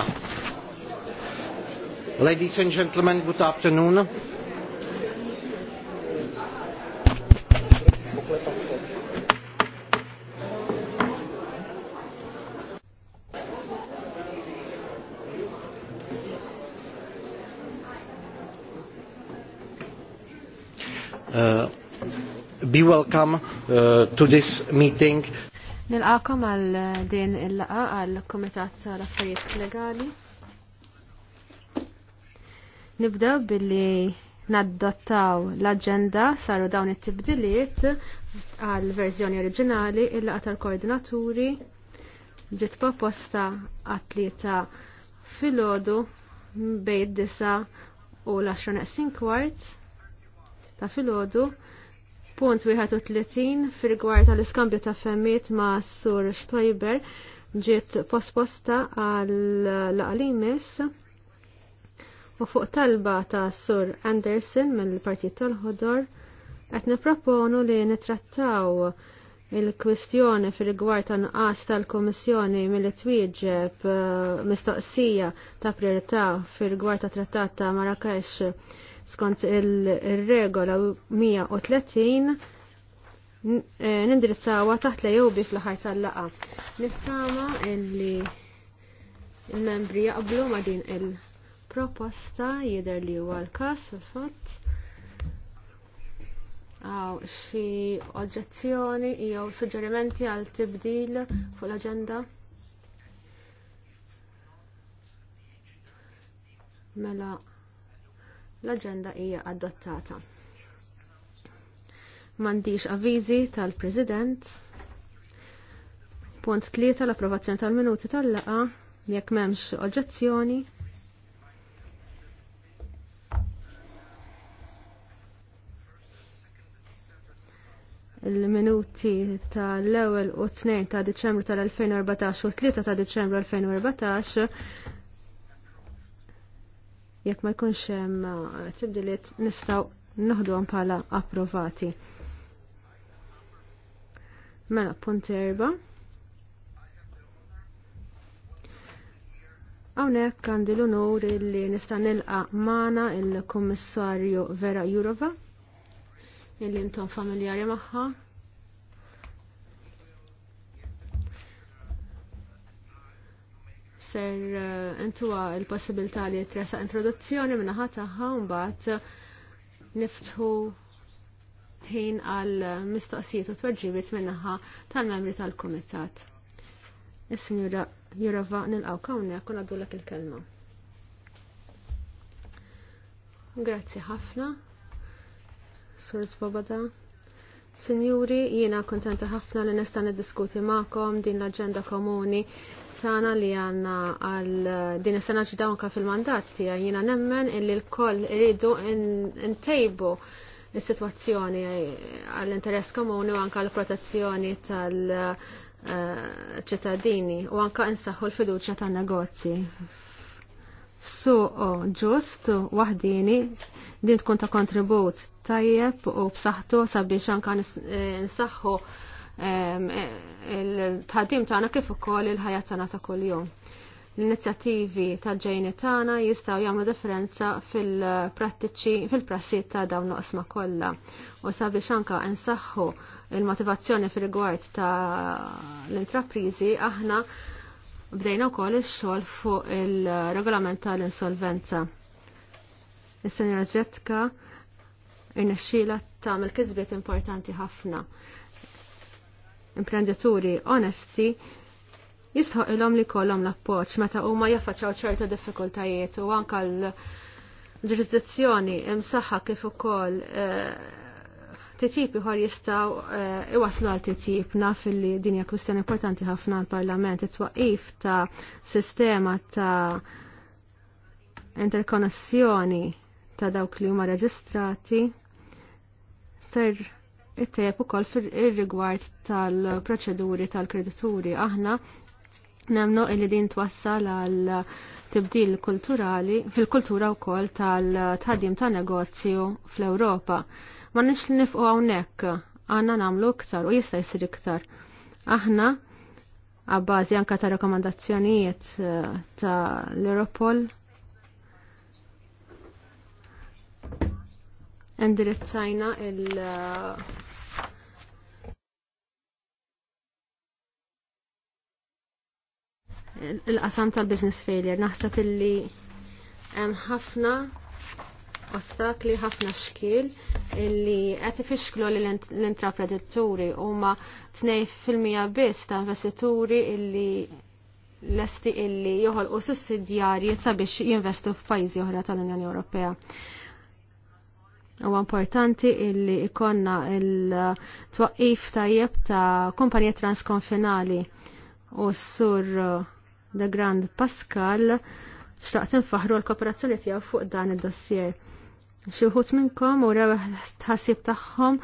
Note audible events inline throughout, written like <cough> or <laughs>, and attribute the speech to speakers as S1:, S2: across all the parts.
S1: Ah. Ladies and gentlemen, good afternoon. Uh, be welcome uh, to this meeting Nilqakom għal din il-laqa għal Komitat tal-Affarijiet Legali. Nibdew billi naddottaw l-agenda saru dawn it-tibdiliet għal verżjoni oriġinali il-laqa tal-koordinaturi ġiet proposta atleta fil-ħodu bejn disa u l-10 kwart ta' fil-ħodu Punt 31 fil-gwar tal-iskambju ta' femmit ma' Sur Stoiber ġiet posposta għal-laqalimis u fuq talba ta' Sur Anderson mill-Partit tal-Ħodor qed niproponu li nitrattaw il-kwistjoni fil gwar ta' nqas tal-Komissjoni mill-twieġeb uh, mistoqsija ta' priorità fil gwar ta' trattat ta' Marrakesh skont il-regola 130 eh, nindirizzawa taħt la jowbi fl-ħar tal-laqa. Nittama illi il-membri jaqblu ma din il-proposta jider li huwa l-kas il-fatt. Għaw, xie oġġezzjoni jew suġġerimenti għal tibdil fuq l-agenda? Mela, l-agenda hija adottata. Ad Mandiġ avvizi tal-President. Punt tlieta l-approvazzjoni tal-minuti tal-laqa jekk m'hemmx oġġezzjoni. il-minuti tal-ewwel u t-tnejn ta' Diċembru tal-2014 u t-tlieta ta' Diċembru 2014 jekk ma jkunx hemm eh, tibdiliet nistgħu noħduhom bħala approvati. Mela punt erba. Hawnhekk għandi l-unur li nista' nilqa' magħna il-Kummissarju Vera Jurova illi intom familjari magħha ser eh, intuwa il-possibilità li tresa introduzzjoni minna un bat eh, niftħu ħin għal mistoqsijiet u tweġibiet minnaħa tal-membri tal-kumitat. Is-sinjura Jurova nilqgħu hawnhekk u nagħdu il-kelma. Grazzi ħafna. Sur Svoboda. Sinjuri, jiena kontenta ħafna li nista' niddiskuti magħkom din l-aġenda komuni Tana li għandna għal din is-sena ġda anke fil-mandat tiegħi jiena nemmen illi l-koll iridu ntejbu s sitwazzjoni għall-interess komuni u anke għall-protezzjoni tal-ċittadini eh, u anke insaħħu l-fiduċja tan-negozji. Suq ġust waħdini din tkun ta' kontribut tajjeb u b'saħħtu sabiex anke eh, nsaħħu il-tħaddim tagħna kif ukoll il-ħajja tagħna ta' kuljum. L-inizjattivi tal-ġejni tagħna jistgħu jagħmlu differenza fil-prattiċi fil prassi ta' dawn l-qosma kollha u sabiex anke nsaħħu il-motivazzjoni fil-rigward ta' l-intraprizi aħna bdejna wkoll ix-xogħol fuq il-regolament tal-insolvenza. Is-Senjora Zvetka irnexxiela tagħmel kisbiet importanti ħafna imprenditori onesti jistħoq il-om li kollom l-appoġġ meta huma jaffaċċaw ċertu diffikultajiet u anke l-ġurisdizzjoni imsaħħa kif ukoll eh, titjib ieħor jistgħu eh, iwaslu għal titjib naf li din hija kwistjoni importanti ħafna l-Parlament it-twaqif ta' sistema ta' interkonnessjoni ta' dawk li huma reġistrati ser it u ukoll fir-rigward tal-proċeduri tal-kredituri aħna nemnu illi din twassal għal tibdil kulturali fil-kultura wkoll tal-tħaddim ta' negozju fl-Ewropa. Ma nix li nifqu hawnhekk għanna nagħmlu iktar u jista' jsir iktar. Aħna għabbażi anka ta' rakomandazzjonijiet eh, ta' l-Europol indirizzajna il- il-qasam tal-business failure. Naħseb illi hemm ħafna ostakli ħafna xkil illi qed ifixklu li l-intraprenditturi huma fil-mija biss ta' investituri illi lesti illi joħolqu sussidjarji sabiex jinvestu f'pajjiżi oħra tal-Unjoni Ewropea. Huwa importanti illi ikonna il-twaqqif tajjeb ta' kumpanija transkonfinali u s-sur Da Grand Pascal xtaqt nfaħru l-kooperazzjoni tiegħu fuq dan id-dossier. Xi wħud minnkom u rew tħassib tagħhom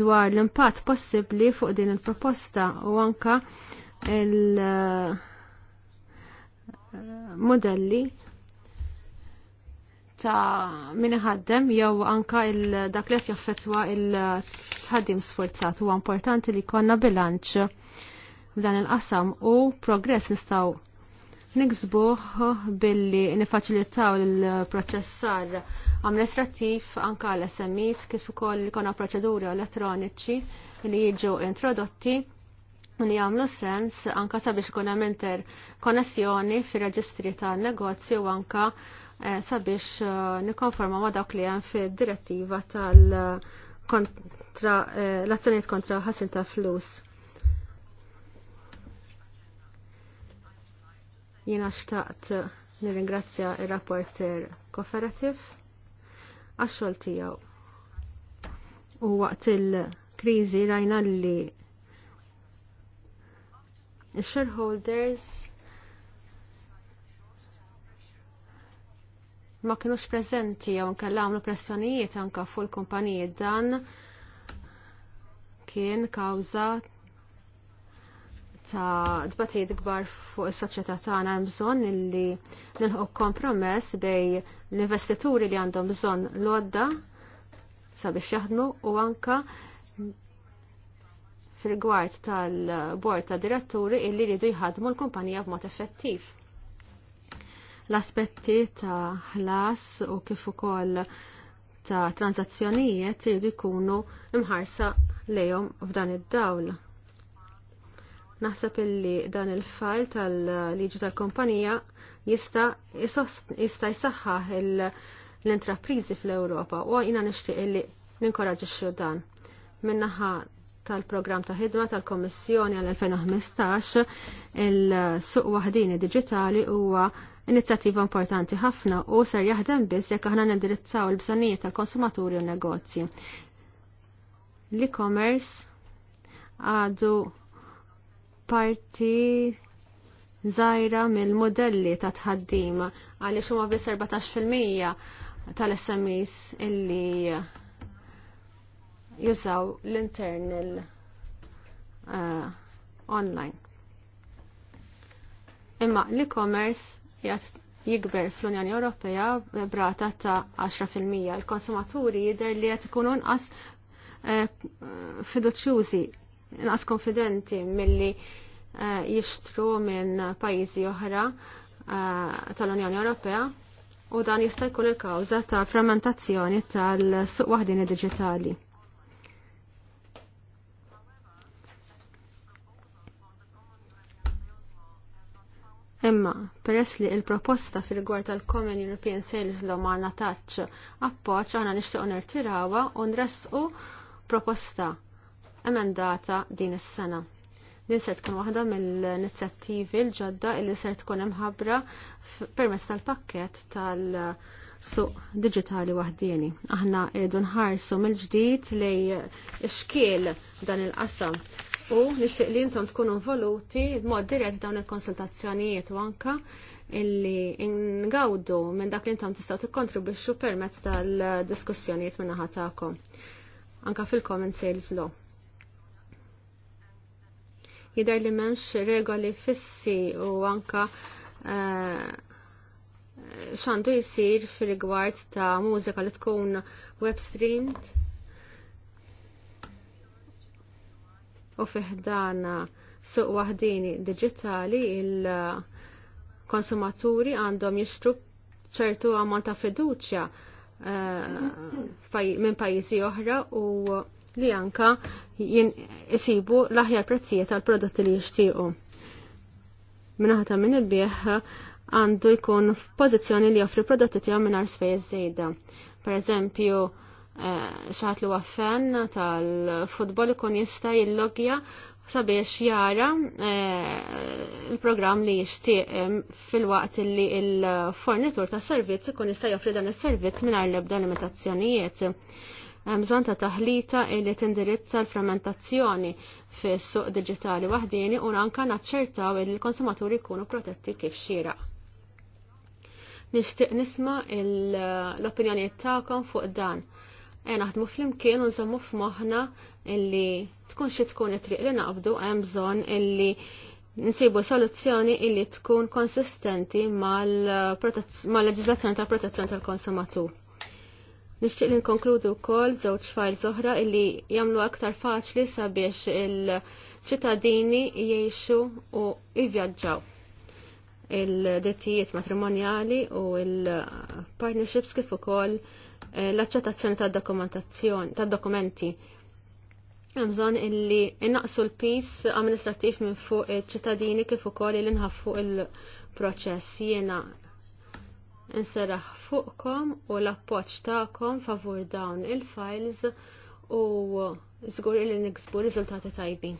S1: dwar l-impatt possibbli fuq din il-proposta u anka il- modelli ta' min ħaddem jew anka il-dak li jaffetwa il-ħaddim sforzat huwa importanti li konna bilanċ f'dan il-qasam u progress nistgħu niksbuh billi nifaċilitaw il-proċessar amministrattiv anka l smis kif ukoll kona proċeduri elettroniċi li jiġu introdotti u li jagħmlu sens anka sabiex ikun hemm inter konnessjoni fir-reġistri tan-negozju u anka eh, sabiex eh, nikkonforma ma' dawk li hemm fid-direttiva tal azzjonijiet kontra eh, ħasin ta' flus. Jiena xtaqt nirringrazzja il-rapporter kooperativ għax-xogħol tiegħu. U waqt il-kriżi rajna li shareholders ma kienux preżenti jew nkella għamlu pressjonijiet anke fuq il-kumpanijiet dan kien kawżat ta' dbatijiet kbar fuq is-soċjetà tagħna hemm bżonn illi nilħu kompromess bej l-investituri li għandhom bżonn l-għodda sabiex jaħdmu u anka fil-gwart tal-bord ta' diretturi illi jridu jħadmu l-kumpanija b'mod effettiv. L-aspetti ta' ħlas u kif ukoll ta' tranzazzjonijiet jridu jkunu imħarsa lejhom f'dan id-dawl. Naħseb illi dan il-fall tal-liġi tal-kompanija jista' jista' jsaħħaħ l-intraprizi fl-Ewropa u jina nixtieq illi ninkoraġixxu dan. Minnaħa tal-programm ta' ħidma tal-Kommissjoni għal-2015 il-suq waħdini digitali huwa inizjattiva importanti ħafna u ser jaħdem biss jekk aħna nindirizzaw il-bżonnijiet tal-konsumaturi u negozji. L-e-commerce għadu parti zaħira mill-modelli ta' tħaddim għaliex huma biss 14% tal-SMEs illi jużaw l-internal uh, online. Imma l-e-commerce jgħat jikber fl-Unjoni Ewropea brata ta' 10%. Il-konsumaturi jidher li qed ikunu nqas eh, fiduċjużi inqas konfidenti milli eh, jixtru minn pajjiżi oħra eh, tal-Unjoni Ewropea u dan jista' jkun il-kawża ta' frammentazzjoni tal-suq waħdini diġitali. Imma, peress li il-proposta fil rigward tal-Common European Sales Law ma nataċ appoċ għana nishtiq nirtirawa u nresqu proposta emendata din is-sena. Din se tkun waħda mill-inizjattivi l-ġodda illi ser tkun imħabbra permezz tal-pakket tal-suq digitali waħdieni. Aħna irridu nħarsu mill-ġdid li xkiel dan il-qasam u nixtieq li intom tkunu involuti b'mod dirett dawn il-konsultazzjonijiet u anka illi ngawdu minn dak li intom tistgħu tikkontribwixxu permezz tal-diskussjonijiet minn naħa tagħkom. Anka fil-Common Sales Law jidher li m'hemmx regoli fissi u anka eh, x'għandu jisir fir rigward ta' mużika li tkun web streamed u fiħdana suq waħdini digitali il-konsumaturi għandhom jixtru ċertu għamon ta' fiduċja eh, minn pajjiżi oħra u li anka jisibu l-aħjar prezzijiet tal prodotti li jixtiequ. Minnaħta minn il-bieħ għandu jkun f'pożizzjoni li joffri prodotti tiegħu mingħajr spejjeż żejda. Pereżempju, eh, xaħat li waffen tal-futbol ikun jista' jillogja sabiex jara eh, il-programm li jixtieq eh, fil-waqt li il-fornitur tas servizz ikun jista' joffri dan is-servizz mingħajr l-ebda limitazzjonijiet hemm bżonn ta' taħlita li tindirizza l-frammentazzjoni fis-suq diġitali waħdini u anke naċċertaw li l-konsumaturi jkunu protetti kif xieraq. Nixtieq nisma' l-opinjonijiet tagħkom fuq dan. E naħdmu flimkien imkien u nżommu f'moħħna illi tkun xi tkun it-triq li naqbdu hemm bżonn illi nsibu soluzzjoni illi tkun konsistenti mal-leġizlazzjoni mal leġizlazzjoni ta' tal tal-konsumatur. Nixtieq li nkonkludu wkoll żewġ fajl oħra illi jagħmlu aktar faċli sabiex il-ċittadini jgħixu u jivvjaġġaw il-dettijiet matrimonjali u il-partnerships kif ukoll eh, l-aċċettazzjoni tad-dokumentazzjoni tad-dokumenti. Hemm bżonn illi innaqsu l-pis amministrattiv minn fuq iċ-ċittadini kif ukoll li nħaffu il-proċess jiena Inseraħ fuqkom u l-appoċ ta'kom favur dawn il-files u zgur li niksbu riżultati tajbin.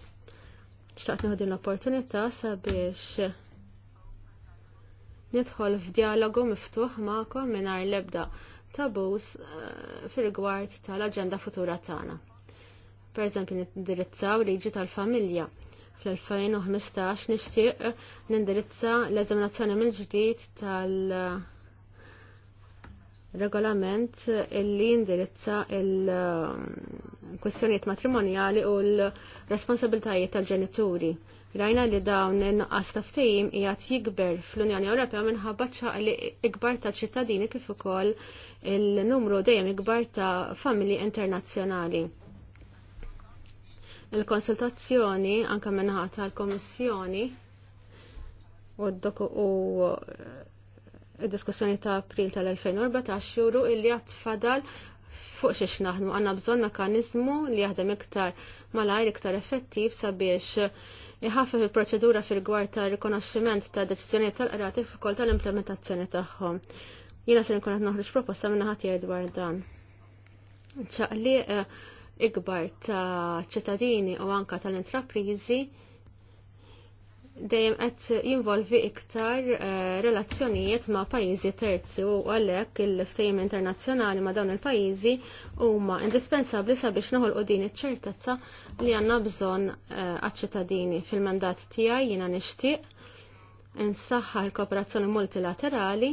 S1: Xtaqt nħodin l-opportunità sabiex nidħol f'dialogu miftuħ ma'kom mingħajr l-ebda tabus eh, fil-gwart tal-aġenda futura tagħna. Per eżempju, nindirizzaw liġi tal-familja. Fl-2015 nixtieq nindirizza l-eżaminazzjoni mill-ġdid tal- regolament illi indirizza il um, kwestjoniet matrimonjali u l-responsabiltajiet tal-ġenituri. Rajna li dawn in-nuqqas taftim qiegħed jikber fl-Unjoni Ewropea minħabba li ikbar ta' ċittadini kif ukoll il-numru dejjem ikbar ta' familji internazzjonali. Il-konsultazzjoni anke minħata tal komissjoni u diskussjoni ta' april tal-2014 juru illi għat fadal fuq xiex naħdmu għanna bżon mekanizmu li jaħdem iktar malajr iktar effettiv sabiex iħaffef il-proċedura fil-gwar ta' rikonoxximent ta' deċizjoni tal-qrati f'kol tal-implementazzjoni tagħhom. Jiena se nkun qed noħroġ proposta minn ħadd dwar dan. Ċaqli eh, ikbar ta' ċittadini u anka tal-intraprizi dejjem qed jinvolvi iktar eh, relazzjonijiet ma' pajjiżi terzi u għalhekk il-ftehim internazzjonali ma' dawn il-pajjiżi huma indispensabbli sabiex noħolqu din iċ-ċertezza li għandna bżonn eh, għaċ-ċittadini fil-mandat tiegħi jiena nixtieq insaħħa l-kooperazzjoni multilaterali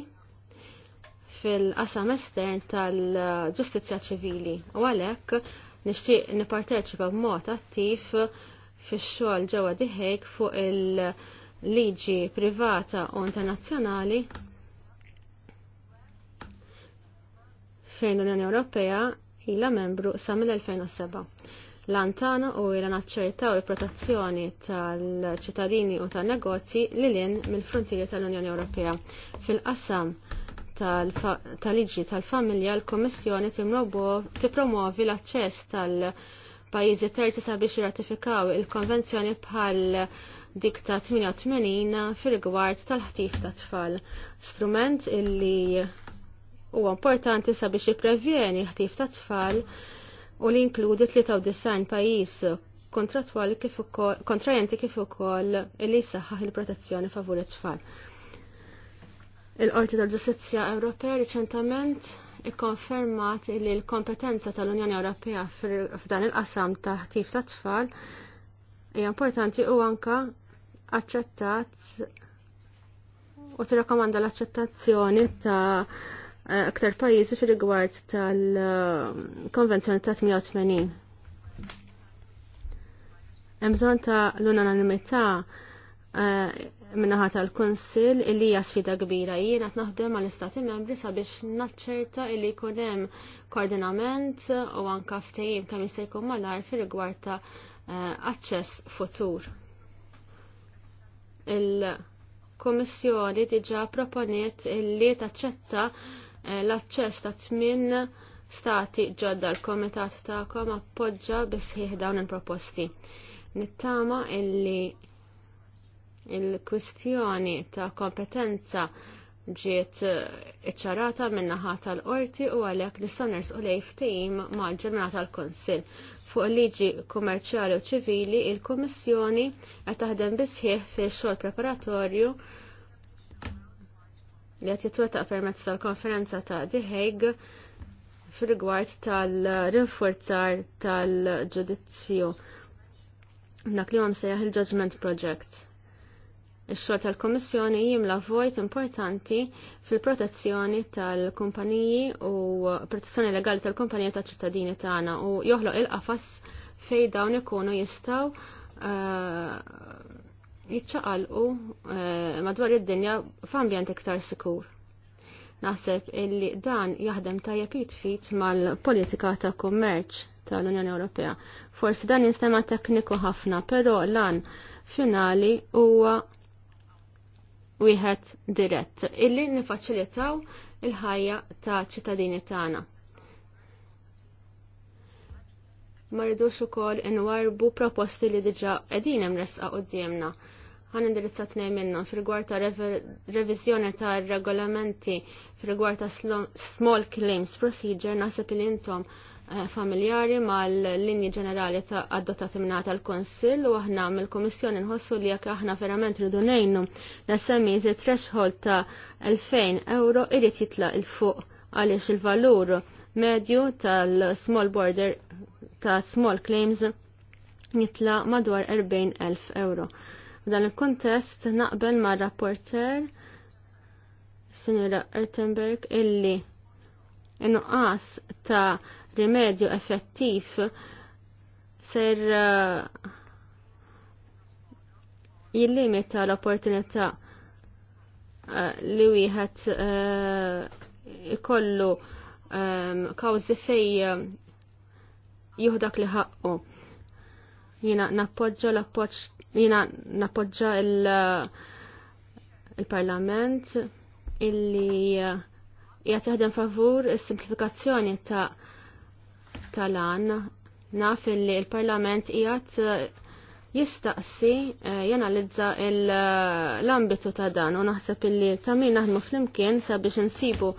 S1: fil-qasam estern tal-ġustizzja ċivili u għalhekk nixtieq nipparteċipa b'mod attiv fix-xogħol ġewwa diħek fuq il-liġi privata u internazzjonali fejn l-Unjoni Ewropea ilha membru sa mill-2007. Lantana u ila naċċertaw il-protezzjoni tal-ċittadini u tan-negozji li lin mill-frontieri tal-Unjoni Ewropea. Fil-qasam tal-liġi tal-familja, l-Kommissjoni tippromuovi l-aċċess tal-, -tal, -tal, -tal, -tal, -tal, -tal, -tal, -tal pajjiżi terzi sabiex jirratifikaw il-konvenzjoni bħal dik ta' 88 fil-rigward tal-ħtif ta' tfal. Strument illi huwa importanti sabiex jiprevjeni ħtif ta' tfal u li jinkludi 93 pajjiż kontrajenti kif ukoll illi jsaħħaħ il-protezzjoni favur it-tfal. Il-Qorti tal-Ġustizzja Ewropea riċentament ikkonfermat li l-kompetenza tal-Unjoni Ewropea f'dan il-qasam ta' ħtif ta' tfal hija importanti u anka aċċettat u tirrakkomanda l-aċċettazzjoni ta' aktar pajjiżi fir rigward tal-Konvenzjoni ta' 88. Hemm bżonn ta' l-unanimità eh, minnaħa tal-Konsil illi hija sfida kbira. jiena qed naħdem mal istati membri sabiex naċċerta illi jkun hemm koordinament u anke ftehim kemm jista' jkun malar fi rigward ta' eh, aċċess futur. il kummissjoni diġà proponiet illi taċċetta eh, l-aċċess ta' tmien stati ġodda l-komitat ta'kom appoġġa bisħieħ dawn il-proposti. Nittama illi il-kwistjoni ta' kompetenza ġiet iċċarata min-naħa tal-qorti u għalhekk nistgħu nersqu lej Tim mal-ġurnata tal-Kunsill. Fuq liġi kummerċjali u ċivili, il-Kummissjoni qed taħdem bisħieħ fil xogħol preparatorju li qed jitwettaq permezz tal-konferenza ta' The Hague fil-rigward tal-rinforzar tal-ġudizzju dak li għom sejjaħ il-Judgment Project. Ix-xogħol tal-Kommissjoni jimla vojt importanti fil-protezzjoni tal-kumpaniji u protezzjoni legali tal-kumpaniji tal-ċittadini tagħna u joħloq il-qafas fejn dawn ikunu jistgħu eh, jiċċaqalqu eh, madwar id-dinja f'ambjent iktar sikur. Naħseb illi dan jaħdem tajjeb jitfit mal-politika ta' kummerċ tal-Unjoni Ewropea. Forsi dan jinstema tekniku ħafna, però lan finali huwa wieħed dirett illi nifaċilitaw il-ħajja ta' ċittadini tagħna. Ma rridux ukoll inwarbu proposti li diġà qegħdin hemm resqa qudiemna. Ħan indirizza tnejn minnhom fil-gwar ta' reviżjoni ta' regolamenti fil-gwar ta' small claims procedure nasib li intom Eh, familjari mal-linji ġenerali ta' adottati minna tal-Konsil u aħna mill-Komissjoni nħossu li jekk aħna verament rridu nejnu nasemmi ze threshold ta' 2000 euro irrit jitla il-fuq għaliex il-valur medju tal-small border ta' small claims jitla madwar 40.000 euro. F'dan il-kontest naqbel ma' rapporter Sinjora Ertenberg illi inqas ta' rimedju effettiv ser uh, jillimita l-opportunità uh, li wieħed uh, ikollu um, kawżi fej juhdak li ħaqqu. Jina nappoġġa l-appoġġ jina nappoġġa il-parlament illi jgħat jaħdem favur is-simplifikazzjoni ta' tal-an naf li l-Parlament qiegħed eh, jistaqsi eh, janalizza eh, l-ambitu ta' dan u naħseb illi tamir naħdmu flimkien sabiex insibu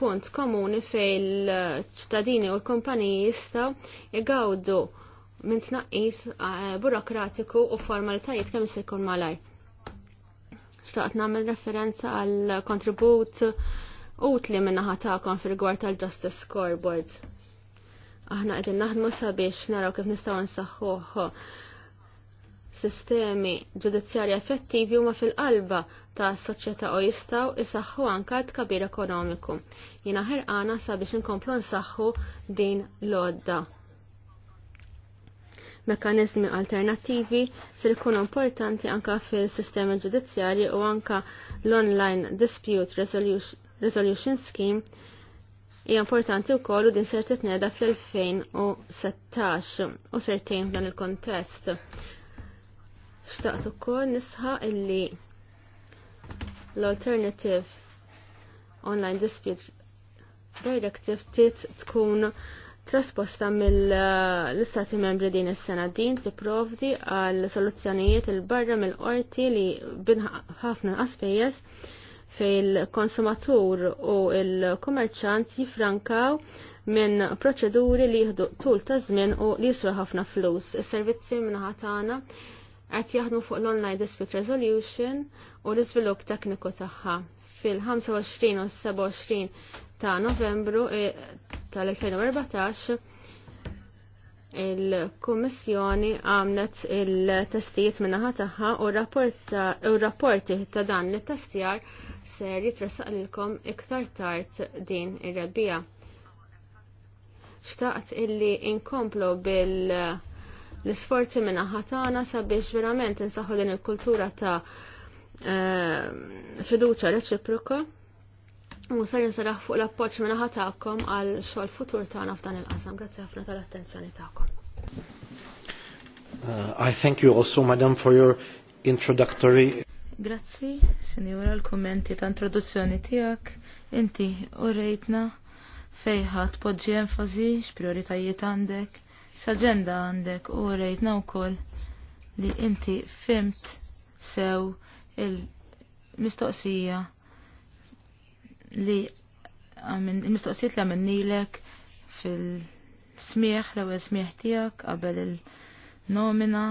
S1: punt komuni fej l-ċittadini u l-kumpaniji jistaw igawdu minn tnaqqis burokratiku u formalitajiet kemm se jkun malaj. Xtaqt nagħmel referenza għal kontribut utli minnaħa tagħkom fil-gwar tal-Justice Scoreboard aħna qegħdin naħdmu sabiex naraw kif nistgħu nsaħħuh sistemi ġudizzjarji effettivi huma fil-qalba ta' soċjetà u jistgħu jsaħħu anke tkabir ekonomiku. Jiena ħerqana sabiex inkomplu nsaħħu din l-odda. Mekkaniżmi alternattivi se jkunu importanti anke fil-sistemi ġudizzjarji u anke l-online dispute resolution, resolution scheme Hija importanti wkoll u din ser titneda fl-2016 u sertejn f'dan il-kontest. Xtaqt ukoll nisħa illi l-Alternative Online Dispute Directive tit tkun trasposta mill-istati membri din is-sena din tipprovdi għal soluzzjonijiet il barra mill-qorti li bin ħafna aspejjeż fej il-konsumatur u il-kummerċant jifrankaw minn proċeduri li jihdu tul ta' żmien u li jiswa ħafna flus. Is-servizzi minnaħa tagħna qed jaħdmu fuq l-online dispute resolution u l-iżvilupp tekniku tagħha. Fil-25 u 27 ta' Novembru eh, tal-2014 il-Kummissjoni għamlet il-testijiet minnaħa taħħa u rapporti ta' dan il testijar ser jitressaq kom iktar tard din ir-rebbija. Xtaqt illi inkomplu bil- l-sforzi minna ħatana sabiex verament insaħħu din il-kultura ta' eh, fiduċa reċiproka U ser nsaraħ fuq l-appoġġ minna ħatakom għal xogħol futur tagħna f'dan il-qasam. Grazzi ħafna tal-attenzjoni tagħkom. Uh, I thank you also, Madam, for your introductory.
S2: Grazzi, Sinjura, l-kommenti ta' introduzzjoni tiegħek. Inti u rejtna fejħa tpoġġi enfasi x-prioritajiet għandek, x-agenda għandek u rejtna wkoll li inti fimt sew il-mistoqsija li il-mistoqsijiet li għamennilek fil-smieħ, l-ewel smieħ tijak qabel il-nomina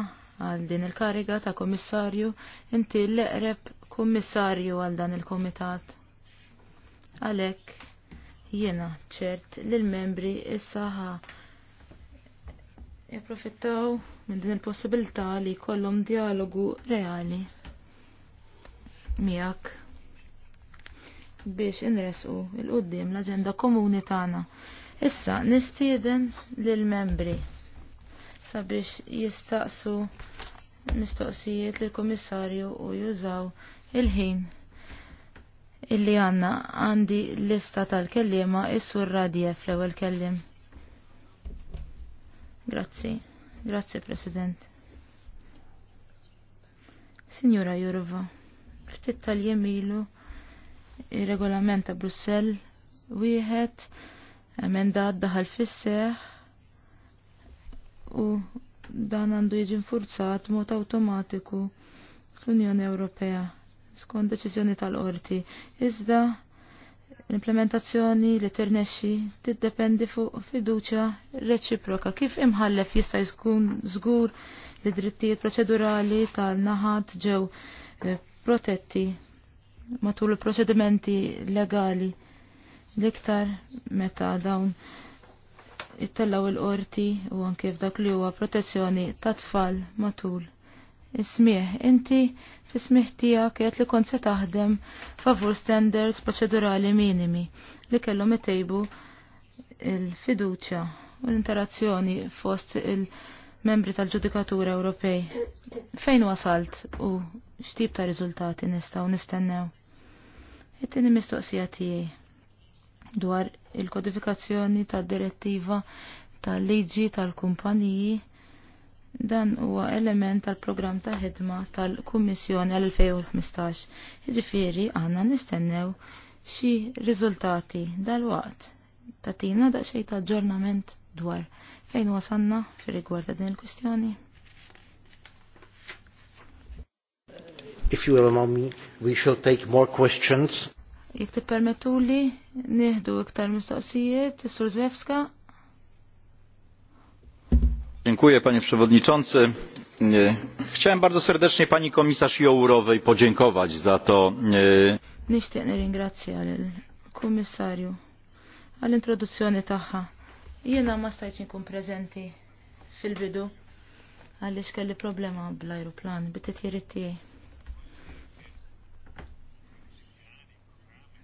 S2: għal din il-kariga ta' komissarju, inti l-eqreb kummissarju għal dan il-komitat. Għalek, jena ċert l-membri issaħa japprofittaw minn din il-possibilità li kollom dialogu reali Miak biex inresqu il-qoddim l-aġenda komuni tagħna. Issa nistieden lill-membri sabiex jistaqsu mistoqsijiet lill komissarju u jużaw il-ħin illi għanna għandi lista tal-kellima is-sur radje fl-ewwel kellim. Grazzi, grazzi President. Signora Jurova, ftit tal-jemilu Il-regolament ta' Brussell wieħed emendat daħal fisseħ u dan għandu jiġi nfurzat mod awtomatiku fl-Unjoni Ewropea skont deċiżjoni tal-qorti. Iżda l-implementazzjoni li tirnexxi tiddependi fuq fiduċja reċiproka kif imħallef jista' jkun żgur li drittijiet proċedurali tal-naħat ġew eh, protetti matul il-proċedimenti legali l-iktar meta dawn ittellaw il-qorti u anke f'dak li huwa protezzjoni ta' tfal matul ismieħ. Inti f'ismieħ tiegħek qed li kont se taħdem favur standards proċedurali minimi li kellhom itejbu il-fiduċja u l-interazzjoni fost il-membri tal-ġudikatura Ewropej. Fejn wasalt u x'tip ta' riżultati nistgħu nistennew? It-tieni mistoqsija tiegħi dwar il-kodifikazzjoni tad-direttiva tal-liġi tal-kumpaniji dan huwa element tal-programm ta' ħidma tal-Kummissjoni għal 2015. Ġifieri għandna nistennew xi riżultati dal-waqt tatina daqsxejn ta' aġġornament dwar fejn wasanna fir-rigward ta' din il-kwistjoni.
S1: If you allow me, we shall
S2: take more questions. Jek ti permettu li nieħdu iktar mistoqsijiet, Sur Zwewska. Dziękuję panie przewodniczący. Chciałem bardzo serdecznie pani komisarz Jourowej podziękować za to. Nishtiq nirringrazzja l-Kummissarju għall-introduzzjoni tagħha. Jiena ma stajtx inkun preżenti fil-bidu għaliex kelli problema bl-ajruplan bit-titjiriet tiegħi.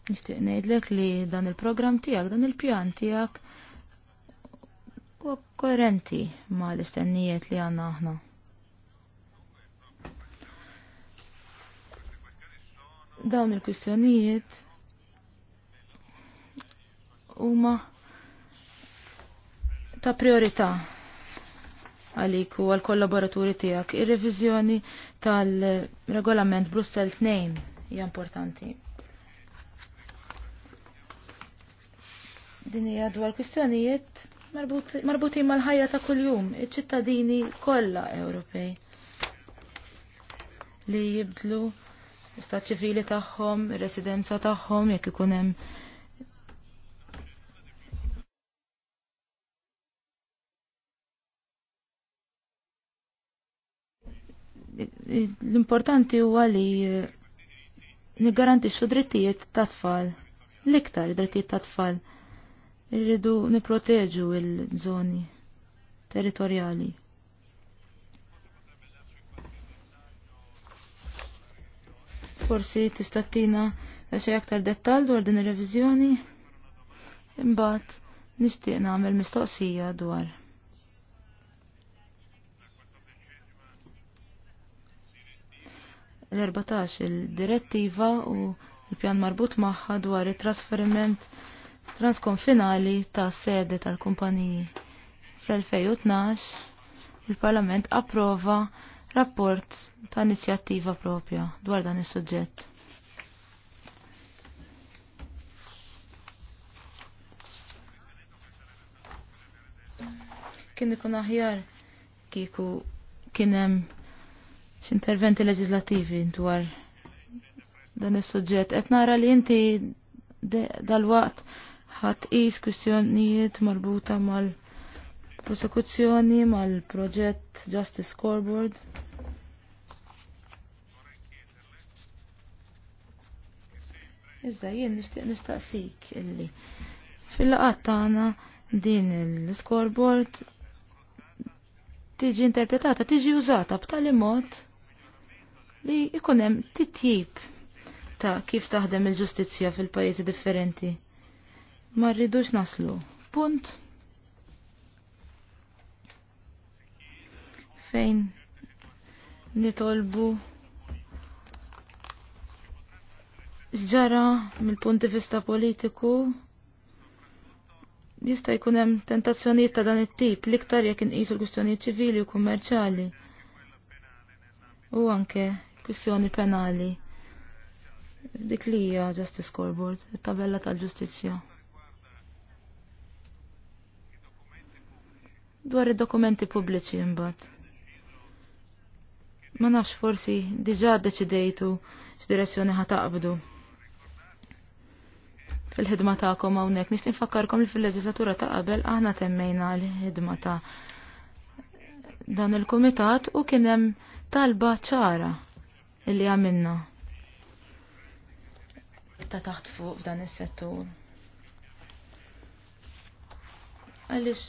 S2: Nixtieq ngħidlek li dan il-programm tiegħek, dan il-pjan tiegħek u koerenti ma' l-istennijiet li għandna aħna. Dawn il-kwistjonijiet huma ta' priorita għalik u għal-kollaboraturi tijak. Ir-revizjoni tal-regolament Brussel 2 hija importanti. Din hija dwar kwistjonijiet marbutin mal-ħajja ta' kuljum, iċ-ċittadini kollha Ewropej li jibdlu l-istat ċivili tagħhom, residenza tagħhom jekk ikun hemm l-importanti huwa li niggarantixxu drittijiet tat-tfal, l-iktar drittijiet tat-tfal. Irridu niproteġu il-żoni territorjali. Forsi tistattina ta' xi aktar dettal dwar din ir-reviżjoni. Imbagħad nixtieq nagħmel mistoqsija dwar. l-14 il-direttiva u l-pjan marbut magħha dwar it-trasferiment transkonfinali ta' sede tal-kumpaniji. Fl-2012 il-Parlament approva rapport ta' inizjattiva propja dwar dan is-suġġett. Kien ikun aħjar kieku kien hemm x'interventi leġislattivi dwar dan is-suġġett qed nara li inti dal-waqt ħat is kwistjonijiet marbuta mal-prosekuzzjoni mal-proġett Justice Scoreboard. Iżda jien nixtieq nistaqsik illi fil-laqat tagħna din il scoreboard tiġi interpretata, tiġi użata b'tali mod li ikun hemm titjib ta' kif taħdem il-ġustizzja fil-pajjiżi differenti ma rridux naslu. Punt. Fejn nitolbu ġara mill-punti vista politiku jista' jkun hemm tentazzjonijiet ta' dan it-tip l-iktar jekk inqisu l-kwistjonijiet ċivili u kummerċjali u anke kwistjoni penali dik li hija Justice Scoreboard, it-tabella tal-ġustizzja. Dwar id-dokumenti pubbliċi imbagħad. Ma nafx forsi diġà deċidejtu x'direzzjoni ħataqbdu fil-ħidma tagħkom hawnhekk. Nixtieq nfakkarkom li fil-leġislatura ta' qabel aħna temmejna l-ħidma ta' dan il-kumitat u kien hemm talba ċara illi għamilna ta' taħt fuq f'dan is-settur. Għaliex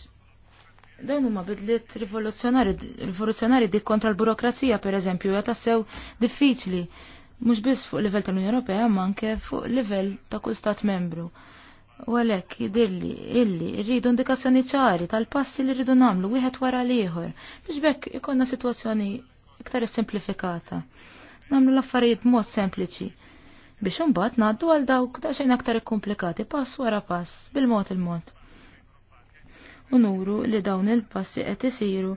S2: Dawn huma bidliet rivoluzzjonari dik kontra l-burokrazija pereżempju ja tassew diffiċli mhux biss fuq livell tal-Unjoni Ewropea ma anke fuq livell ta' kull stat membru. U għalhekk jidirli illi rridu indikazzjoni ċari tal-passi li rridu nagħmlu wieħed wara l-ieħor biex bekk ikonna sitwazzjoni iktar simplifikata. Nagħmlu l-affarijiet mod sempliċi biex imbagħad ngħaddu għal dawk daqsxejn aktar ikkumplikati pass wara pass bil-mod il-mod u nuru li dawn il-passi qed isiru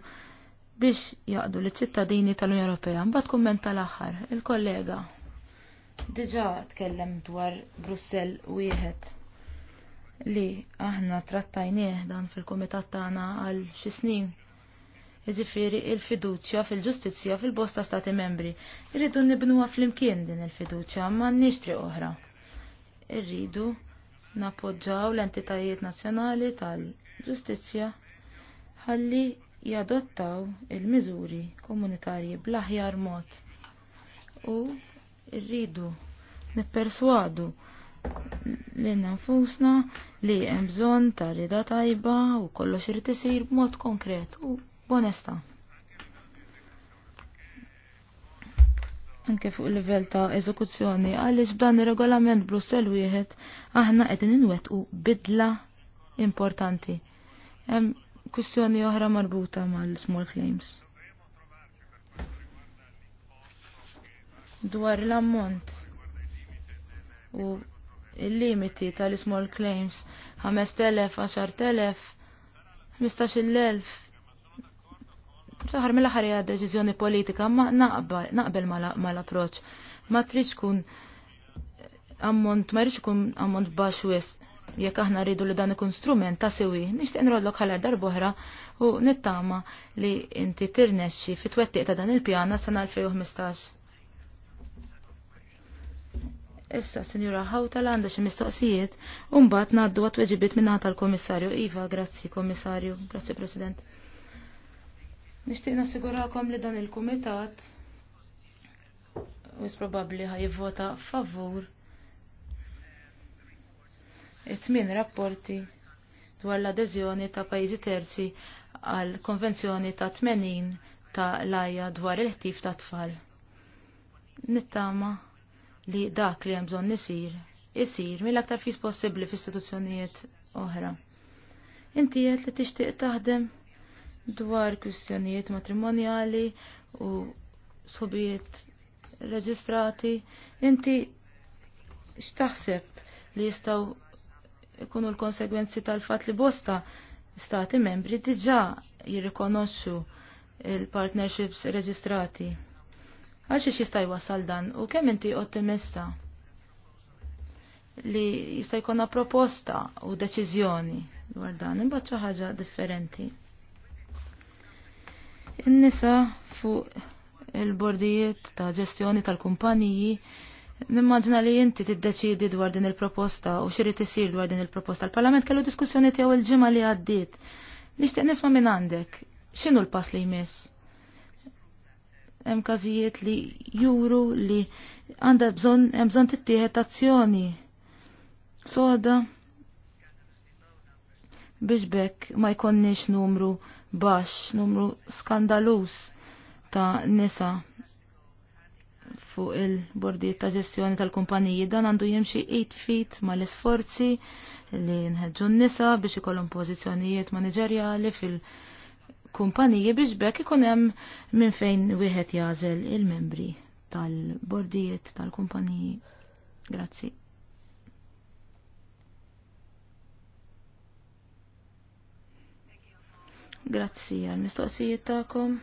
S2: biex jaqdu li ċittadini tal unjoni Ewropea. Mbagħad kumment tal-aħħar, il-kollega diġà tkellem dwar Brussell wieħed li aħna trattajnieh dan fil-kumitat tagħna għal xi snin. Jiġifieri il-fiduċja fil-ġustizzja fil-bosta stati membri. Irridu nibnuha flimkien din il-fiduċja ma triq oħra. Irridu nappoġġaw l-entitajiet nazzjonali tal- ġustizzja ħalli jadottaw il-miżuri komunitarji bl-aħjar mod u rridu nipperswadu lil nfusna li hemm bżonn ta' rida tajba u kollox irid isir b'mod konkret u b'onesta. Anke fuq livell ta' eżekuzzjoni għaliex b'dan ir-regolament Brussell wieħed aħna qegħdin inwettqu bidla importanti Hemm kwistjoni oħra marbuta mal-small claims. Dwar l-ammont u il-limiti tal-small claims 5,000, 10,000, 15,000. Saħar mill-aħħar hija deċiżjoni politika ma naqbel mal-approċ. Ma tridx tkun ammont, ma jridx ikun ammont baxx wisq jekk aħna rridu li dan ikun strument ta' sewi, nixtieq nrollok ħalar darbohra u nittama li inti tirnexxi fit twettiq ta' dan il-pjana sena 2015. Issa, Sinjura l għandha xi mistoqsijiet u mbagħad ngħaddu għat weġibiet minn tal-Kummissarju. Iva, grazzi Komissarju, grazzi President. Nixtieq nassigurakom li dan il-Kumitat wis probabbli ħajvota favur it-tmien rapporti dwar l-adeżjoni ta' pajjiżi terzi għal konvenzjoni ta' 80 ta' lajja dwar il-ħtif ta' tfal. Nittama li dak li hemm bżonn isir, isir mill-aktar fis possibbli f'istituzzjonijiet oħra. Inti qed li tixtieq taħdem dwar kwistjonijiet matrimonjali u sobijiet reġistrati, inti x'taħseb li jistgħu ikunu l-konsegwenzi tal-fat li bosta stati membri diġa jirrikonoxxu il-partnerships reġistrati. Għal xiex jista' jwassal dan u kemm inti ottimista li jista' jkollna proposta u deċiżjoni dwar dan imbagħad xi ħaġa differenti. In-nisa fuq il-bordijiet ta' ġestjoni tal-kumpaniji Nimmaġna li inti tiddeċidi dwar din il-proposta u xirrit isir dwar din il-proposta. Il-Parlament kellu diskussjoni tiegħu il-ġimgħa li għaddiet. Nixtieq nisma' minn għandek. X'inhu l-pass li jmiss? Hemm każijiet li juru li għandha bżonn hemm bżonn tittieħed azzjoni. Soda biex bekk ma jkonniex numru baxx, numru skandalus ta' nisa fuq il-bordiet ta' ġestjoni tal-kumpaniji dan għandu jimxi 8 feet ma' l-isforzi li nħedġu n-nisa biex ikollhom pożizzjonijiet manageriali fil-kumpaniji biex bekk ikun hemm minn fejn wieħed jażel il-membri tal-bordijiet tal-kumpaniji. Grazzi. Grazzi għal mistoqsijiet tagħkom.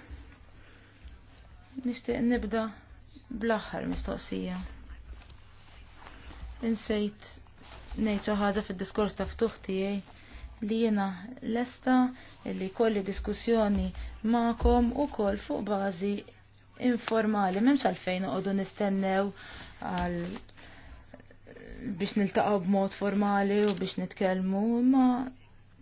S2: Nixtieq nibda' Bl-aħħar mistoqsija. Insejt ngħid xi ħaġa fid-diskors ta' ftuħ tiegħi li jiena lesta li kolli diskussjoni ma'kom ukoll fuq bażi informali m'hemmx għalfejn noqogħdu nistennew għal biex niltaqgħu b'mod formali u biex nitkellmu ma'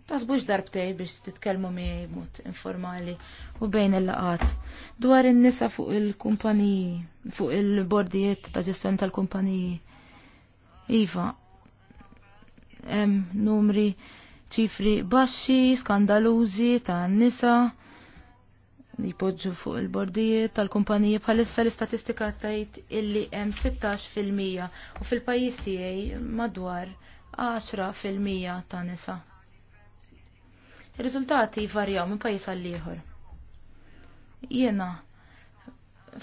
S2: tasbux darbtej biex titkellmu miegħi mod informali u bejn il-laqat. Dwar in-nisa fuq il-kumpaniji, fuq il-bordijiet ta' ġestjoni tal-kumpaniji. Iva, hemm numri ċifri baxxi, skandalużi ta' nisa li jpoġġu fuq il-bordijiet tal-kumpaniji bħalissa l-istatistika tajt illi hemm 16% u fil-pajjiż tiegħi madwar 10% ta' nisa. Ir-riżultati jvarjaw minn pajjiż għal ieħor. Jiena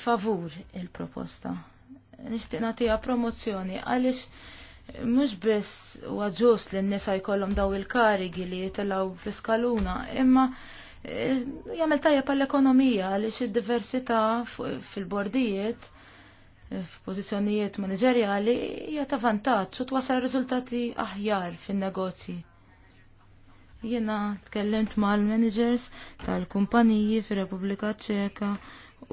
S2: favur il-proposta. Nixtieq nagħtiha promozzjoni għaliex mhux biss huwa ġust li n-nisa jkollhom daw il-karigi li jitilgħu fl-iskaluna, imma eh, jagħmel tajjeb għall-ekonomija għaliex id-diversità fil-bordijiet f'pożizzjonijiet manageriali hija ta' vantaġġ u twasal riżultati aħjar fin-negozji. Jiena tkellimt mal-managers tal-kumpaniji fir-Repubblika Ċeka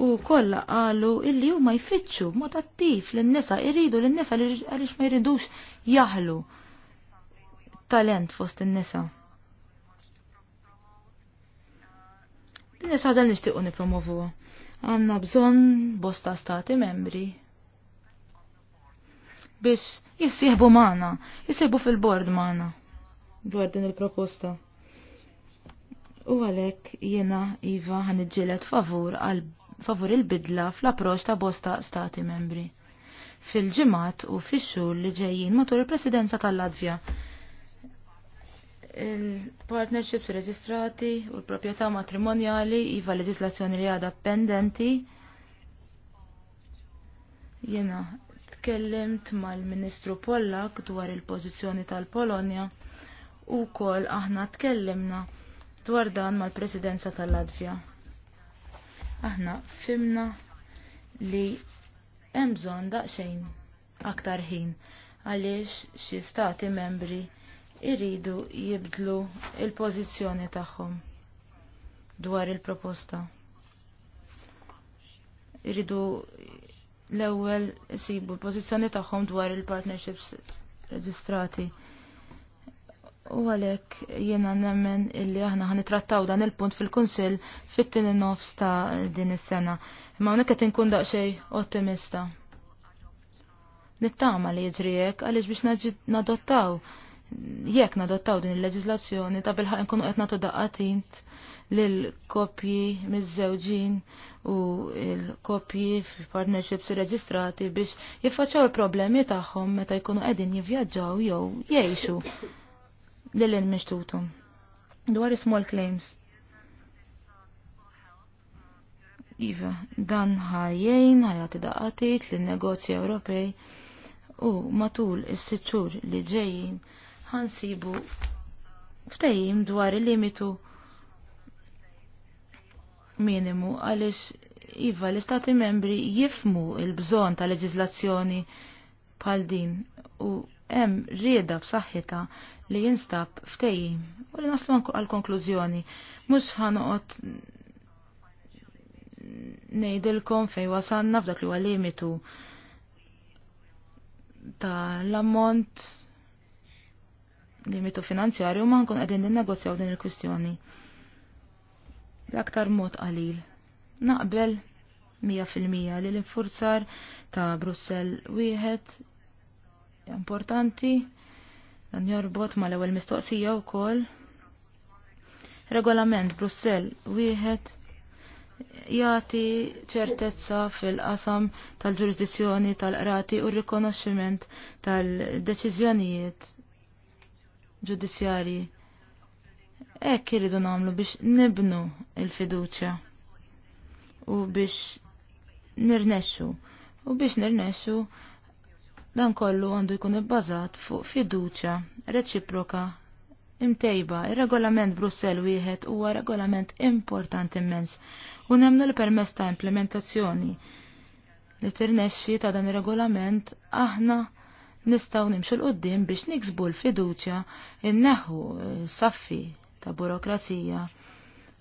S2: u kollha qalu illi huma jfittxu mod attiv lin-nisa jridu lin-nisa għaliex ma jridux jaħlu talent fost in-nisa. N-nisa għazal nixtiequ nipromovu. Għanna bżonn bosta stati membri biex jissieħbu magħna, jissieħbu fil-bord magħna dwar din il-proposta. U għalek jena Iva ħanġilet favur għal favur il-bidla fl-approċ ta' bosta stati membri. Fil-ġimat u fil-xur li ġejjin matul il-presidenza tal-Latvja. Il-partnerships reġistrati u l-propieta matrimonjali Iva leġislazzjoni li għada pendenti. Jena tkellimt mal-Ministru Pollak dwar il-pożizzjoni tal-Polonja u kol aħna tkellimna dwar dan mal-presidenza tal-Latvja. Aħna fimna li hemm bżonn aktar ħin għaliex xi stati membri iridu jibdlu il-pożizzjoni tagħhom dwar il-proposta. Iridu l-ewwel isibu l-pożizzjoni tagħhom dwar il-partnerships reġistrati. U għalek jiena nemmen illi aħna ħanitrattaw dan il-punt fil-Kunsill fit-tieni nofs ta' din is-sena. Imma hawnhekk qed inkun daqsxejn ottimista. Nittama li jiġri hekk għaliex biex nadottaw jekk nadottaw din il-leġislazzjoni ta' bilħaq nkunu qed nagħtu tint lil koppji miż-żewġin u l koppji f'partnerships irreġistrati biex jiffaċċaw il-problemi tagħhom meta jkunu qegħdin jivvjaġġaw jew jgħixu lil mixtutu dwar small claims. Iva, dan ħajjejn ħajati daqatit l negozji Ewropej u matul is-sitxur li ġejjin ħansibu ftejjim dwar il-limitu minimu għaliex iva l-istati membri jifmu il-bżon ta' leġizlazzjoni bħal din u hemm rieda b'saħħitha li jinstab ftejji u li naslu għal konklużjoni mhux ħanoqgħod ngħidilkom fejn wasanna f'dak li huwa limitu ta' l-ammont limitu finanzjarju ma nkun qegħdin ninnegozjaw din il-kwistjoni. L-aktar mod qalil. Naqbel 100% li l-infurzar ta' Brussel wieħed importanti dan jorbot ma l-ewwel mistoqsija wkoll. Regolament Brussell wieħed jagħti ċertezza fil-qasam tal-ġurisdizzjoni tal-qrati u rikonoxximent tal-deċiżjonijiet ġudizzjarji. Hekk iridu nagħmlu biex nibnu il-fiduċja u biex nirnexxu u biex nirnexxu Dan kollu għandu jkun ibbażat fuq fiduċa reċiproka imtejba. Ir-regolament Brussel wieħed huwa regolament importanti immens u nemnu l-permess ta' implementazzjoni li tirnexxi ta' dan ir-regolament aħna nistaw nimxu l-qoddim biex niksbu l-fiduċja inneħu saffi ta' burokrazija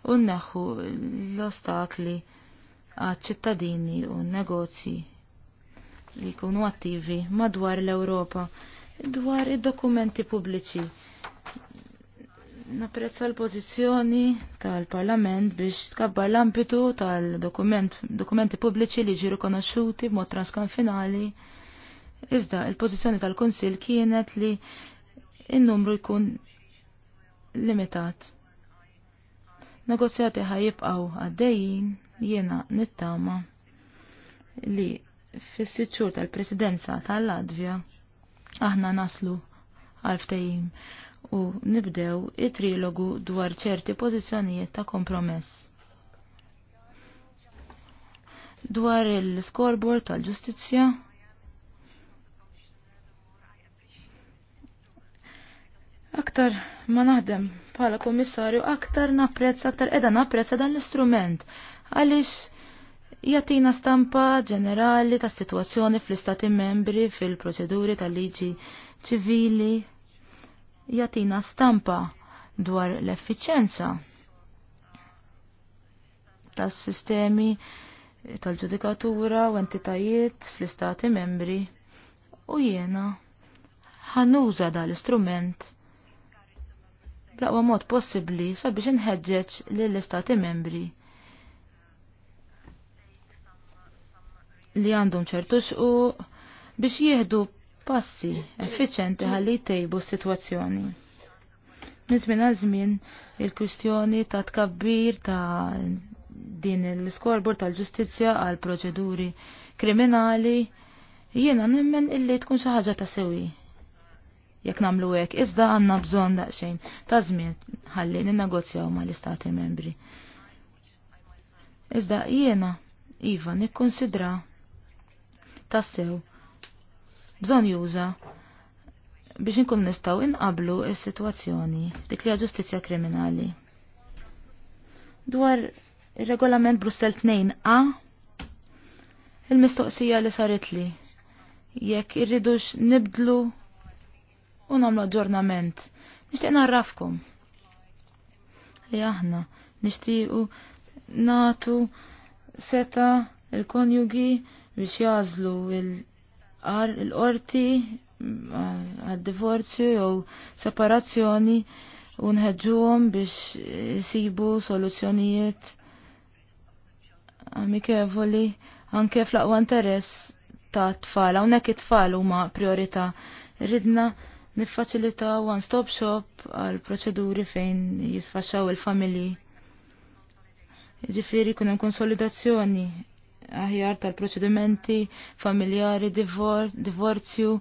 S2: u nneħu l-ostakli għad ċittadini u negozji li jkunu attivi madwar l-Ewropa dwar id-dokumenti pubbliċi. Napprezza l-pożizzjoni tal-Parlament biex tkabbar l-ambitu tal-dokumenti pubbliċi li ġiru rikonoxxuti b'mod transkonfinali. Iżda il-pożizzjoni tal-Kunsill kienet li in-numru jkun limitat. Negozjati ħajibqaw għaddejjin jiena nittama li fis-sitxur tal-presidenza tal-Latvja aħna naslu għal ftehim u nibdew it-trilogu dwar ċerti pożizzjonijiet ta' kompromess. Dwar il-scoreboard tal-ġustizzja, Aktar ma naħdem bħala komissarju, aktar napprezz, aktar edha napprezz dan l-istrument. Għalix jatina stampa ġenerali ta' situazzjoni fl-istati membri fil-proċeduri tal-liġi ċivili, jattina stampa dwar l efficienza tas-sistemi tal-ġudikatura u entitajiet fl-istati membri u jiena ħannuża dal-istrument bl-aqwa mod possibbli sabiex inħeġġeġ lill-istati membri li għandhom ċertu xqu biex jieħdu passi effiċenti ħalli jtejbu s-sitwazzjoni. Nizmin għal żmien il-kwistjoni ta' tkabbir ta' din l-iskorbur tal-ġustizzja għal proċeduri kriminali jiena nemmen illi tkun xi ħaġa ta' sewi. Jekk nagħmlu hekk, iżda għandna bżonn daqsxejn ta' żmien ħalli ninnegozjaw mal-istati membri. Iżda jiena iva nikkonsidra tassew bżon juża biex inkun nistgħu inqablu s-sitwazzjoni dik li ġustizja kriminali. Dwar ir-regolament Brussel 2A il-mistoqsija li saret li jekk irridux nibdlu u nagħmlu aġġornament. Nixtieq narrafkom li aħna nixtiequ natu seta il-konjugi biex jażlu l-qorti mm, għad-divorzju jew separazzjoni u nħeġġuhom biex jisibu soluzzjonijiet amikevoli anke fl-aqwa interess ta' tfal, hawnhekk it-tfal huma priorità. Ridna niffaċilita one-stop shop għal proċeduri fejn jisfaxxaw il-familji. Ġifieri kun hemm konsolidazzjoni aħjar tal-proċedimenti familjari, divor, divorzju,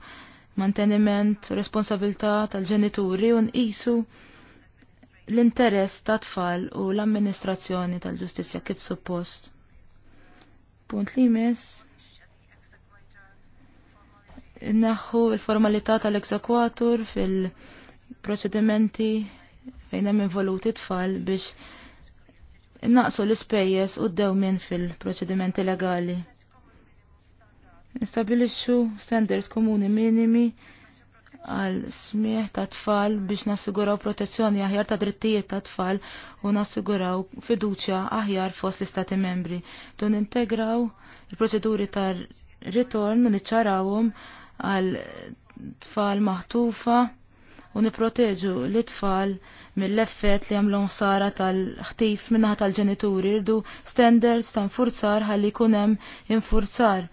S2: manteniment, responsabilità tal-ġenituri u nqisu l-interess ta' tfal u l-amministrazzjoni tal-ġustizja kif suppost. Punt li jmiss naħħu il-formalità tal-ekzekwatur fil-proċedimenti fejn hemm involuti tfal biex naqsu l-ispejjeż u d minn fil-proċedimenti legali. Nistabilixxu standards komuni minimi għal smieħ ta' tfal biex nassiguraw protezzjoni aħjar ta' drittijiet ta' tfal u nassiguraw fiduċja aħjar fost l-istati membri. Dun integraw il-proċeduri ta' ritorn u niċċarawhom għal tfal maħtufa u niproteġu l tfal mill-effett li jamlu sara tal-ħtif minnaħa tal-ġenituri rridu standards ta' nfurzar ħalli kunem infurzar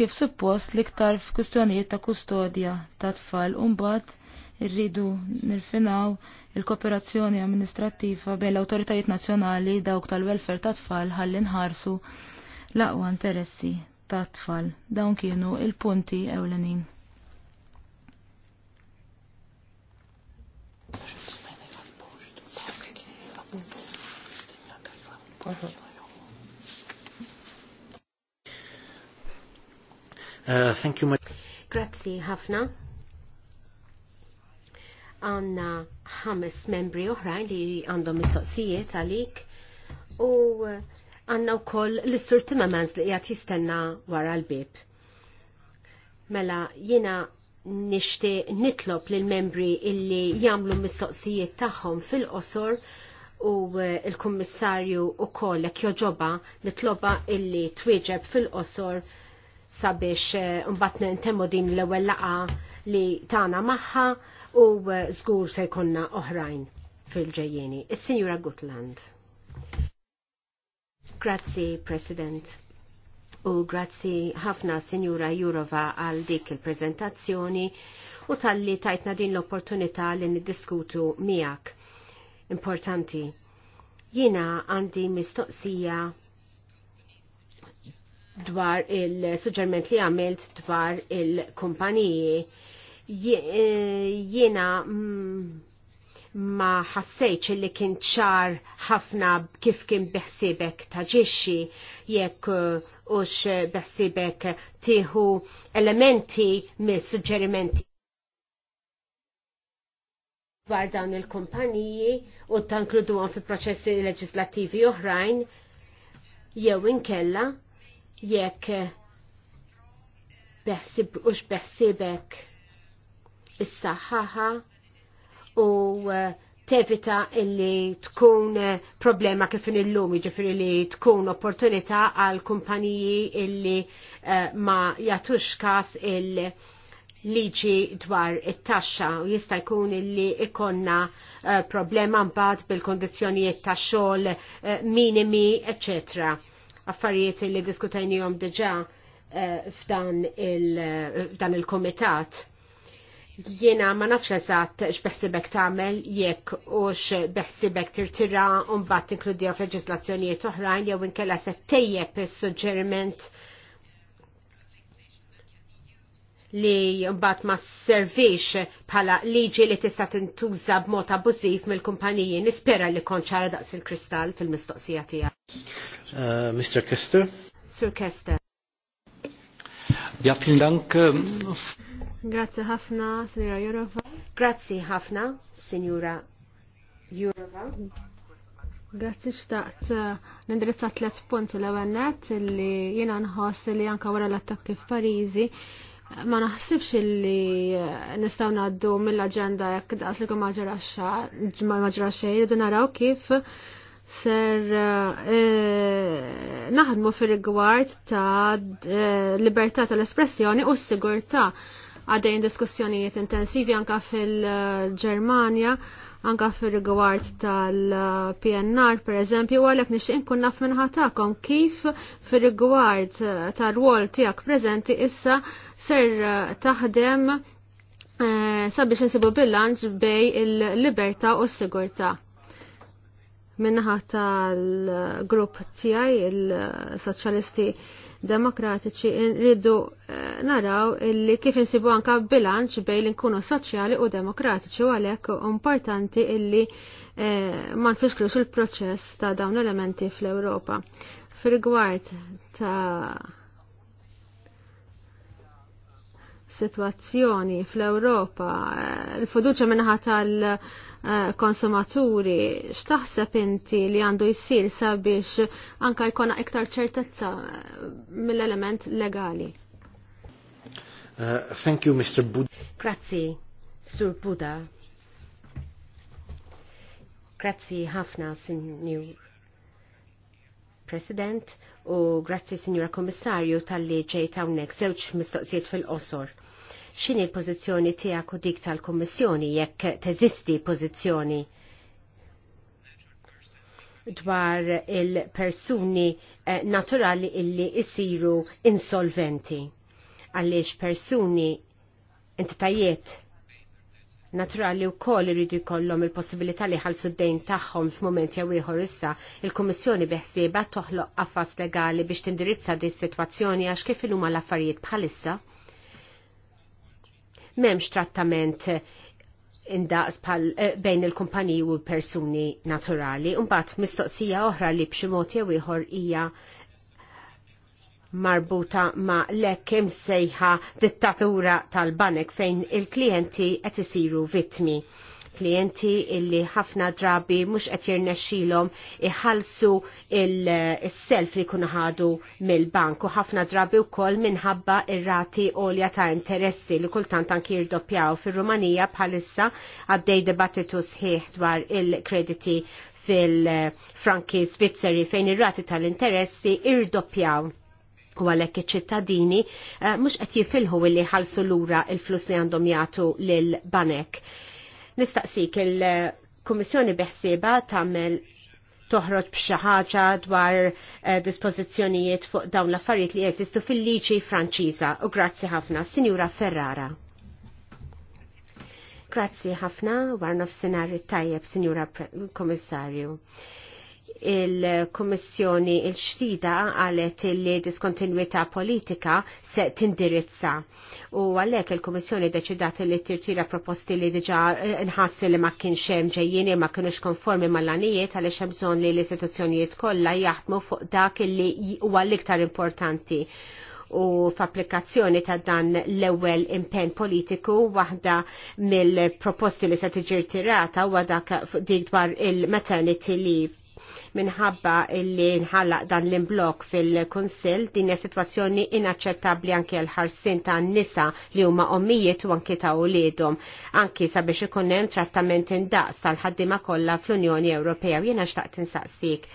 S2: kif suppost liktar f'kustjonijiet ta' kustodja ta' tfal umbat irridu nirfinaw il-kooperazzjoni amministrattiva bejn l-autoritajiet nazzjonali dawk tal-welfare ta' tfal ħalli nħarsu l-aqwa interessi ta' tfal. Dawn kienu il-punti ewlenin.
S1: Uh, thank you much.
S3: Grazzi ħafna. Għanna ħames membri oħrajn li għandhom mistoqsijiet għalik u għanna u koll l-sur Timmermans li għat jistenna wara l-bib. Mela, jina nishti nitlob l membri illi jamlu mistoqsijiet tagħhom fil-qosor u eh, il-Kummissarju u kollek joġoba nitloba illi twieġeb fil-qosor sabiex eh, mbatna intemmu din l-ewwel laqa li tana maħħa u eh, żgur se jkunna oħrajn fil-ġejjeni. Is-Sinjura Gutland. Grazzi, President. U grazzi ħafna Sinjura Jurova għal dik il-prezentazzjoni u tal-li tajtna din l-opportunità li niddiskutu miegħek importanti. Jiena għandi mistoqsija dwar il-suġġerment li għamilt dwar il-kumpaniji. Eh, jiena ma ħassejċ li kien ċar ħafna kif kien biħsibek taġixxi jekk eh, ux biħsibek tieħu elementi mis suġġerimenti dwar dawn il-kumpaniji u tankludu għan fi proċessi leġislativi oħrajn jew inkella jekk beħsib ux beħsibek is-saħħaħa u eh, tevita illi tkun eh, problema kif illum jiġifieri li tkun opportunità għal kumpaniji illi eh, ma jagħtux każ il- liġi dwar it-taxxa u jista' jkun li ikonna eh, problema mbagħad bil-kondizzjonijiet ta' xogħol eh, minimi, etc. Affarijiet li diskutajnihom diġà eh, f'dan il-komitat. Il Jiena ma nafx eżatt x'beħsibek tagħmel jekk u x'beħsibek tirtira u mbagħad tinkludiha f'leġislazzjonijiet oħrajn jew inkella se tejjeb is-suġġeriment li mbagħad ma servix bħala liġi li tista' tintuża b'mod abbużiv mill-kumpaniji. Nispera li kont ċara daqs il-kristall fil-mistoqsija tiegħek. Uh, Mr. Kester. Sir Kester. Ja, vielen Dank. Ähm, Grazie ħafna, Signora Jurova. Grazie ħafna, Signora
S1: Jurova. Grazzi xtaqt äh, nindirizzat tlet punti l-ewennet li jena nħoss li anka wara l-attakki f-Parizi ma naħsibx li eh, nistaw naddu mill-agenda jekk daqs li ma ġra xejn irridu naraw kif ser eh, naħdmu fir-rigward ta' eh, libertà tal-espressjoni u s-sigurtà għadejn diskussjonijiet intensivi anka fil-Ġermanja, anka fil-rigward tal-PNR, per eżempju, għalek nixin kun naf minnħatakom kif fil-rigward tal-rwol tijak prezenti issa ser eh, taħdem eh, sabiex nsibu bilanċ bej il-liberta u s-sigurta. Minnaħa tal-grupp tijaj, il-Soċjalisti Demokratiċi, rridu eh, naraw illi kif nsibu anka bilanċ bej li nkunu soċjali u demokratiċi u għalek importanti illi ma nfisklux il-proċess ta' dawn elementi fl-Europa. Fil-gwart ta' situazzjoni fl-Europa, l-fiduċa minnaħa tal-konsumaturi, x'taħseb inti li għandu jissir sabiex anka jkona iktar ċertezza eh, mill-element legali? Uh, thank you, Mr.
S3: Buda. Grazzi, Sur Buda. Grazzi ħafna, Sr. President, u grazzi Signora Kommissarju tal-li ġejt hawnhekk żewġ mistoqsijiet fil-qosor x'inhi l-pożizzjoni tiegħek u dik tal-Kummissjoni jekk teżisti pożizzjoni dwar il-persuni eh, naturali illi isiru insolventi għaliex persuni entitajiet naturali u koll irridu jkollhom il-possibilità li ħalsu d-dejn tagħhom f'mument jew ieħor issa, il-Kummissjoni biħsieba toħloq affass legali biex tindirizza di sitwazzjoni għax kif huma l-affarijiet bħalissa memx trattament indaqs pal eh, bejn il-kumpaniji u persuni naturali. Umbat mistoqsija oħra li b'xi mod jew ieħor hija marbuta ma lekk imsejħa dittatura tal-banek fejn il-klijenti qed isiru vittmi klienti illi ħafna drabi mux qed jirnexxilhom iħallsu il-self li jkunu ħadu mill-bank u ħafna drabi wkoll minħabba ir-rati għolja ta' interessi li kultant anki jirdoppjaw fir-Rumanija bħalissa għaddej dibattitu sħiħ dwar il-krediti fil-franki Svizzeri fejn ir-rati tal-interessi irdoppjaw u għalek iċ-ċittadini eh, mhux qed jifilħu illi ħalsu lura il-flus li għandhom jagħtu lil banek Nistaqsik il-Kummissjoni biħsiba tagħmel toħroġ b'xi ħaġa dwar eh, dispozizjonijiet fuq dawn l-affarijiet li jeżistu fil liċi Franċiża u grazzi ħafna, Sinjura Ferrara. Grazzi ħafna, warna f'sinarri tajjeb, Sinjura Komissarju il-Kommissjoni il ċtida għalet li diskontinuità politika se tindirizza. U għalek il-Kommissjoni deċidat li tirtira proposti li diġa nħassi li ma kienx hemm ġejjini, ma kienux konformi mal-għanijiet għaliex hemm bżonn li l-istituzzjonijiet kollha jaħdmu fuq dak li huwa l-iktar importanti u f'applikazzjoni ta' dan l-ewwel impenn politiku waħda mill-proposti li se tiġi tirata huwa dak dwar il-maternity leave minħabba illi nħallaq dan l-imblok fil-Kunsill din hija sitwazzjoni inaċċettabbli anke l-ħarsin ta' nisa li huma ommijiet u anke ta' uliedhom anki sabiex ikun hemm trattament indaqs tal-ħaddiema kollha fl-Unjoni Ewropea u jiena xtaqt insaqsik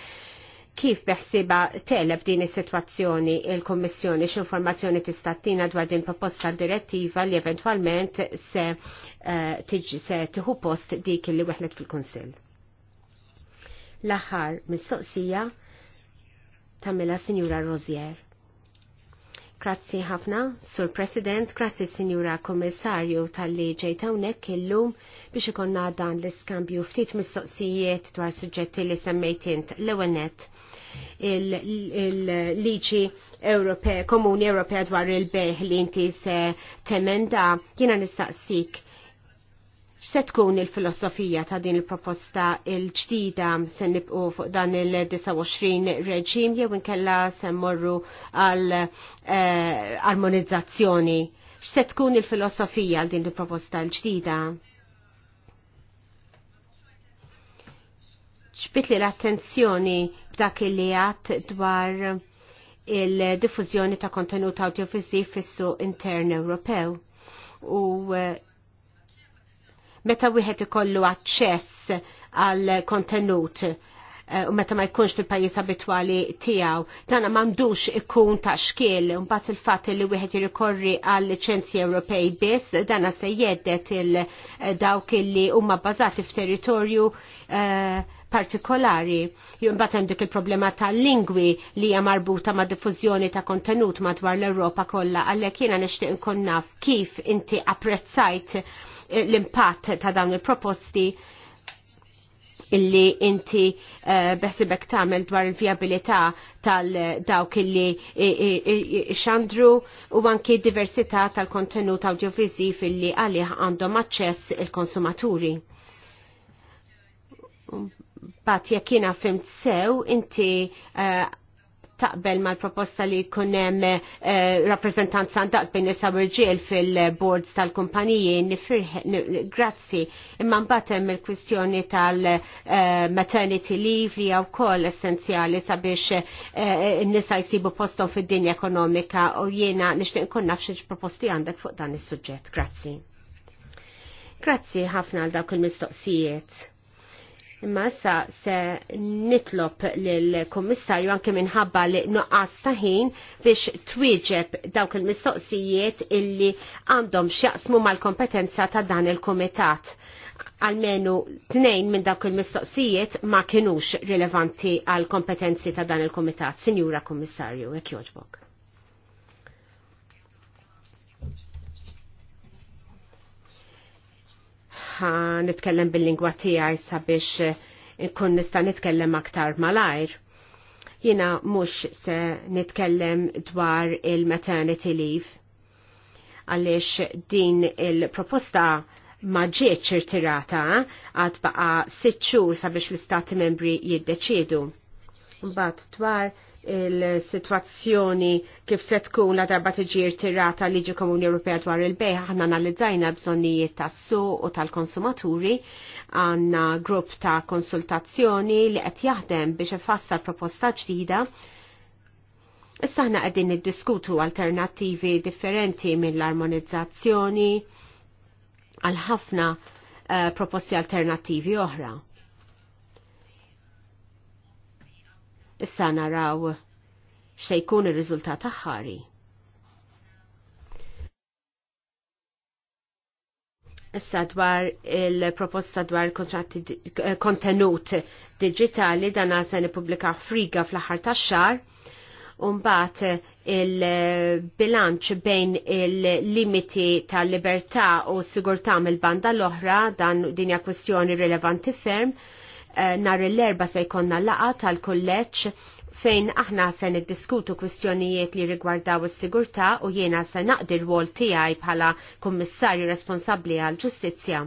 S3: kif beħsiba teleb din is-sitwazzjoni il kummissjoni x'informazzjoni tista' tina dwar din proposta direttiva li eventwalment se eh, tiġi se tieħu post dik li weħlet fil-Kunsill. L-aħħar mis-soqsija tamela Sinjura Rozier. Grazzi ħafna, Sur President, grazzi Sinjura Kommissarju tal liġej tawnek hawnhekk illum biex ikonna dan l-iskambju ftit mis-soqsijiet dwar suġġetti li semmejtint l-ewwel il-liġi Komuni Ewropea dwar il-beħ li inti se temenda jiena nistaqsik Se tkun il-filosofija ta' din il-proposta il-ġdida se nibqu fuq dan il-29 reġim jew inkella se morru għal eh, armonizzazzjoni. X'se tkun il-filosofija għal din il-proposta l-ġdida? ċbitli l-attenzjoni b'dak li għat dwar il-diffużjoni ta' kontenut audiovisiv fissu intern Ewropew u eh, meta wieħed ikollu aċċess għal kontenut eh, u meta ma jkunx fil-pajjiż abitwali tiegħu. Dan m'għandux ikun ta' xkiel mbagħad il-fatt li wieħed jirikorri għal liċenzji Ewropej biss, dan se jeddet il eh, dawk li huma bbażati f'territorju eh, partikolari. Mbagħad hemm dik il-problema tal-lingwi li hija marbuta ma' diffużjoni ta' kontenut madwar l-Ewropa kollha għalhekk jiena nixtieq inkun naf kif inti apprezzajt l-impatt ta' dawn il-proposti illi inti besibek eh, beħsibek tagħmel dwar il-vjabilità tal-dawk illi xandru u anki diversità tal-kontenut fil illi għalih għandhom aċċess il-konsumaturi. Bat jekk jiena fimt sew, inti eh, taqbel mal-proposta li kunem eh, rappresentanza għandaqs bejn nisa rġiel fil-boards tal-kumpaniji grazzi imma batem il-kwistjoni tal-maternity eh, leave li għaw kol essenzjali sabiex eh, nisa jisibu postom fid-dinja ekonomika u jiena nishtiq nkun nafxieġ proposti għandek fuq dan is-suġġett. Grazzi. Grazzi ħafna għal dawk il-mistoqsijiet. Imma issa se nitlob lill-Kummissarju anke minħabba li nuqqas ta' ħin biex twieġeb dawk il-mistoqsijiet illi għandhom x'jaqsmu mal-kompetenza ta' dan il-Kumitat. Almenu tnejn minn dawk il-mistoqsijiet ma kinux rilevanti għal kompetenzi ta' dan il-Kumitat. Sinjura Kummissarju, jekk jogħġbok. ħa nitkellem bil-lingwa tiegħi sabiex eh, nkun nista' nitkellem aktar malajr. Jiena mhux se nitkellem dwar il-maternity leave għaliex din il-proposta ma ġietx irtirata għad baqa sitt xhur sabiex l-istati membri jiddeċiedu. Mbagħad dwar il-situazzjoni kif se tkun la darba tiġir tirata liġi Komuni Ewropea dwar il-bejħ, aħna analizzajna bżonnijiet tas su u tal-konsumaturi, għanna grupp ta' konsultazzjoni li qed jaħdem biex ifassal proposta ġdida Issa ħna qegħdin niddiskutu alternattivi differenti mill-armonizzazzjoni għal ħafna uh, proposti alternattivi oħra. Issa naraw x'se jkun ir-riżultat aħħari. Issa dwar il-proposta dwar kontratti eh, kontenut digitali dan se nippubblika friga fl-aħħar tax-xar Umbat il-bilanċ bejn il-limiti tal-libertà u sigurtà mill-banda l-oħra dan dinja kwestjoni rilevanti ferm Eh, nar l-erba se jkonna laqa tal-kolleċ fejn aħna se niddiskutu kwistjonijiet li rigwardaw is-sigurtà u jiena se naqdi r-wol tiegħi bħala kummissarju responsabbli għall-ġustizzja.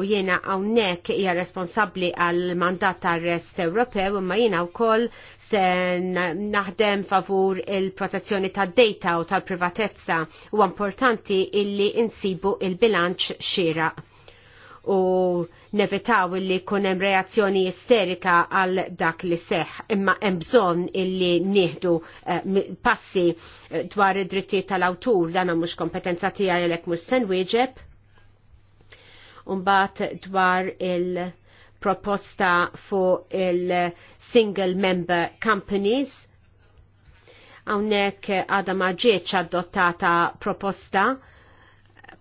S3: U jiena hawnhekk hija responsabbli għal mandat tar-rest Ewropew imma jiena wkoll se naħdem favur il-protezzjoni tad-data u tal-privatezza u importanti illi insibu il-bilanċ xieraq u nevitaw li kunem reazzjoni isterika għal dak li seħ imma mbżon illi nieħdu uh, passi eh, dwar id-drittijiet tal-awtur dana mhux kompetenza tiegħi jelek mhux sen wieġeb. Umbat dwar il- proposta fuq il-single member companies. Hawnhekk għadha ma ġietx adottata proposta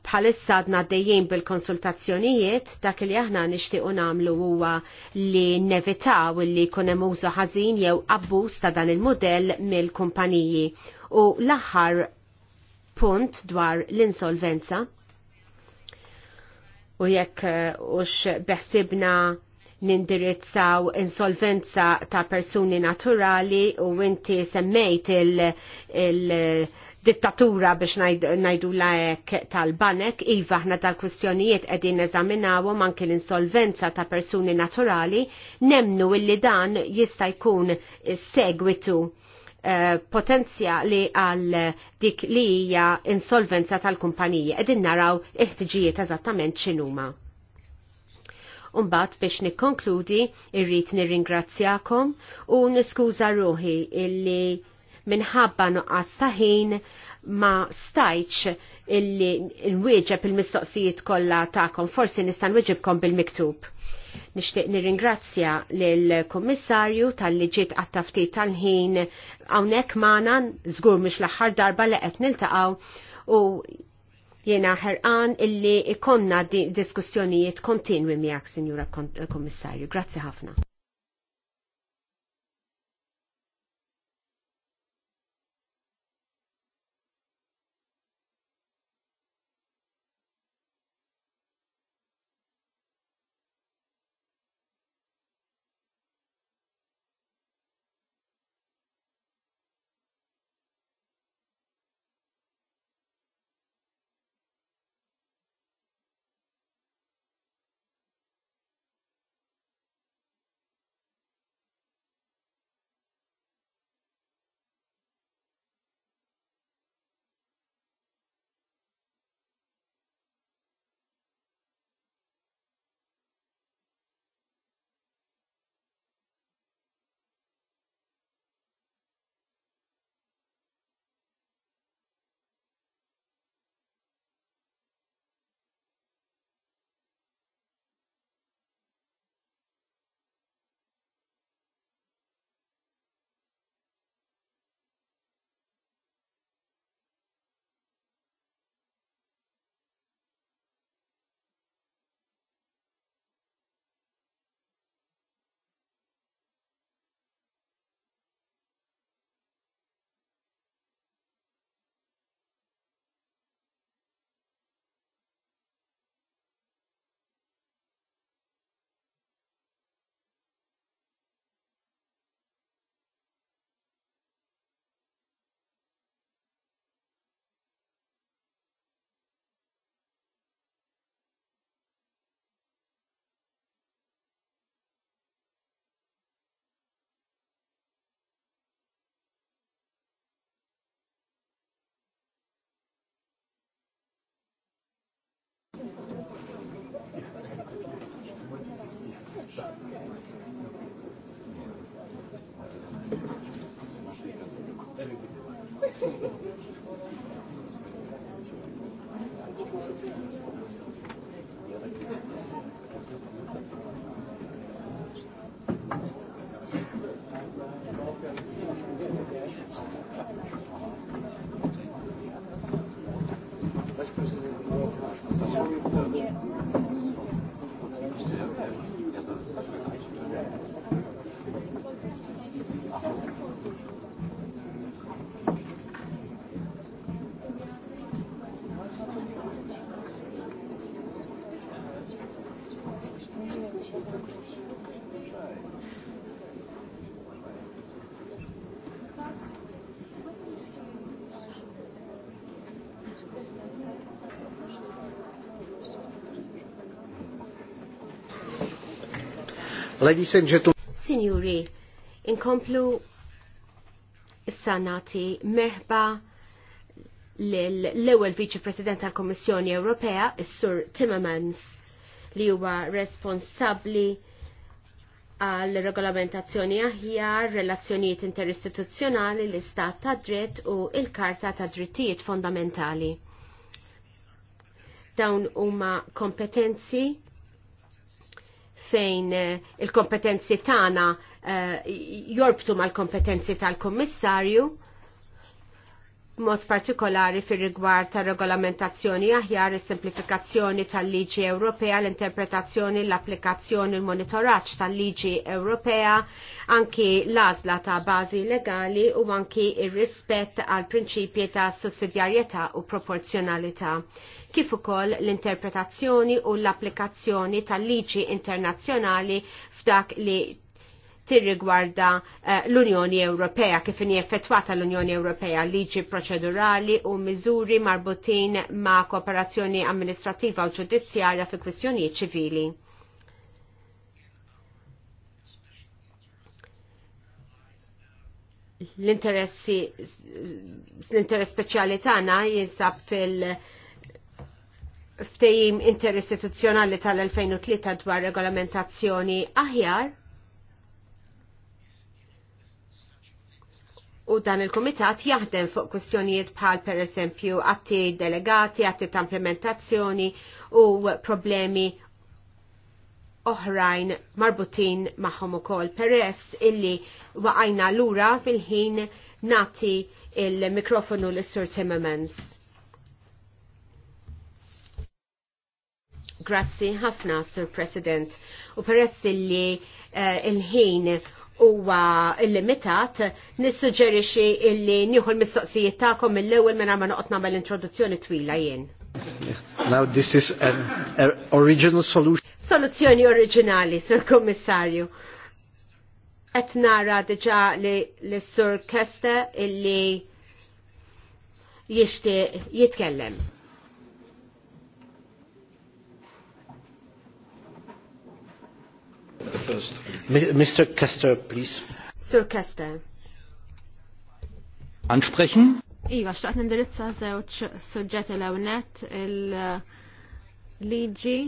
S3: bħalissa għadna dejjem bil-konsultazzjonijiet dak li aħna nixtiequ nagħmlu huwa li u li kunem użu ħażin jew abbuż ta' dan il-modell mill-kumpaniji. U l-aħħar punt dwar l-insolvenza u jekk ux uh, beħsibna nindirizzaw insolvenza ta' persuni naturali u inti semmejt il-, il dittatura biex najdu laek tal-banek, iva ħna tal-kwistjonijiet edin eżaminawu manki l-insolvenza ta' persuni naturali, nemnu illi dan jista' jkun segwitu eh, potenzjali għal dik li hija insolvenza tal kumpanija Edin naraw iħtiġijiet eżattament x'inhuma. Umbat biex nikkonkludi, irrit nirringrazzjakom u niskuża ruħi illi minħabba nuqqas ta' ħin ma stajċ illi nwieġeb il-mistoqsijiet kollha tagħkom, forsi nista' nwieġibkom bil-miktub. Nixtieq nirringrazzja lill-Kummissarju tal liġiet ġiet għattaftit tal-ħin hawnhekk magħna żgur mhux l-aħħar darba li qed niltaqgħu u jena ħerqan illi ikonna di diskussjonijiet kontinwi miegħek, Sinjura Kommissarju. Grazzi ħafna. Ladies and gentlemen. Signori, inkomplu s-sanati merħba l-ewel Vice President tal Komissjoni Ewropea, s sur Timmermans, li huwa responsabbli għal regolamentazzjoni aħjar, relazzjonijiet interistituzzjonali, l-istat ta' dritt u il-karta ta' drittijiet fondamentali. Dawn huma kompetenzi fejn eh, il-kompetenzi tagħna eh, jorbtu mal-kompetenzi tal-Kummissarju mod partikolari fir rigward ta' regolamentazzjoni aħjar is-simplifikazzjoni tal-liġi Ewropea, l-interpretazzjoni, l-applikazzjoni, l-monitoraġġ tal-liġi Ewropea, anki l-għażla ta' bażi legali u anki ir-rispett għal prinċipji ta' sussidjarjetà u proporzjonalità kif ukoll l-interpretazzjoni u l-applikazzjoni tal-liġi internazzjonali f'dak li tirrigwarda eh, l-Unjoni Ewropea kif inhi effettwata l-Unjoni Ewropea liġi proċedurali u miżuri marbutin ma' kooperazzjoni amministrativa u ġudizzjarja fi kwistjonijiet ċivili. l-interessi l-interess speċjali tagħna jinsab fil- ftejim interistituzzjonali tal-2003 dwar regolamentazzjoni aħjar U dan il-komitat jaħdem fuq kwestjonijiet bħal per esempio atti delegati, atti ta' implementazzjoni u problemi oħrajn marbutin maħom u kol peress illi waqajna lura fil-ħin nati il-mikrofonu l-Sur Timmermans. Grazzi ħafna, Sur President. U peress illi uh, il-ħin huwa illimitat, nissuġġerixi illi nieħu l-mistoqsijiet tagħkom mill-ewwel minn ma noqgħod nagħmel introduzzjoni twila jien. Now this is an, original solution. Soluzzjoni oriġinali, Sur Kommissarju. Qed nara diġà li l-Sur Kesta illi jixtieq jitkellem.
S2: first. Mr. Kester, please.
S1: Sir Kester.
S2: Ansprechen?
S1: Iva, xaqt nindirizza zewċ suġġet l-awnet il-liġi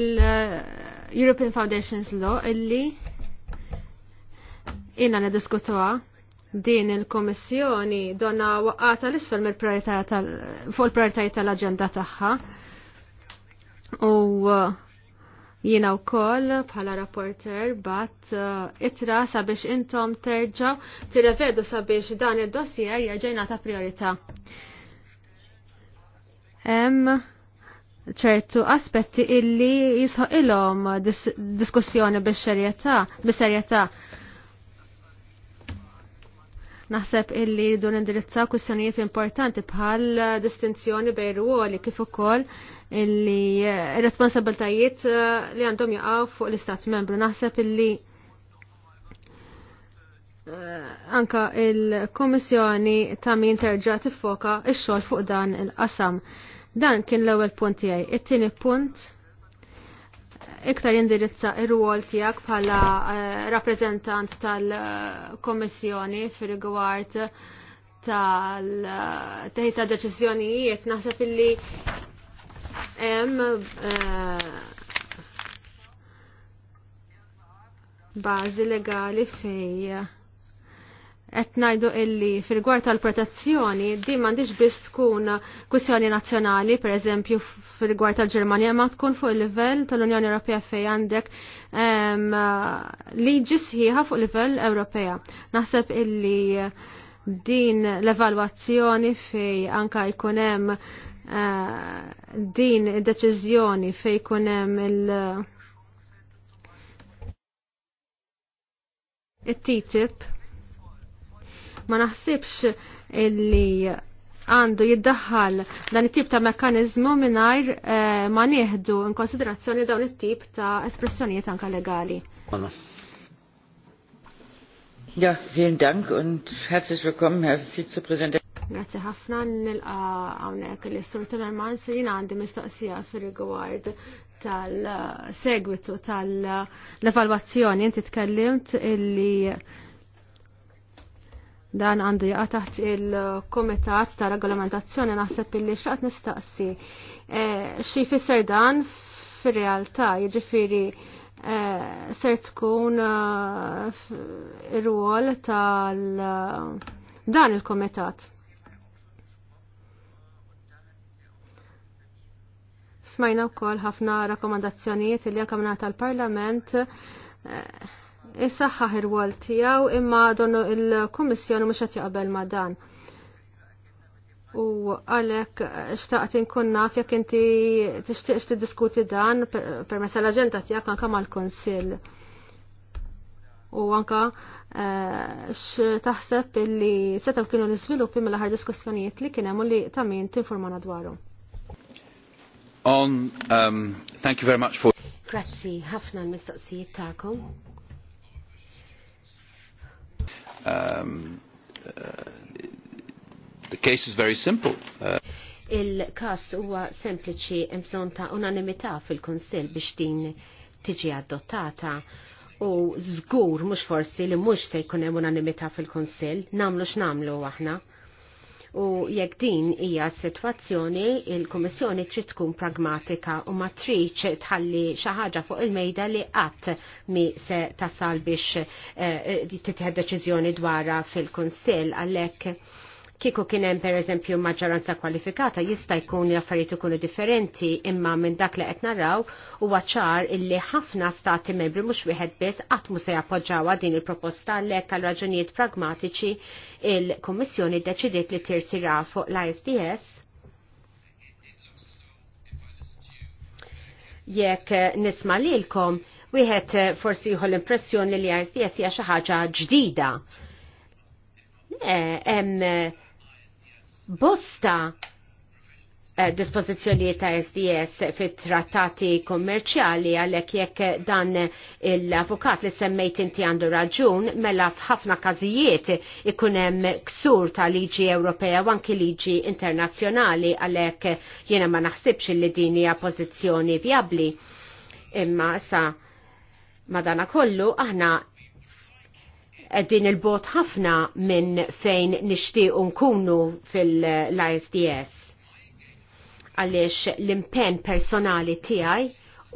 S1: il-European Foundations Law illi jina nediskutuwa din il-Komissjoni donna waqqata l-isfel fuq il-prioritajiet tal-agenda tagħha. U uh, jiena wkoll bħala rapporter bat uh, itra sabiex intom terġa' tirrevedu sabiex dan id-dossier jaġejna ta' priorità. Hemm ċertu aspetti illi jisħoq ilhom diskussjoni bix-xerjetà, bis-serjetà. bis serjetà Naħseb illi dun indirizzaw kwistjonijiet importanti bħal distinzjoni bejn ruoli kif ukoll illi eh, responsabiltajiet eh, li għandhom jaqgħu fuq l-Istat membru. Naħseb illi eh, anka il-Komissjoni ta' min terġa' tiffoka x-xogħol fuq dan il-qasam. Dan kien l-ewwel punt tiegħi. It-tieni punt iktar jindirizza ir-rwol tiegħek bħala eh, rappreżentant tal-Kommissjoni fir-rigward tal-teħid ta' deċiżjonijiet naħseb illi hemm eh, bażi legali fejn qed ngħidu illi fil gwart tal-protezzjoni di m'għandix biss tkun nazjonali, nazzjonali, pereżempju fil gwart tal ġermanija ma tkun fuq il-livell tal-Unjoni Ewropea fejn għandek ehm, liġi sħiħa fuq il livell Ewropea. Naħseb illi din l-evalwazzjoni fej anka jkunem hemm eh, din id-deċiżjoni fej jkun hemm il- it-TTIP ma naħsibx illi għandu jiddaħħal dan it-tip ta' mekkanizmu mingħajr eh, ma nieħdu in konsiderazzjoni dawn it-tip ta' espressjonijiet anka legali.
S2: Ja, vielen Dank und herzlich willkommen, Herr Vizepräsident.
S1: Grazie ħafna nilqa hawnhekk li s sur Timmerman se jien għandi mistoqsija fir-rigward tal-segwitu tal-evalwazzjoni inti tkellimt illi dan għandu jaqa taħt il-Komitat ta' Regolamentazzjoni naħseb illi xaqt nistaqsi. xie eh, Xi jfisser dan fir-realtà, jiġifieri eh, ser tkun eh, ir-rwol tal dan il-Komitat. Smajna wkoll ħafna rakkomandazzjonijiet li għakamna tal-Parlament isaħħaħ ir-wol tiegħu imma donnu il-Kummissjoni mhux qed jaqbel ma' dan. U għalek, xtaqt inkun naf jekk inti t tiddiskuti dan permezz l-aġenda tiegħek anke mal-Kunsill. U anka eh, x'taħseb illi setgħu kienu l-iżviluppi mill-aħħar diskussjonijiet li kien hemm u li ta' min informana dwarhom. On, um, thank you very much for.
S3: Grazzi, ħafna l-mistoqsijiet tagħkom.
S2: Um, uh, the case is very simple. Uh,
S3: Il-kas huwa sempliċi imżon ta' unanimità fil konsil biex din tiġi adottata u żgur mhux forsi li mhux se jkun hemm unanimità fil-Kunsill, namlu x'namlu aħna. U jekk din hija s-sitwazzjoni, il-Kummissjoni trid tkun pragmatika u ma trid tħalli xi ħaġa fuq il-mejda li qatt mi se tasal biex eh, eh, titħed deċiżjoni dwarha fil-Kunsill għalhekk Kiku kien hemm pereżempju maġġoranza kwalifikata jista' jkun li affarijiet ikunu differenti imma minn dak li qed naraw huwa ċar illi ħafna stati membri mhux wieħed biss qatt mu se jappoġġawha din il-proposta għalhekk għal raġunijiet pragmatiċi il-Kummissjoni ddeċidiet li tirtira fuq l-ISDS jekk nisma lilkom, wieħed forsi jħol l-impressjoni li l ISDS hija xi ħaġa ġdida. eh, bosta eh, ta' SDS fit trattati kommerċjali għalhekk jekk dan l-avukat li semmejt inti għandu raġun mela f'ħafna każijiet ikun hemm ksur ta' liġi Ewropea u anki liġi internazzjonali għalhekk jiena ma naħsibx li din hija pożizzjoni vjabli. Imma sa madana kollu aħna din il-bot ħafna minn fejn nishtiq nkunu fil-ISDS. Għalix l-impen personali tijaj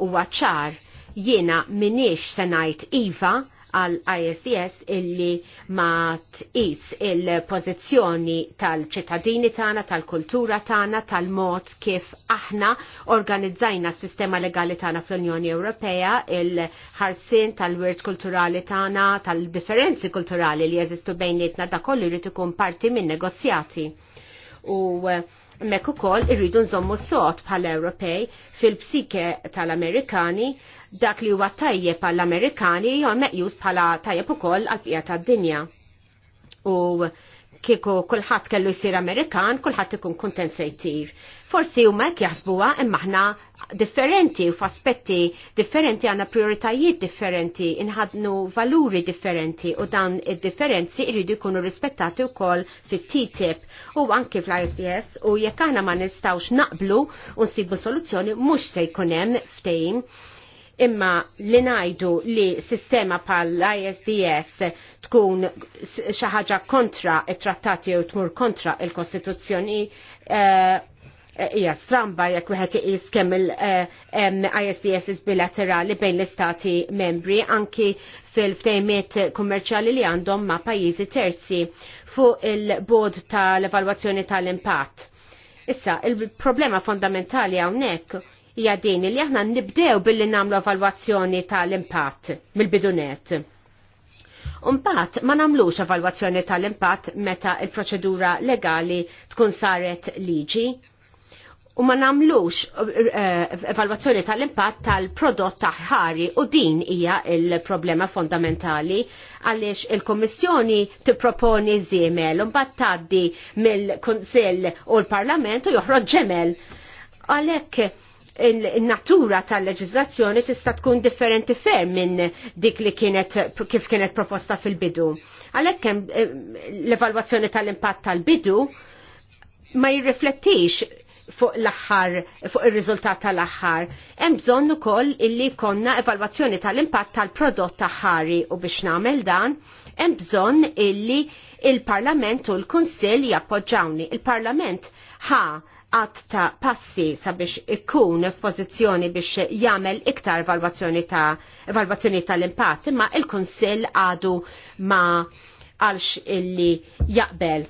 S3: u għacċar jiena minix senajt Iva għal ISDS illi ma tqis il-pożizzjoni tal-ċittadini tagħna, tal-kultura tagħna, tal-mod kif aħna organizzajna s-sistema legali tagħna fl-Unjoni Ewropea, il-ħarsin tal-wirt kulturali tagħna, tal-differenzi kulturali li jeżistu bejnietna da kollu jrid ikun parti minn negozjati. U Mek ukoll irridu nżommu s-sot bħal Ewropej fil-psike tal-Amerikani dak li huwa tajjeb għall-Amerikani jew meqjus bħala tajjeb ukoll għall-bqija tad-dinja. U kieku kulħadd kellu jsir Amerikan, kulħadd ikun kuntent se jtir. Forsi huma hekk jaħsbuha imma aħna differenti u f'aspetti differenti għandna prioritajiet differenti, inħadnu valuri differenti u dan id-differenzi jridu jkunu rispettati wkoll fit-TTIP u anki fl-ISDS u jekk aħna ma nistgħux naqblu u nsibu soluzzjoni mhux se jkun hemm ftehim Imma li najdu li sistema pal ISDS tkun xaħġa kontra il trattati u tmur kontra il-Kostituzzjoni eh, hija stramba jekk wieħed iqis kemm il-ISDS eh, bilaterali bejn l-istati membri anki fil-ftejmiet kummerċjali li għandhom ma' pajjiżi terzi fuq il-bod tal-evalwazzjoni tal-impatt. Issa, il-problema fondamentali hawnhekk hija din li aħna nibdew billi nagħmlu evalwazzjoni tal-impatt mill-bidunet. Umbat ma nagħmlux evalwazzjoni tal-impatt meta il-proċedura legali tkun saret liġi u ma nagħmlux eh, evalwazzjoni tal-impatt tal-prodott taħħari u din hija il-problema fondamentali għaliex il-Kommissjoni tipproponi żiemel u mbagħad tgħaddi mill-Kunsill u l-Parlament u joħroġ ġemel għalhekk il-natura tal-leġizlazzjoni tista' tkun differenti ferm minn dik li kienet kif kienet proposta fil-bidu. Għalhekk hemm eh, l-evalwazzjoni tal-impatt tal-bidu ma jirriflettix fuq l-aħħar, fuq ir-riżultat tal-aħħar. Hemm bżonn ukoll illi konna evalwazzjoni tal-impatt tal-prodott aħħari u biex nagħmel dan, hemm bżonn illi il-Parlament u l-Kunsill jappoġġawni. Il-Parlament ħa għat ta' passi sabiex ikun f'pożizzjoni biex jagħmel iktar valvazzjoni ta' valvazzjoni tal-impatt, imma il-Kunsill għadu ma għalx illi jaqbel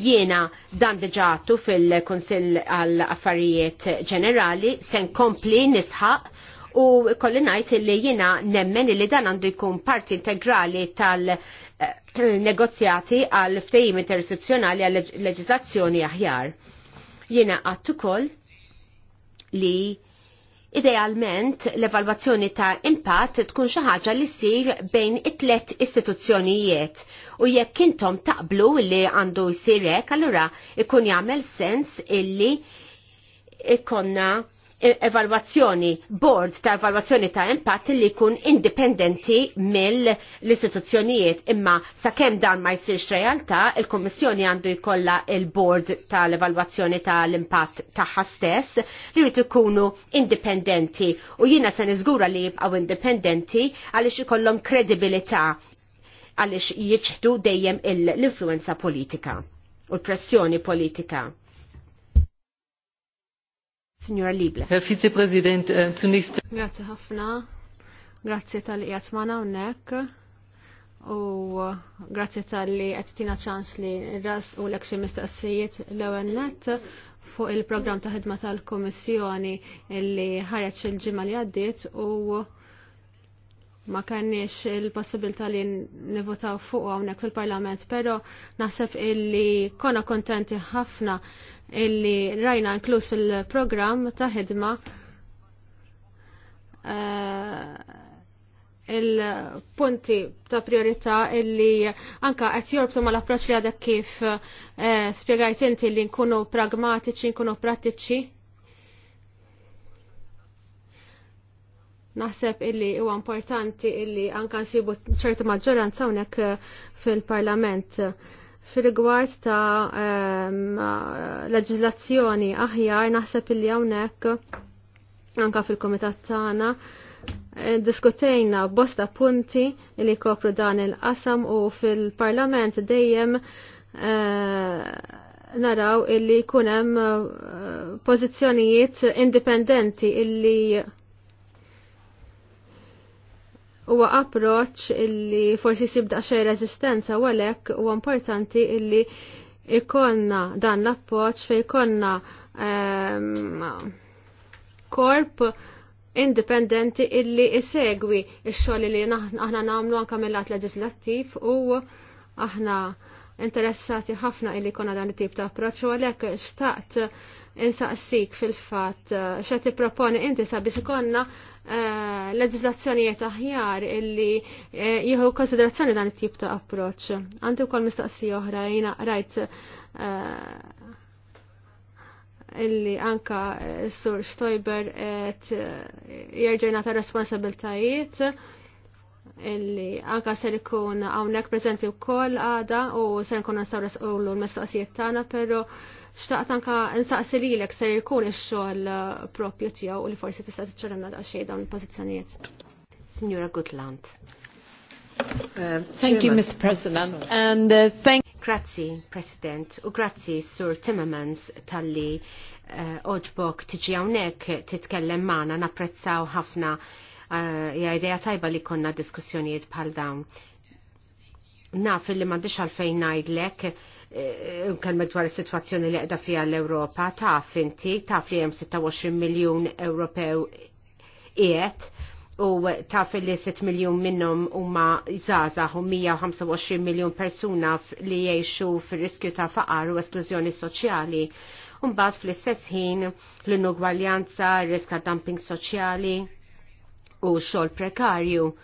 S3: jiena dan diġatu fil-Kunsill għall affarijiet ġenerali se nkompli nisħaq u kolli najt li jiena nemmen li dan għandu jkun parti integrali tal- eh, negozjati għal ftejim intersezzjonali għal leġislazzjoni aħjar. Jiena għat kol li Idealment, l-evalwazzjoni ta' impatt tkun xi ħaġa li ssir bejn it-tlet istituzzjonijiet u jekk intom taqblu li għandu jsir hekk, allura ikun jagħmel sens illi ikonna evalwazzjoni, board ta' evalwazzjoni ta' impatt li jkun indipendenti mill-istituzzjonijiet imma sakemm dan ma jsirx realtà, il-Kummissjoni għandu jkollha il-board tal-evalwazzjoni tal-impatt tagħha stess li jrid ikunu indipendenti u jiena se niżgura li jibqgħu indipendenti għaliex ikollhom kredibilità għaliex jiġħdu dejjem l-influenza politika u l-pressjoni politika. Signora Lible. Herr Vizepräsident, äh, zunächst.
S1: Grazie ħafna. Grazie tal-qiegħed unnek. hawnhekk. U grazie tal-li għettina ċans li ras u l-ekxie mistaqsijiet l net fuq il-program ta' ħidma tal-Komissjoni li ħareċ il-ġimma li għaddiet u ma kenniex il-possibilità li nivotaw fuq hawnhekk fil-Parlament, però naħseb illi konna kontenti ħafna illi rajna inkluż fil-programm ta' ħidma eh, il-punti ta' priorità illi anka qed jorbtu mal-approċċ li għadek kif eh, spjegajt inti li nkunu pragmatiċi, nkunu prattiċi Naħseb illi huwa importanti illi anka nsibu ċertu maġġoranza hawnhekk eh, fil-Parlament fil-rigward ta' ehm, leġislazzjoni aħjar naħseb illi hawnhekk anka fil-komitat tagħna eh, diskutejna bosta punti li kopru dan il-qasam u fil-parlament dejjem eh, naraw illi kunem pozizjonijiet indipendenti illi huwa approċ illi forsi sibda xej rezistenza u għalhekk huwa importanti illi ikonna dan l-appoċ fej konna um, ehm, korp indipendenti illi isegwi x xogħol li aħna nagħmlu anke mill-att leġislattiv u aħna interessati ħafna illi konna dan it-tip ta' approċċ u għalhekk xtaqt insaqsik fil-fat eh, xa ti proponi inti sabiex ikonna eh, leġizlazzjonijiet aħjar illi eh, jieħu konsiderazzjoni dan it-tip ta' approċ. Għandi wkoll mistaqsi oħra jina rajt illi anka sur Stoiber jerġajna ta' responsabiltajiet illi anka ser ikun hawnhekk u wkoll għada u ser nkun nistgħu resqulu l-mistoqsijiet tagħna, però Xtaqt anka nsaqsi lilek ser jkun il xogħol uh, propju tiegħu li forsi tista' da xej dawn il-pożizzjonijiet. Signora
S3: Gutland. Uh, thank you, Mr. President. And uh, thank Grazzi, President, u grazzi Sur Timmermans tal-li uh, oġbok tiġi hawnhekk titkellem magħna napprezzaw ħafna hija tajba li konna diskussjonijiet bħal dawn naf li mandiċ għalfejn najdlek eh, nkellmek dwar is-sitwazzjoni li qiegħda fiha l-Ewropa, taf inti, taf li hemm 26 miljun Ewropew jiet, u taf li 6 miljun minnhom huma żgħażagħ u 125 miljun persuna li jgħixu fir-riskju ta' faqar u esklużjoni soċjali. Mbagħad fl-istess ħin l-inugwaljanza, risk ta' dumping soċjali u xogħol prekarju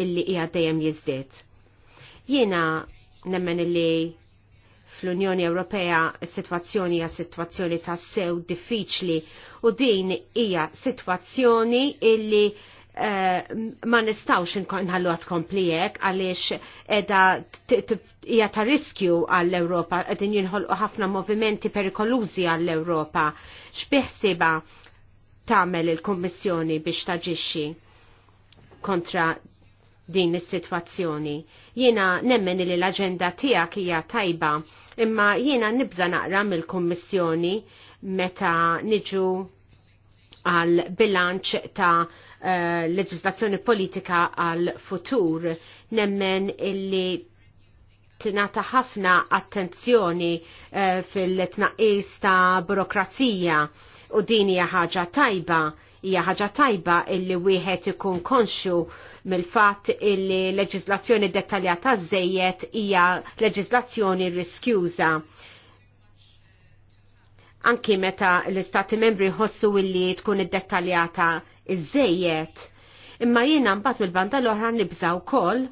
S3: illi hija dejjem jiżdied Jiena nemmen li fl-Unjoni Ewropea s-sitwazzjoni hija sitwazzjoni ta' sew diffiċli u din hija sitwazzjoni illi uh, ma nistawx nħallu għat komplijek għaliex edha hija ta' riskju għall-Ewropa qegħdin jinħolqu ħafna movimenti perikolużi għall-Ewropa. X'biħsiba tagħmel il-Kummissjoni biex taġixxi kontra din is-sitwazzjoni. Jiena nemmen li l-aġenda tiegħek hija tajba, imma jiena nibża naqra mill-Kummissjoni meta niġu għal bilanċ ta' uh, leġislazzjoni politika għal futur. Nemmen illi tinata ħafna attenzjoni uh, fil-tnaqis ta' burokrazija u din hija ħaġa tajba, hija ħaġa tajba illi wieħed ikun konxu mill-fatt illi leġislazzjoni dettaljata żejjed hija leġizlazzjoni riskjuża. Anki meta l-istati membri jħossu illi tkun iddettaljata iż-żejjed. Imma jiena mbagħad mill-banda l-oħra nibża wkoll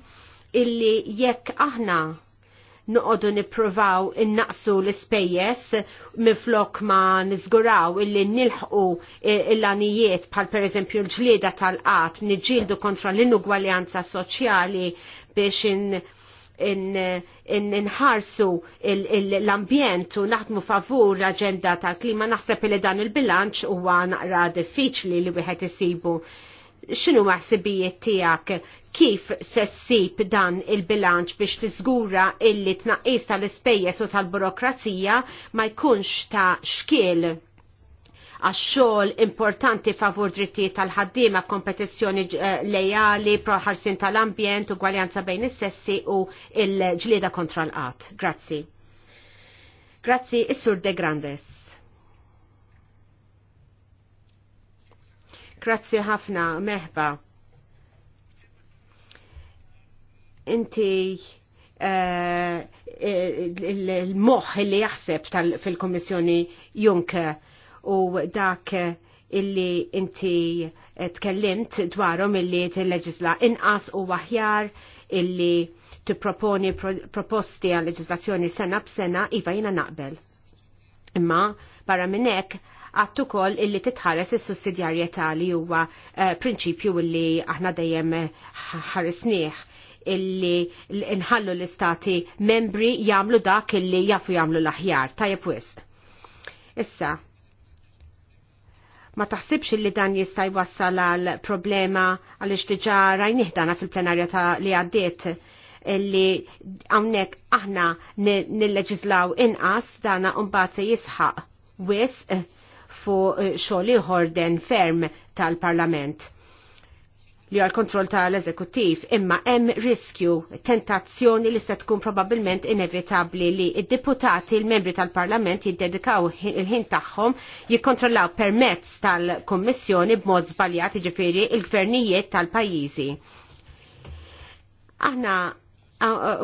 S3: illi jekk aħna noqodu niprovaw innaqsu l-spejjes minflok ma nizguraw illi nilħqu eh, l-anijiet pal per eżempju l-ġlieda tal-qat niġġieldu kontra l-inugwaljanza soċjali biex inħarsu in, in l-ambjent u naħdmu favur l-agenda tal-klima naħseb li dan il-bilanċ huwa naqra diffiċli li wieħed isibu xinu maħsibijiet tijak kif se ssib dan il-bilanċ biex tiżgura illi tnaqqis tal-ispejjeż u tal-burokrazija ma jkunx ta' xkiel għax-xogħol importanti favur drittijiet tal-ħaddiema, kompetizzjoni eh, lejali, proħarsin tal-ambjent, ugwaljanza bejn is-sessi u l ġlieda kontra l-qatt. Grazzi. Grazzi, Is-Sur De Grandes. Grazzi ħafna, merħba. Inti eh, il-moħ li jaħseb fil-Komissjoni Juncker u dak illi inti tkellimt dwarhom illi t-leġisla inqas u waħjar illi t-proponi proposti għal leġislazzjoni sena b'sena iva jina naqbel. Imma barra minnek għattu kol illi titħares is sussidjarjetà li huwa eh, prinċipju illi aħna dejjem eh, ħarisnieħ illi nħallu l-istati membri jamlu dak illi jafu jamlu l-aħjar. Tajab wisq. Issa, ma taħsibx li dan jista' jwassal għal problema għaliex diġà rajnihdana fil-plenarja ta' li għaddiet li għamnek aħna nil-leġizlaw inqas dana un-bat se jisħaq wisq fuq eh, xoli ieħor ferm tal-Parlament li għal kontroll tal-eżekuttiv imma hemm riskju tentazzjoni li se tkun probabbilment inevitabli li id-deputati l-membri tal-Parlament jiddedikaw il-ħin tagħhom jikkontrollaw permezz tal-Kommissjoni b'mod żbaljat jiġifieri il-gvernijiet tal-pajjiżi. Aħna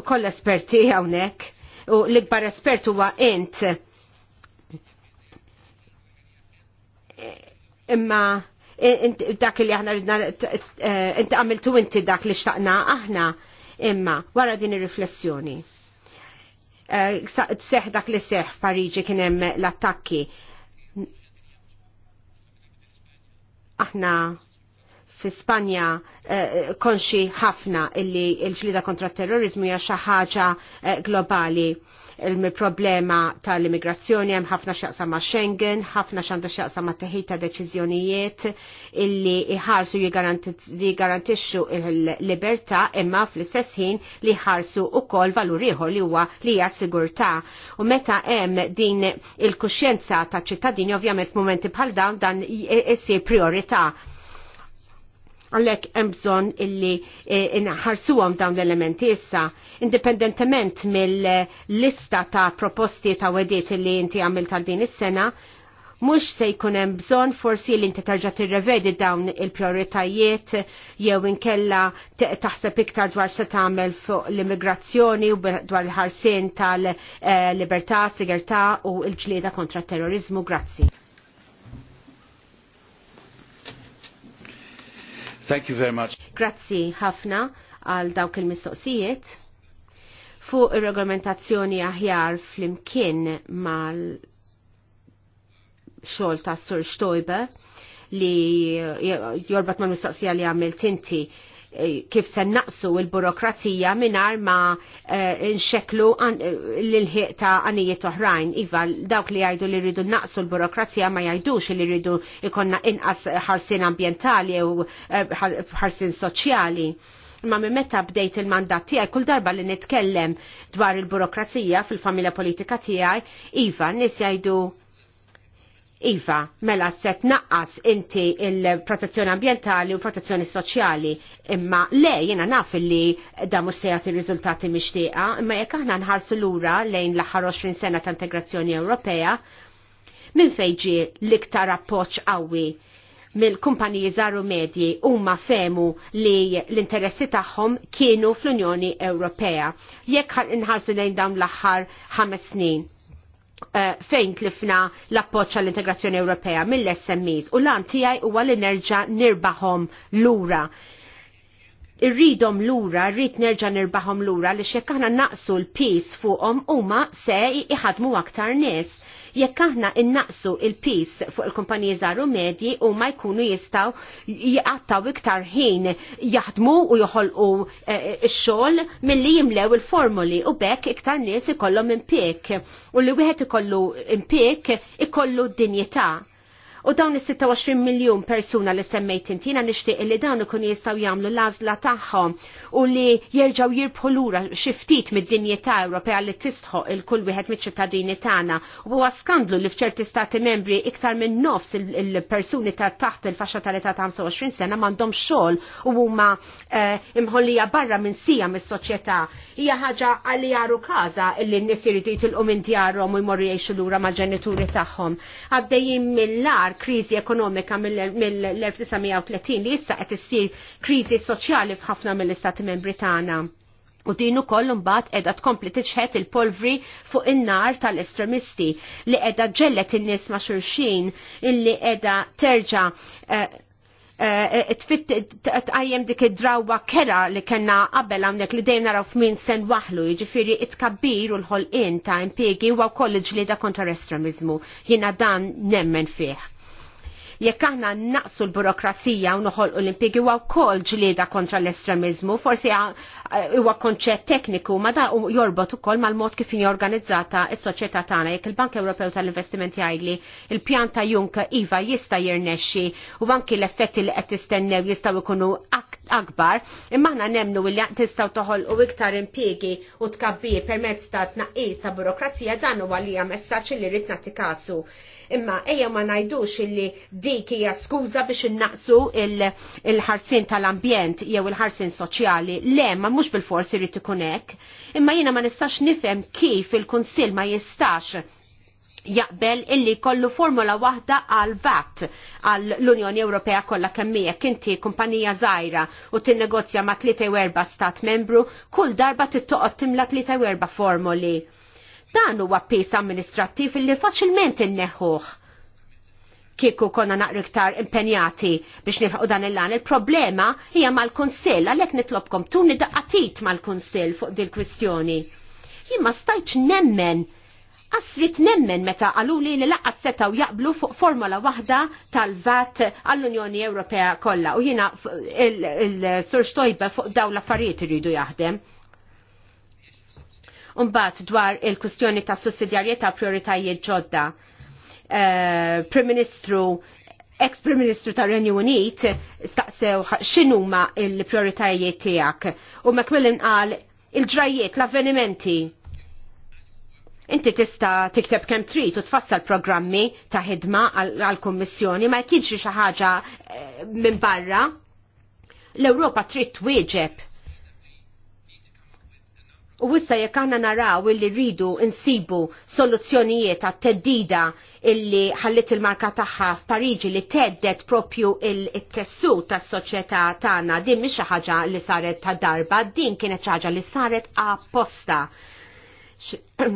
S3: koll esperti hawnhekk u l-ikbar espert huwa int imma dak li aħna ridna eh, inti għamiltu inti dak li xtaqna aħna imma wara din ir-riflessjoni. Eh, seħ dak li seħ f'Pariġi kien hemm l-attakki. Aħna fi Spanja eh, konxi ħafna illi l-ġlida kontra terrorizmu hija xi ħaġa globali il-problema tal-immigrazzjoni hemm ħafna xaqsa ma' Schengen, ħafna xandu xaqsa ma' teħita deċiżjonijiet illi iħarsu li garantixxu il-libertà imma fl-istess ħin li ħarsu ukoll valur ieħor li huwa li hija sigurtà. U meta hemm din il-kuxjenza ta' ċittadini ovvjament momenti bħal dawn dan issir priorità Għalek bżonn illi għom eh, dawn l-elementi issa, indipendentement mill-lista ta' proposti ta' wedit illi inti għamil tal din is-sena, mux se jkun bżon forsi li inti tarġa tirrevedi dawn il-prioritajiet jew inkella taħseb iktar dwar se tagħmel fuq l-immigrazzjoni u dwar il-ħarsien tal-libertà, eh, sigurtà u l-ġlieda kontra terrorizmu. Grazzi.
S2: Thank you very much.
S3: Grazzi ħafna għal dawk il-mistoqsijiet fuq ir-regolamentazzjoni aħjar fl-imkien mal xogħol ta' Sur Stoiber li jorbat mal mistoqsija li għamilt inti Eh, kif se naqsu il-burokrazija minar ma eh, nxeklu eh, l-ħiq ta' għanijiet oħrajn. Iva, dawk li jgħidu li rridu naqsu l-burokrazija ma jgħidux li rridu ikonna inqas ħarsin ambientali u ħarsin soċjali. Ma minn meta bdejt il-mandat tiegħi kull darba li nitkellem dwar il-burokrazija fil-familja politika tiegħi, iva, nis jgħidu Iva, mela set naqqas inti il-protezzjoni ambientali u protezzjoni soċjali, imma le jena naf li da mux sejat il-rizultati mixtieqa, imma jekk aħna nħarsu lura lejn l-aħħar 20 sena ta' integrazzjoni Ewropea, minn fejġi l-iktar appoċ qawwi mill-kumpaniji żaru medji huma femu li l-interessi tagħhom kienu fl-Unjoni Ewropea. Jekk inħarsu lejn dawn l-aħħar ħames snin Eh, fejn tlifna l-appoċ għall-integrazzjoni Ewropea mill-SMEs u lan tijaj u għall nerġa nirbaħom l-ura. Irridom l-ura, rrit nerġa nirbaħom l-ura li xekkaħna naqsu l-pis fuqom huma se iħadmu aktar nies Jekk aħna innaqsu il-pis fuq il-kumpaniji żgħar u medji u ma jkunu jistgħu jaqattaw iktar ħin jaħdmu u joħolqu eh, eh, x-xogħol milli jimlew il-formuli u bekk iktar nies ikollhom impik u li wieħed ikollu impik ikollu dinjità U dawn is-26 miljun persuna li semmejt intina nixtieq li dawn ikun jistgħu jagħmlu l-għażla tagħhom u li jerġgħu jirbħu lura xi ftit mid-dinjetà Ewropea li tistħoq il kull wieħed miċ-ċittadini tagħna. U huwa skandlu li f'ċerti stati membri iktar minn nofs il-persuni ta' taħt il-faxxa tal-età ta' 25 sena m'għandhom xogħol u huma eh, imħollija barra minn sija mis-soċjetà. Hija ħaġa għalli jaru każa li n-nies jiridu jitilqu minn djarhom u jmorru jgħixu lura mal-ġenituri tagħhom. Għaddejjin mill-art kriżi ekonomika mill-1930 li issa qed issir kriżi soċjali f'ħafna mill-Istati Membri tagħna. U din ukoll imbagħad qiegħda tkompli tixħet il-polvri fuq in-nar tal-estremisti li qiegħda ġellet in-nies ma' xulxin illi qiegħda terġa' eh, eh, eh, tqajjem dik id-drawwa kera li kellna qabel hawnhekk li dejjem naraw f'min sen waħlu, jiġifieri it-kabbir u l-ħolqien ta' impjegi huwa wkoll il-ġlieda kontra l-estremiżmu. Jiena dan nemmen fih. Jekk aħna naqsu l-burokrazija u noħolqu l-impjegi huwa wkoll ġlieda kontra l-estremizmu, forsi huwa konċett tekniku ma da jorbot ukoll mal-mod kif organizzata s-soċjetà tagħna jekk il-Bank Ewropew tal-Investimenti għajli il-pjan ta' Junka iva jista' jirnexxi u anki l-effetti li qed tistennew jistgħu jkunu akbar, imma aħna nemnu li tistgħu toħolqu iktar impjiegi u tkabbi permezz ta' tnaqqis ta' burokrazija dan huwa li hija messaġġ li rrid nagħti kasu. Imma ejja ma najdux illi dik hija skuża biex innaqsu il-ħarsin il tal-ambjent jew il-ħarsin soċjali. Le, ma mhux bil forsi irid ikun hekk. Imma jiena ma nistax nifhem kif il-Kunsill ma jistax jaqbel illi kollu formula waħda għal VAT għal l-Unjoni Ewropea kollha kemmija kinti kumpanija żgħira u tinnegozja ma' 3 4 stat membru, kull darba tittoqgħod timla 3 4 formuli. Dan huwa pis amministrattiv illi faċilment inneħħuh. Kieku konna naqri ktar impenjati biex nilħu dan il-lan. Il-problema hija mal-Kunsill, għalhekk nitlobkom tuni daqqatit mal-Kunsill fuq dil-kwistjoni. Jien stajċ stajtx nemmen Asrit nemmen meta għaluli li seta u jaqblu fuq formola waħda tal-VAT għall-Unjoni Ewropea kollha u jiena il-Sur Stojba fuq dawn l-affarijiet iridu jaħdem. Umbat dwar il-kustjoni ta' sussidjarieta prioritajiet ġodda. Uh, Prim Ministru ex-Prim Ministru ta' Renju Unit staqsew x'inhuma il-prioritajiet tiegħek u Macmillan għal il-ġrajiet, l-avvenimenti. Inti tista' tikteb kemm trid u tfassal programmi ta' ħidma għall-Kummissjoni ma jkienx xi ħaġa eh, minn barra. L-Ewropa trid twieġeb U wissa jekk aħna naraw illi rridu insibu soluzzjonijiet għat teddida illi ħallit il-marka tagħha f'Pariġi li teddet propju il-tessut tas soċjetà tagħna din mhix xi ħaġa li saret ta' darba, din kienet xi ħaġa li saret apposta. <clears throat>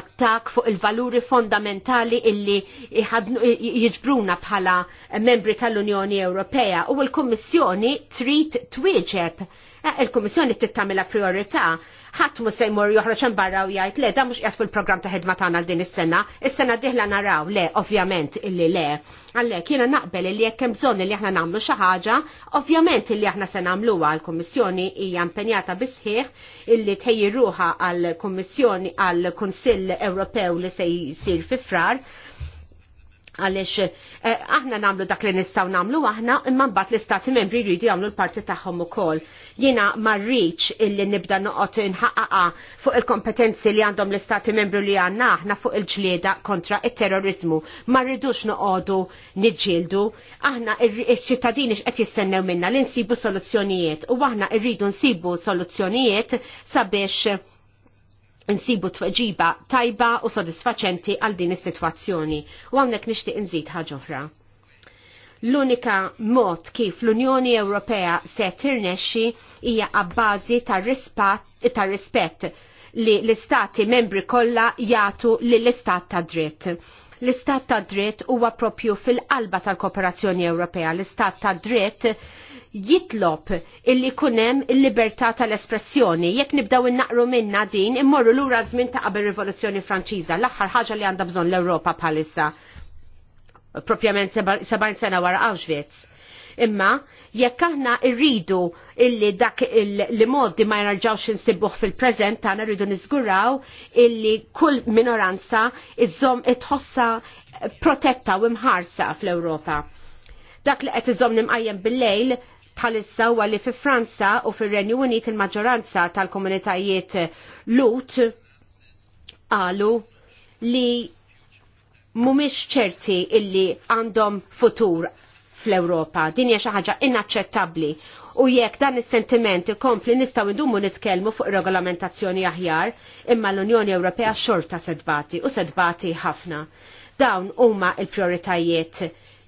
S3: attak fuq il-valuri fondamentali illi jiġbruna bħala membri tal-Unjoni Ewropea u l-Kummissjoni trid twieġeb eh, il kummissjoni tittamela priorità ħadd mhux se jmur joħroġ hemm barra u jgħid le da mhux qiegħed fil-programm ta' ħidma tagħna din is-sena, is-sena diħla naraw le ovvjament illi le. Għalle, jiena naqbel li jekk hemm bżonn li aħna nagħmlu xi ħaġa, ovvjament illi aħna se nagħmluha għal kummissjoni hija impenjata bisħiħ illi tħejji għal għall-Kummissjoni għall-Kunsill Ewropew li se jsir fi frar għalix eh, aħna namlu dak li nistaw namlu aħna imma mbagħad l-istati membri jridu jagħmlu l-parti tagħhom ukoll. Jiena marriċ illi nibda noqgħod inħaqaqa fuq il-kompetenzi li għandhom l-istati membri li għandna aħna fuq il-ġlieda kontra it-terrorizmu. Ma rridux noqogħdu niġġieldu, aħna iċ-ċittadini x'qed jistennew minna li nsibu soluzzjonijiet u aħna rridu nsibu soluzzjonijiet sabiex nsibu tweġiba tajba u sodisfaċenti għal din is-sitwazzjoni. U hawnhekk nixtieq nżid ħagħuħra. L-unika mod kif l-Unjoni Ewropea se tirnexxi hija għabbażi tar-rispett li l-istati membri kollha jagħtu lill-istat ta' dritt l-istat ta' dritt huwa propju fil-qalba tal-kooperazzjoni Ewropea. L-istat ta' dritt jitlob illi kunem il-libertà tal-espressjoni. Jekk nibdaw innaqru minna din, immorru lura żmien ta' qabel rivoluzzjoni Franċiża, l-aħħar ħaġa li għandha bżonn l-Ewropa bħalissa. Propjament 70 sena wara Auschwitz. Imma jekk aħna rridu illi dak li modi ma jarġawx insibuh fil-preżent tagħna rridu niżguraw illi kull minoranza iżżomm itħossa protetta u imħarsa fl-Ewropa dak li qed iżomm nimqajjem bil-lejl bħalissa u li fi Franza u fir-Renju Unit il-maġġoranza tal-komunitajiet lut qalu li mhumiex ċerti illi għandhom futur fl-Ewropa. Din hija xi ħaġa inaċċettabbli u jekk dan is-sentiment ikompli nistgħu ndumu nitkellmu fuq regolamentazzjoni aħjar, imma l-Unjoni Ewropea xorta sedbati u sedbati ħafna. Dawn huma l-prioritajiet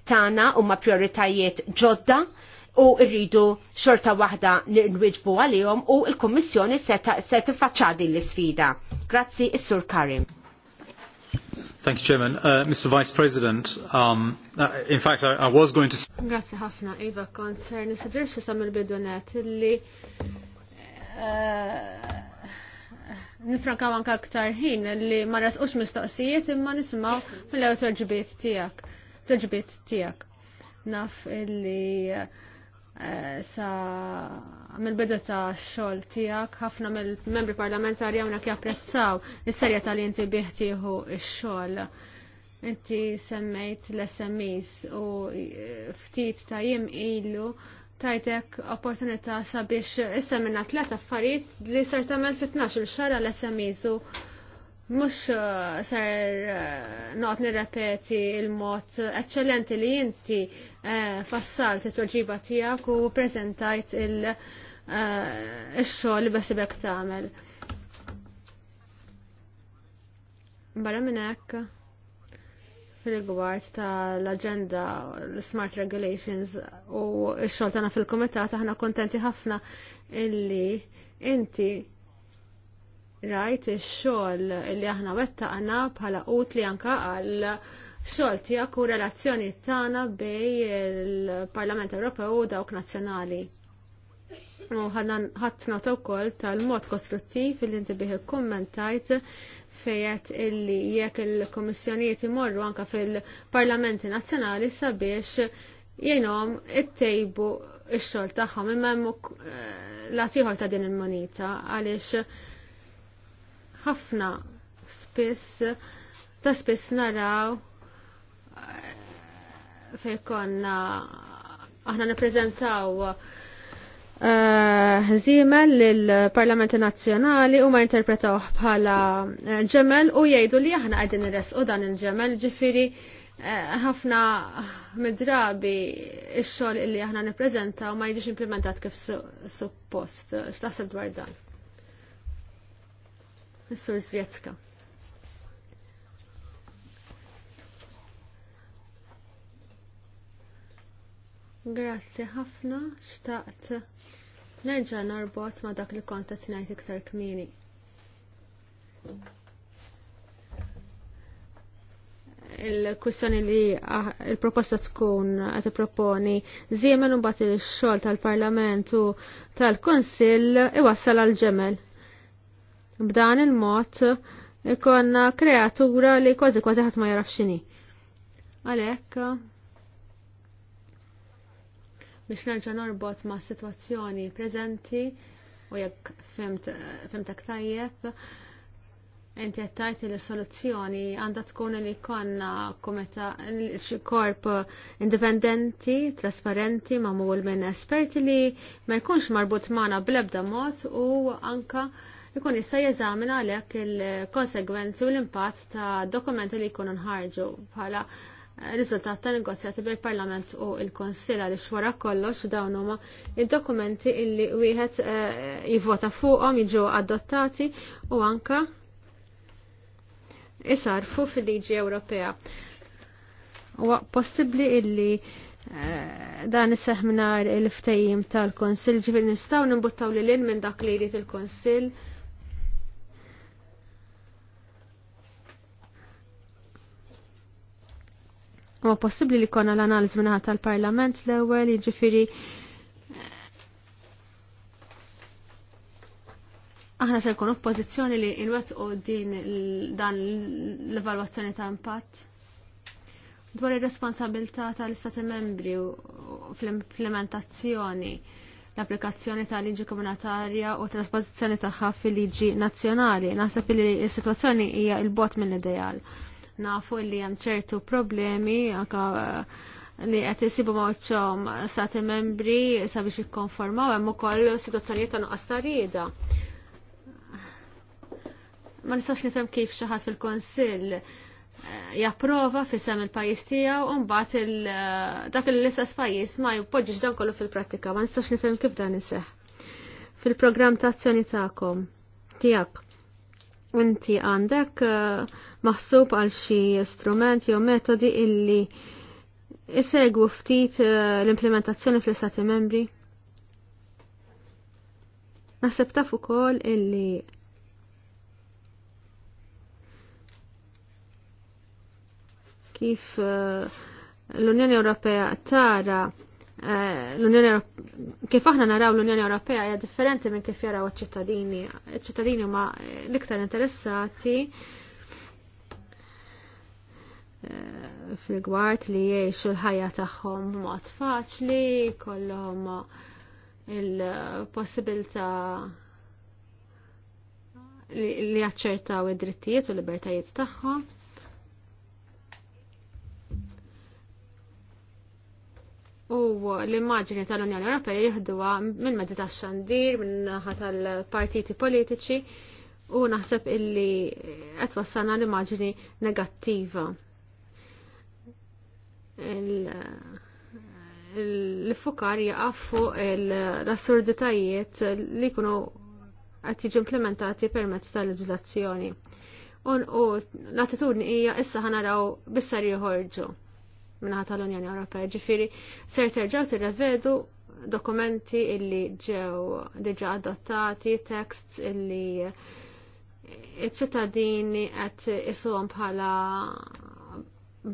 S3: tagħna huma prioritajiet ġodda u rridu xorta waħda nwiġbu għalihom u l-Kummissjoni se tiffaċċa din l-isfida. Grazzi is-Sur Karim.
S2: Thank you, Chairman. Uh, Mr. Vice President, um, uh, in fact, I, I was going to...
S1: Grazie ħafna, Eva concern. Nisidir xe samil bidunet li... Uh, nifranka wanka aktar ħin li ma rasqux mistoqsijiet imma nismaw mill-għu terġbiet tijak. Terġbiet tijak. Naf illi uh, sa mill-bidu ta' xol tijak ħafna mill-membri parlamentari għonak japprezzaw is-serja tal inti biħtiħu x-xol. Inti semmejt l-SMEs u eh, ftit ta' jim ilu tajtek opportunità sabiex issa minna tlet affarijiet li sar tagħmel fit-12 xara l-SMEs u Mux uh, ser uh, not nirrepeti il-mod eccellenti li jinti uh, fassalt it-tweġiba tijak u prezentajt il-xol li besibek tamel. Barra minnek fil-gwart ta' l-agenda l-Smart Regulations u x-xol tana fil-komitat aħna kontenti ħafna illi inti rajt il-xol li aħna wettaqna bħala ut li anka għal xol tijak u relazzjoni tana bej il-Parlament Ewropew u dawk nazzjonali. U ħatna u koll tal-mod kostruttiv li inti biħi kommentajt fejet illi jekk il komissjoniet imorru anka fil-parlamenti nazzjonali sabiex jenom it-tejbu il-xol taħħom imma eh, l-atiħor ta' din il-monita għalix ħafna spiss ta' spiss naraw eh, fej konna aħna nippreżentaw zimel eh, lill-Parlamenti Nazzjonali u ma jinterpretaw bħala eh, ġemel u jgħidu li aħna qegħdin u dan il-ġemel ġifiri ħafna midrabi x-xogħol illi aħna nippreżentaw ma jiġix implementat kif suppost. X'taħseb dwar dan? Mr. Zvjetska. Grazzi ħafna, xtaqt nerġa' narbot ma' dak li konta qed iktar kmieni. Il-kwistjoni li ah, il-proposta tkun qed proponi żiemen u bat il-xogħol tal-Parlament u tal-Kunsill iwassal għal ġemel. B'dan il-mod ikonna kreatura li kważi kważi ħadd ma jaraf x'inhi. Għalhekk biex nerġa' norbot ma' sitwazzjoni preżenti u jekk femtek tajjeb, inti qed tajt li soluzzjoni għandha tkun li konna kometa korp indipendenti, trasparenti, mamul minn esperti li ma jkunx marbut mana bl-ebda mod u anka ikun jista' jeżamina għalhekk il-konsegwenzi u l-impatt ta' dokumenti li jkunu nħarġu bħala eh, riżultat ta' negozjati bejn parlament u l-Konsil għaliex wara kollox dawn huma il dokumenti illi wieħed eh, jivvota fuqhom jiġu adottati u anka isarfu fil-liġi Ewropea. Huwa possibbli illi eh, dan is-seħminar il-ftejjim tal-Konsil ġifir nistgħu nimbuttaw lil minn dak li jrid il-Konsil. il konsill il konsil U possibli li konna l-analiz minna tal-parlament l-ewel, ġifiri aħna se nkunu f'pożizzjoni li nwettqu din dan l-evalwazzjoni ta' impatt dwar ir-responsabilità tal-Istati membri fl-implementazzjoni l-applikazzjoni ta' liġi komunitarja u trasposizzjoni tagħha fil-liġi nazzjonali. Naħseb li s-sitwazzjoni hija il bot mill-ideal nafu li hemm ċertu problemi anka eh, li qed isibu mawċom stati membri sabiex ikkonformaw hemm ukoll sitwazzjonijiet ta' nuqqas tarida. Ma nistax nifhem kif xi ħadd fil-Kunsill eh, japprova fisem il-pajis tiegħu mbagħad bat eh, dak l-istess pajjiż ma juppoġġiġ dan kollu fil-prattika, ma nistax nifhem kif dan iseħħ. fil programm ta' azzjoni tagħkom tiegħek inti għandek eh, maħsub għal xi strument jew metodi illi isegwu ftit eh, l-implementazzjoni fl-istati membri? Naħseb taf ukoll illi kif eh, l-Unjoni Ewropea tara Eh, l-Unjoni kif aħna naraw l-Unjoni Ewropea hija differenti minn kif jaraw iċ-ċittadini. Iċ-ċittadini huma eh, l-iktar interessati eh, fil-gwart li jiexu l-ħajja tagħhom b'mod faċli, kollhom il-possibilità li jaċċertaw id-drittijiet u l-libertajiet tagħhom. U l immagini tal-Unjoni Ewropea jihduwa minn mezzi tax-xandir, minn naħa tal-partiti politiċi u naħseb illi qed wassalna l-immaġni negattiva. L-fukar jaqaf fuq l-assurditajiet li jkunu qed jiġu implementati permezz tal leġislazzjoni U l-attitudni hija issa ħanaraw bissar joħorġu minnaħat tal-Unjoni Ewropea. Ġifiri, ser terġaw tirrevedu dokumenti illi ġew diġa adottati, tekst illi iċ-ċittadini qed isuhom bħala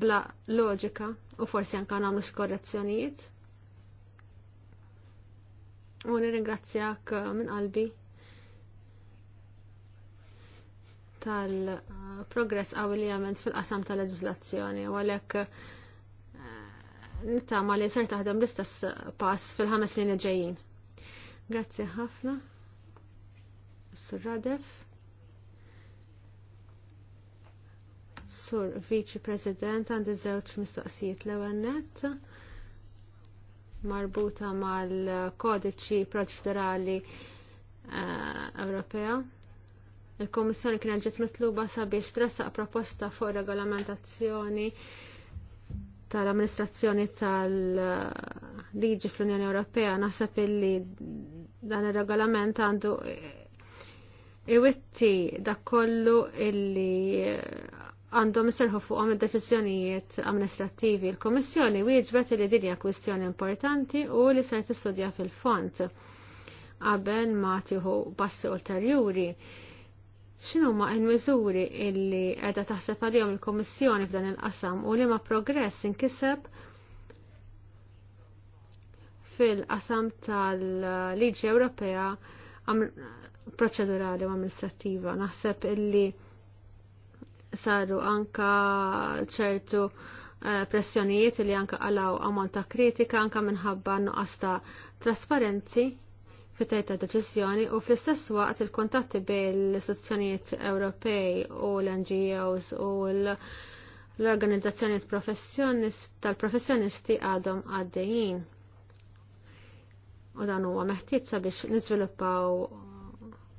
S1: bla loġika u forsi anke nagħmlu korrezzjonijiet. U nirringrazzjak uh, minn qalbi tal-progress uh, għaw li għamilt fil-qasam tal-leġislazzjoni u għalhekk uh, nittama li ser taħdem l-istess pass fil-ħames li ġejjin. Grazzi ħafna. Sur Radef. Sur Vici President għandi żewġ mistoqsijiet l-ewwel nett marbuta mal-kodiċi proċedurali eh, Ewropea. il komissjoni kienet ġiet mitluba sabiex tressaq proposta fuq regolamentazzjoni tal-amministrazzjoni tal-liġi fl-Unjoni Ewropea naħseb illi dan ir-regolament għandu iwitti dak kollu illi għandhom iserħu fuqhom id-deċiżjonijiet amministrattivi. Il-Kummissjoni wieġbet li din hija kwistjoni importanti u li se tistudja fil-fond qabel ma tieħu passi ulterjuri. X'inhu ma l-miżuri illi qiegħda taħseb għalihom il-Kummissjoni f'dan il-qasam u liema progress inkiseb fil-qasam tal-Liġi Ewropea proċedurali u amministrattiva. Naħseb illi saru anka ċertu eh, pressjonijiet li anka għalaw ammont ta' kritika anka minħabba nuqasta ta' trasparenzi fit-tajt ta' deċizjoni u fl-istess waqt il-kontatti bejn l-istituzzjonijiet Ewropej u l-NGOs u l-organizzazzjonijiet tal-professjonisti għadhom għaddejjin. U dan huwa meħtieġ sabiex niżviluppaw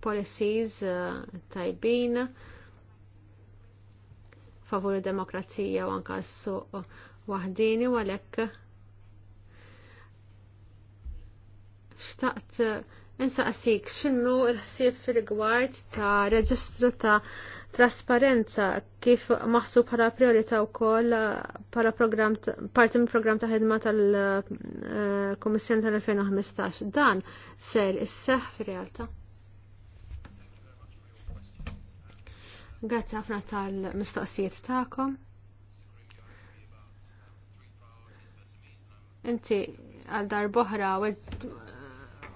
S1: policies eh, tajbin favur id-demokrazija u anka s-suq waħdini u għalhekk xtaqt eh, insaqsik x'innu l-ħsieb fil-gwart ta' reġistru ta' trasparenza kif maħsub bħala priorità wkoll para eh, program parti minn program ta' ħidma tal-Kummissjoni eh, tal-2015 dan ser is-seħ fir-realtà. Grazzi ħafna tal-mistaqsijiet tagħkom. Inti għal dar boħra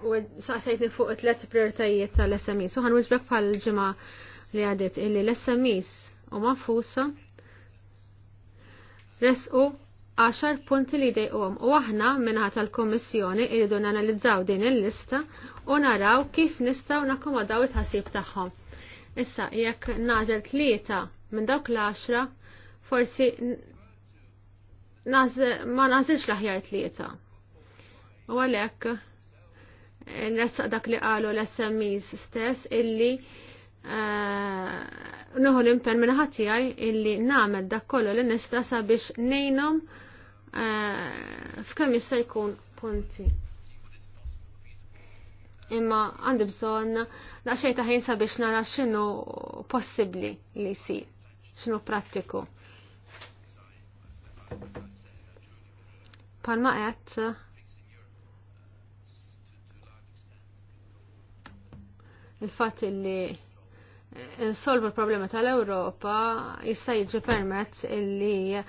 S1: u saqsajtni fuq it-tlet prioritajiet tal-SMIs. U wizbek pal ġima li għadet illi l-SMIs u manfusa resqu 10 punti li dejqom u aħna minna tal-Komissjoni irridu nanalizzaw din il-lista u naraw kif nistaw nakkomodaw it-ħasib tagħhom. Issa, jekk nażel tlieta minn dawk l-10, forsi ma nażilx l-aħjar tlieta. U għalhekk nressaq dak li qalu l-SMEs stess illi eh, nuhu l-impen minn ħatijaj illi namel dak kollu li nista sabiex nejnom eh, f'kemm jista' jkun punti. Imma għandi bżonn naqxej taħin sabiex nara x'inhu possibbli li si, x'inhu prattiku. Palma qed il-fatt illi eh, insolvu l-problema tal-Ewropa jista' jiġi permezz illi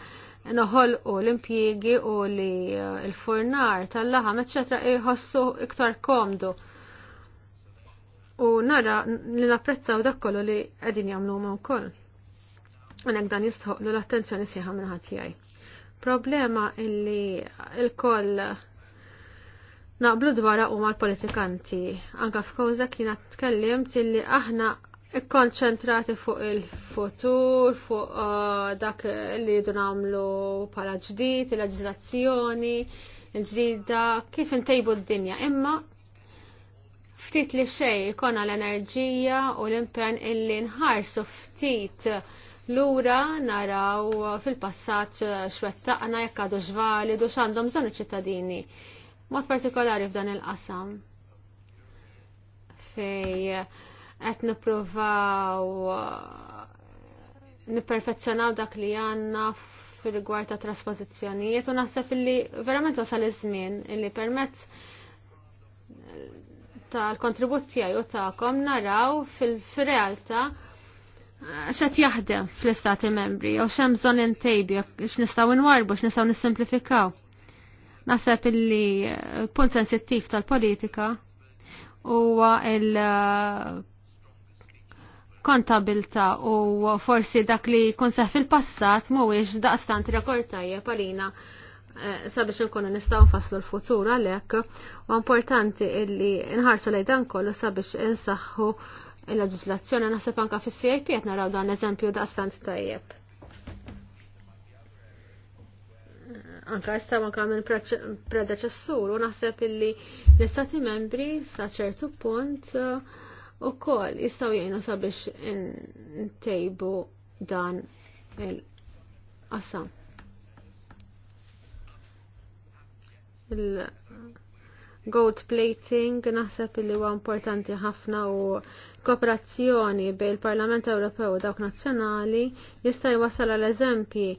S1: u l-impjiegi u li eh, l-furnar tal-laħam eċċetera jħossu iktar komdu. U nara li napprezzaw dak kollu li qegħdin jagħmluhom ukoll. wkoll. Għalhekk dan jistħoqlu l-attenzjoni sieħa minn ħadd Problema illi il koll naqblu dwara u l-politikanti. Anka f'kawża kien tkellimt illi aħna ikkonċentrati fuq il-futur, fuq uh, dak li jidu nagħmlu bħala ġdid, il-leġiżlazzjoni, il-ġdida, kif intejbu d-dinja. Imma ftit li xej ikona l-enerġija u l-impen illi nħarsu ftit Lura naraw fil-passat xwettaqna jekk għadu ġvalidu x'għandhom bżonn iċ-ċittadini mod partikolari f'dan il-qasam fej qed nippruvaw nipperfezzjonaw dak li għandna fil-rigward ta' traspożizzjonijiet u naħseb illi verament wasal iż-żmien illi permezz tal-kontribut tiegħi u tagħkom naraw fil-realtà eh, x'qed jaħdem fl-istati membri jew x'hemm bżonn intejbi x'nistgħu nwarbu x'nistgħu nissimplifikaw. Nasab illi eh, punt sensittiv tal-politika huwa il- eh, kontabilta u forsi dak li seħ fil-passat mhuwiex daqstant rekord tajjeb għalina eh, sabiex nkunu nistgħu nfasslu l-futur għalhekk u importanti illi nħarsu lejn dan kollu sabiex insaħħu il-leġislazzjoni naħseb anke fis-CIP qed naraw dan eżempju daqstant tajjeb. anka issa ma kamil predeċessur u naħseb illi l-istati membri sa ċertu punt uh, u kol jistaw jgħinu sabiex n-tejbu dan il-qasam. Il-gold plating naħseb illi huwa importanti ħafna u kooperazzjoni bejn il-Parlament Ewropew u dawk nazzjonali jista' jwassal għal eżempji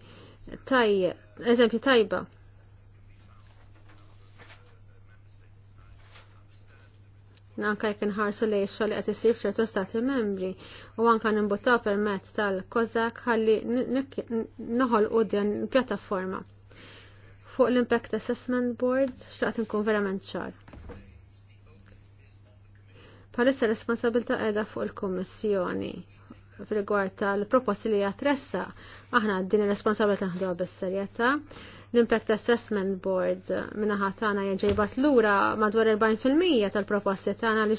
S1: tajjeb eżempju tajba. Nanka jek nħarsu li xogħol qed jisir f'ċertu stati membri u anka per permezz tal-Kozak ħalli noħolqu din pjattaforma. Fuq l-Impact Assessment Board xtaqt nkun verament ċar. Palissa responsabilta qiegħda fuq il-Kummissjoni fil gwar tal-proposti li jatressa, aħna din il-responsabilit naħdu bis-serjetà. L-Impact Assessment Board minnaħat tagħna l lura madwar 40% tal-proposti tagħna li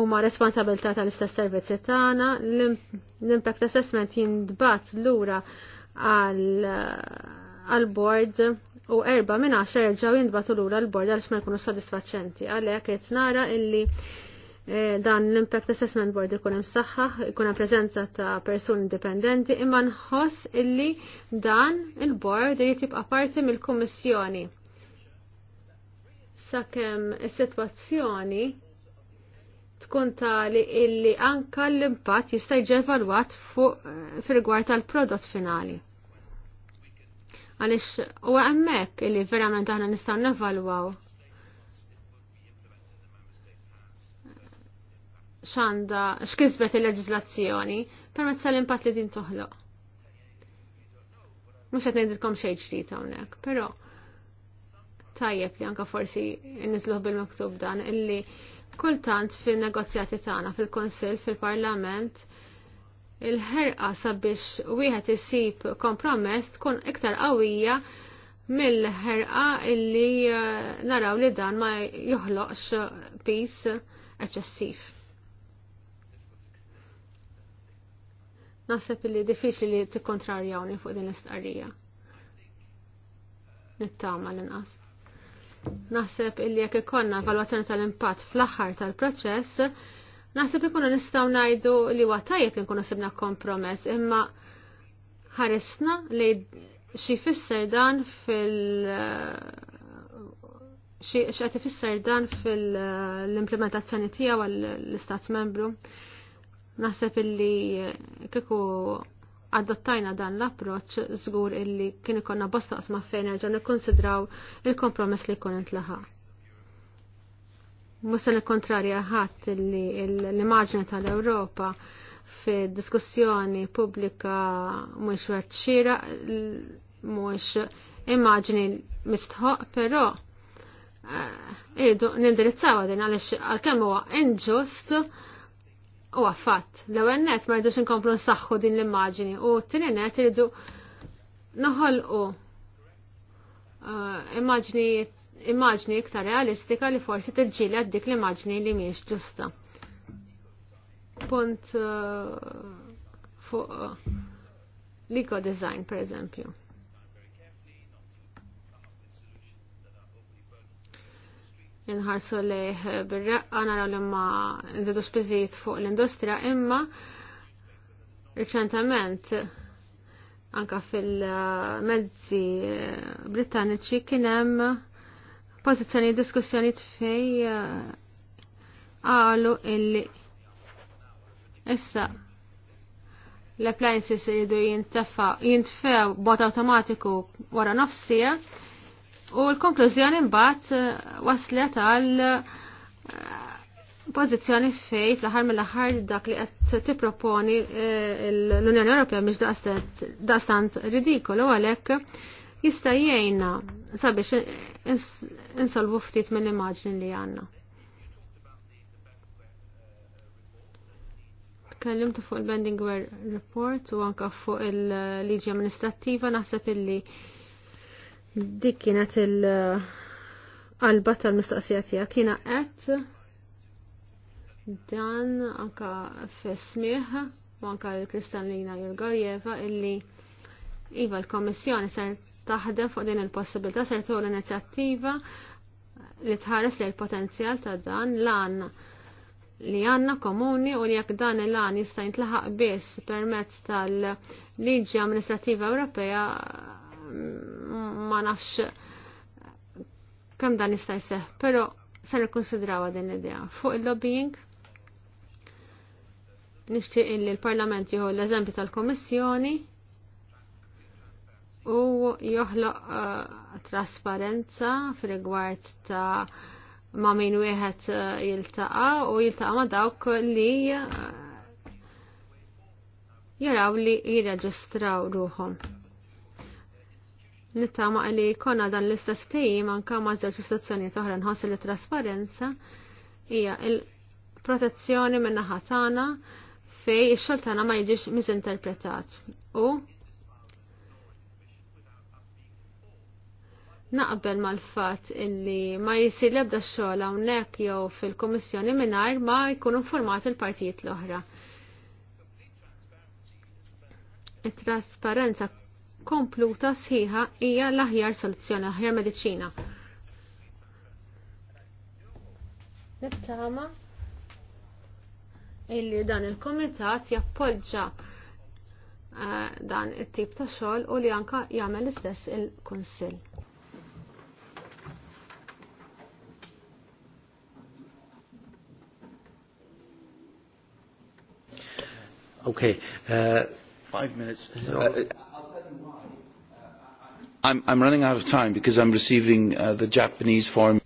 S1: huma responsabilità tal-istess servizzi tagħna. L-Impact Assessment jindbat lura għal-board u erba minna xerġaw jindbat l lura l-board għaliex ma jkunu sodisfaċenti. Għalhekk nara illi Eh, dan l-Impact Assessment Board ikun hemm saħħa, ikun hemm preżenza ta' persuni indipendenti, imma nħoss illi dan il-board irid jibqa' parti mill-Kummissjoni. Sakemm is-sitwazzjoni tkun tali illi anka l-impatt jista' jiġi evalwat fuq fil-rigward tal-prodott finali Għaliex u hemmhekk illi verament aħna nistgħu nevalwaw xanda, xkizbet il-leġizlazzjoni permezz tal impat li din toħloq. Mux għet nejdilkom xejn ġdid hawnhekk, però tajjeb li anka forsi nizluħ bil-maktub dan illi kultant fil-negozjati tagħna fil-Konsil, fil-Parlament, il-ħerqa sabiex wieħed jisib kompromess tkun iktar qawwija mill-ħerqa illi eh, naraw li dan ma joħloqx pis eċessif. Naħseb li diffiċli li tikkontrarjawni fuq din l-istqarrija. Nittama l-inqas. Naħseb illi jekk ikonna valwazzjoni tal-impatt fl-aħħar tal-proċess, naħseb ikunu nistgħu ngħidu li huwa tajjeb li nkunu sibna kompromess, imma ħarisna li xi fisser dan fil- xi dan fil-implementazzjoni tiegħu għall-istat membru. Naħseb illi kieku adottajna dan l-approċ żgur illi kien konna bostaqs ma' fejn nerġgħu nikkonsidraw il-kompromess li jkun intlaħaq. Musa kontrarja ħadd illi l-immaġni tal-Ewropa fid-diskussjoni pubblika mux wet mux mhux immaġni mistħoq, però eh, idu nindirizzaw din għaliex għalkemm huwa inġust u għaffat. L-ewel net ma rridux inkomplu nsaħħu din l-immaġini u t-tini net rridu noħolqu eh, immaġni iktar realistika li forsi t-ġili dik l-immaġni li miex ġusta. Punt eh, fuq eh, l-eco design, per eżempju. inħarsu liħ bil-reqqa naraw li ma nżidu spiżijiet fuq l-industrija imma reċentament anka fil-mezzi eh, britanniċi kien hemm pożizzjoni diskussjoni fej eh, qalu illi issa l-appliances jridu jintfew bot automatiku wara nofsija U l-konklużjoni mbagħad eh, waslet għal eh, pożizzjoni fej fl-aħħar mill-aħħar dak li qed tipproponi eh, l-Unjoni Ewropea mhix daqstant ridikolu għalhekk jista' jgħinna sabiex insolvu ftit mill-immaġni li għandna. Tkellimtu fuq il-Bending Report u anka fuq il-liġi amministrattiva naħseb illi Dik kienet il-qalba tal-mistoqsija tiegħek kiena qed dan anka f'smieħ u anka l kristallina Jurgojeva illi iva l-Kommissjoni ser taħdem fuq din il-possibilità ser tuħu inizjattiva li tħares li l-potenzjal ta' dan lan li għanna komuni u li jekk dan il-għan jista' jintlaħaq biss permezz tal-Liġi Amministrativa Ewropea ma nafx kemm dan jista' jseħ, però se nikkonsidrawha din l-idea. Fuq il-lobbying nixtieq illi l-Parlament jieħu l-eżempju tal-Kommissjoni u joħloq eh, trasparenza f'rigward ta' ma' min wieħed eh, jiltaqa' u jiltaqa' ma' dawk li eh, jaraw li jirreġistraw ruhom. Nittama li konna dan l-istess tejjim anka mażel żewġ istazzjonijiet oħra nħossi li trasparenza hija il-protezzjoni minna naħa tagħna fej ix-xogħol tagħna ma jiġix miżinterpretat. U naqbel mal-fatt illi ma jisir lebda xogħol hawnhekk jew fil-Kummissjoni mingħajr ma jkunu informati l-partijiet l-oħra. It-trasparenza kompluta sħiħa hija l-aħjar soluzzjoni, aħjar mediċina. Nittama illi dan il-komitat jappoġġa eh, dan it-tip ta' xogħol u li anka jagħmel l-istess il-Kunsill.
S2: Okay. Uh, Five minutes. No. Uh, I'm, I'm running out of time because I'm receiving uh, the Japanese foreign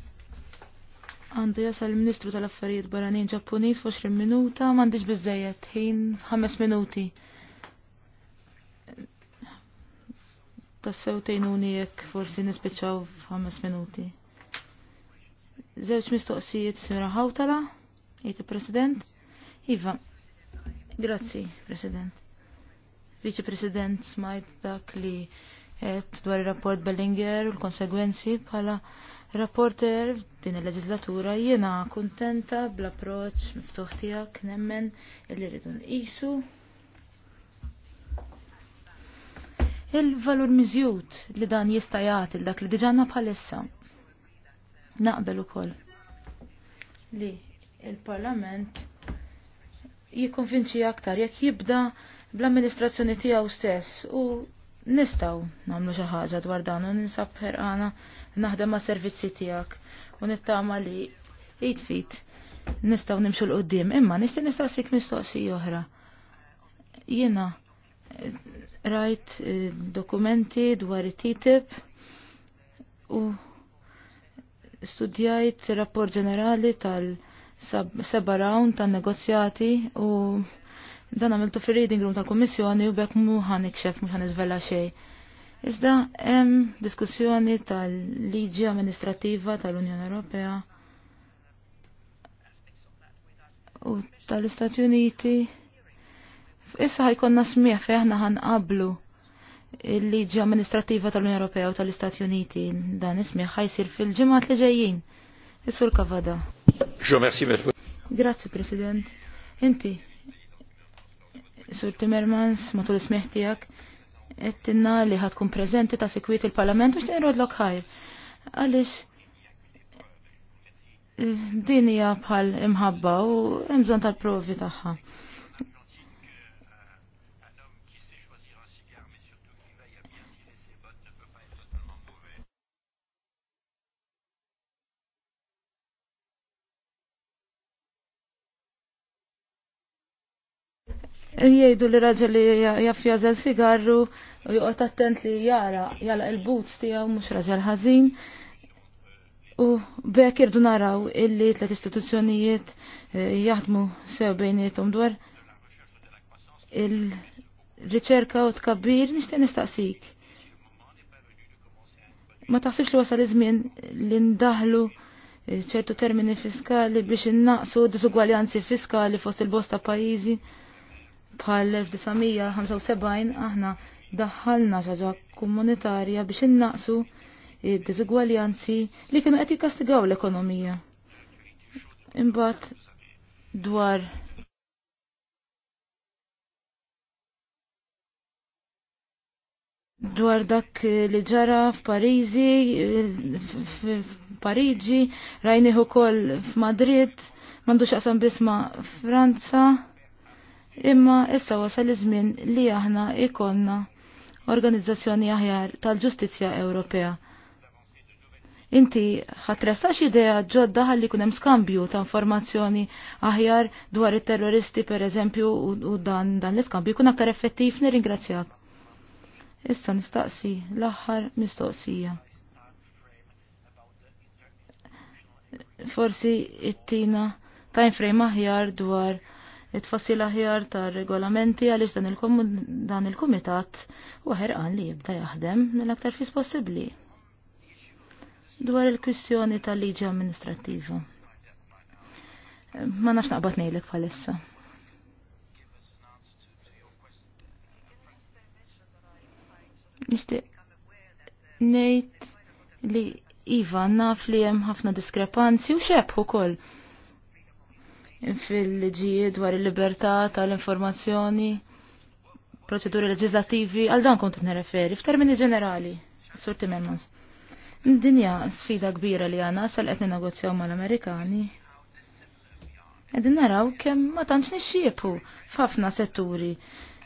S2: Għandu jasal il-Ministru tal-Affarijiet Barranin Ġappuniż f'20 minuta, m'għandix biżejjed ħin 5 minuti. Tassew tejnuni jekk forsi nispiċċaw f'ħames minuti. Żewġ mistoqsijiet Sira Hawtala, jgħid president Iva, grazzi, President. Vice President smajt dak li et dwar il-rapport Bellinger u l-konsegwenzi bħala rapporter din il-leġislatura jiena kontenta bl-approċ miftuħ tiegħek nemmen illi rridu nqisu il-valur miżjud li dan jista' jagħti dak li diġanna bħalissa. Naqbel ukoll li il-Parlament jikkonvinċi aktar jekk jibda bl-amministrazzjoni tiegħu stess u nistaw namlu xi ħaġa dwar dan u ninsab ħerqana naħdem ma' servizzi tiegħek u nittama li jgħid fit nistaw nimxu l qoddim imma nixtieq sik mistoqsija oħra. Jiena eh, rajt eh, dokumenti dwar it-TTIP u studjajt rapport ġenerali tal-seba round tan-negozjati u Dan għamiltu fir reading room tal-Kummissjoni u bekk mu ħanikxef mhux izvella xejn. Iżda hemm diskussjoni tal-liġi amministrativa tal-Unjoni Ewropea u tal-Istati Uniti. Issa ħajkonna smieħ fej aħna qablu il-liġi amministrativa tal-Unjoni Ewropea u tal-Istati Uniti. Dan ismieħ ħajsir fil-ġimgħat li ġejjin. Isur Kavada. Grazzi President. Inti Sur Timmermans, matul ismeħtijak, ettinna li ħatkun prezenti ta' sekwit il-parlament u xtenrod l-okħajr. Għalix, dinija bħal imħabba u imżon tal-provi taħħa. jgħidu li raġel li jaffja zel sigarru u joqgħod attent li jara jala il-boots tiegħu mhux raġel ħażin. U bekk irdu naraw illi tliet istituzzjonijiet eh, jaħdmu sew bejniethom dwar il-riċerka u tkabbir nixtieq nistaqsik. Ma taħsibx li wasal iż-żmien li ndaħlu eh, ċertu termini fiskali biex innaqsu diżugwaljanzi fiskali fost il-bosta pajjiżi bħal 1975 aħna daħħalna ġaġa komunitarja biex innaqsu id-diżugwaljanzi li kienu qed jikkastigaw l-ekonomija. Imbagħad dwar dwar dak li ġara f'Pariżi, f'Pariġi, rajniħu kol f'Madrid, mandux qasam bisma Franza imma issa wasal iż-żmien li aħna ikonna organizzazzjoni aħjar tal-ġustizzja Ewropea. Inti ħatressax idea ġodda ħalli kun hemm skambju ta' informazzjoni aħjar dwar it-terroristi pereżempju u dan dan l-iskambju jkun aktar effettiv nirringrazzjak. Issa nistaqsi l-aħħar mistoqsija. Forsi it-tina time frame aħjar dwar it-fassil aħjar tar regolamenti għaliex dan il-kumitat u ħerqan li jibda jaħdem mill-aktar fis possibbli. Dwar il-kwistjoni tal-liġi amministrattiva. Ma nafx naqbad ngħidlek bħalissa. Nixtieq ngħid li Iva naf li hemm ħafna diskrepanzi u xebħ ukoll fil-liġijiet dwar il-libertà tal-informazzjoni, proċeduri leġislattivi, għal dan kont nirreferi f'termini ġenerali, Sur memmons. Dinja sfida kbira li għana sal qed negozjaw mal-Amerikani. Edin naraw kemm ma tantx nixxiepu f'ħafna setturi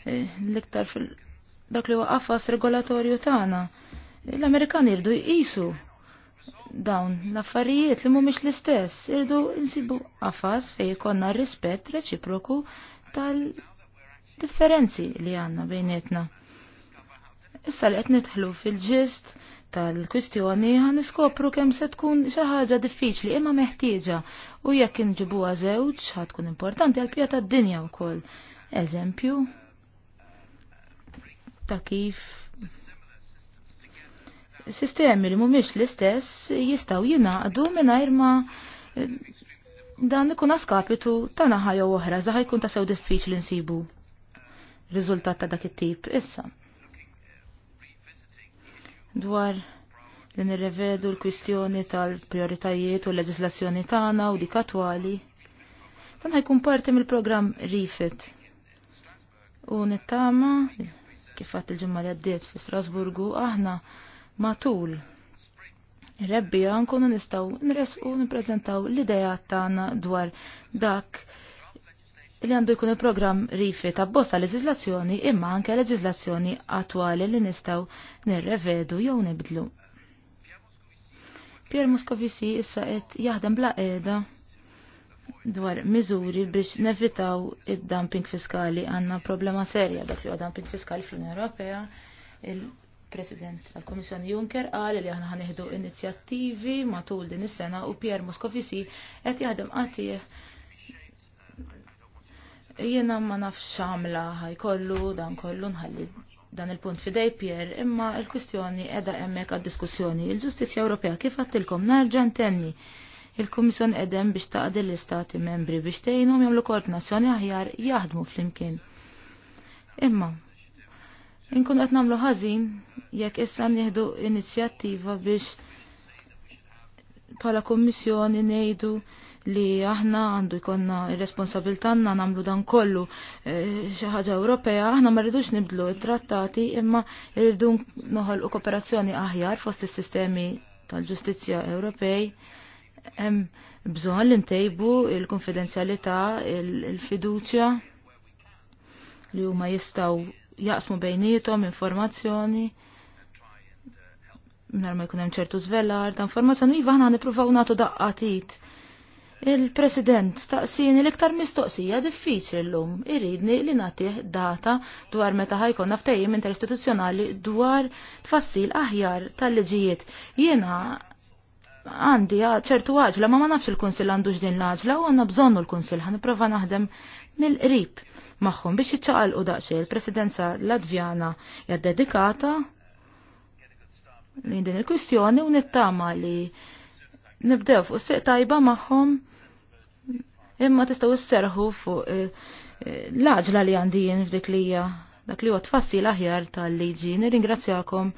S2: eh, l-iktar fil dak li huwa qafas regolatorju tagħna. L-Amerikani jirdu jqisu dawn l-affarijiet li mhumiex l-istess irdu insibu qafas fejn ikonna rispett reċiproku tal-differenzi li għandna bejnietna. Issa li qed nidħlu fil-ġist tal-kwistjoni ħan niskopru kemm se tkun xi ħaġa diffiċli imma meħtieġa u jekk inġibuha żewġ ħad tkun importanti għal pjata d-dinja wkoll. Eżempju ta' kif sistemi li mhumiex l-istess jistgħu jingħaqdu mingħajr ma eh, dan ikun askapitu ta' naħa jew oħra zaħ jkun ta' sew diffiċli nsibu riżultat ta' dak it-tip issa. Dwar li nirrevedu l-kwistjoni tal-prioritajiet u l-leġislazzjoni tagħna u dik attwali. Dan ħajkun parti mill-programm Rifit. U nittama kif għat il-ġimma li għaddiet fi Strasburgu aħna matul rebbi nkunu nistaw nresqu nippreżentaw l ideja tagħna dwar dak li għandu jkun il-programm rifi ta' bosta leġislazzjoni imma anke leġizlazzjoni attwali li nistaw nirrevedu jew nibdlu. Pier Moscovici issa qed jaħdem bla qiegħda dwar miżuri biex nevitaw id-dumping fiskali għandna problema serja dak li huwa dumping fiskali fl-Unjoni Ewropea President tal-Komissjoni Juncker qal li aħna ħanieħdu inizjattivi matul din is-sena u Pierre Moscovici qed jaħdem qatih jiena ma nafx xamla ħajkollu dan kollu nħalli dan il-punt fidej Pierre imma l-kwistjoni qiegħda hemmhekk għad-diskussjoni. Il-Ġustizzja Ewropea kif għattilkom nerġa' ntenni il-Kummissjoni qegħdem biex taqdi l-Istati membri biex tgħinhom jagħmlu koordinazzjoni aħjar jaħdmu flimkien. Imma Inkun qed nagħmlu ħażin jekk issa nieħdu inizjattiva biex bħala kommissjoni ngħidu li aħna għandu jkonna għandna namlu dan kollu eh, xi ħaġa Ewropea, aħna ma rridux nibdlu t trattati imma rridu noħolqu kooperazzjoni aħjar fost is-sistemi tal-ġustizzja Ewropej. Hemm bżonn li ntejbu il-konfidenzjalità, il-fiduċja li huma jistgħu jaqsmu bejnietom informazzjoni minar ma jkun hemm ċertu żvelar ta' informazzjoni iva aħna nippruvaw nagħtu daqqatit. Il-President staqsini l-iktar mistoqsija diffiċli l-lum iridni li natih data dwar meta ħajkon ftejjim interistituzzjonali dwar tfassil aħjar tal-liġijiet. Jiena għandi ċertu għaġla ma ma nafx il-Kunsil għandu din l-għaġla u għanna bżonnu l-Kunsil ħan naħdem mill-qrib maħħum biex jiċċaqalqu daqsxejn il-Presidenza Latvjana jaddedikata dedikata li din il-kwistjoni u nittama li nibdew fuq seq tajba magħhom imma tistgħu serħu fuq eh, eh, l-aġla li għandijin f'dik li hija dak li huwa fassi aħjar tal-liġi. Nirringrazzjakom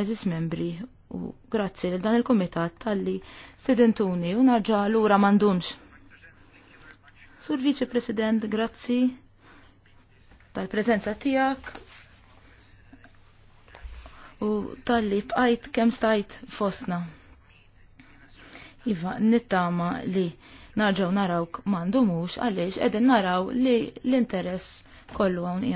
S2: eżis membri u grazzi li dan il-komitat tal-li sidentuni u narġa lura mandumx. Sur Vice President, grazzi tal-prezenza tiegħek u tal-li bqajt kemm stajt fostna. Iva, nittama li narġaw narawk mandumux għaliex edin naraw li l-interess kollu għawn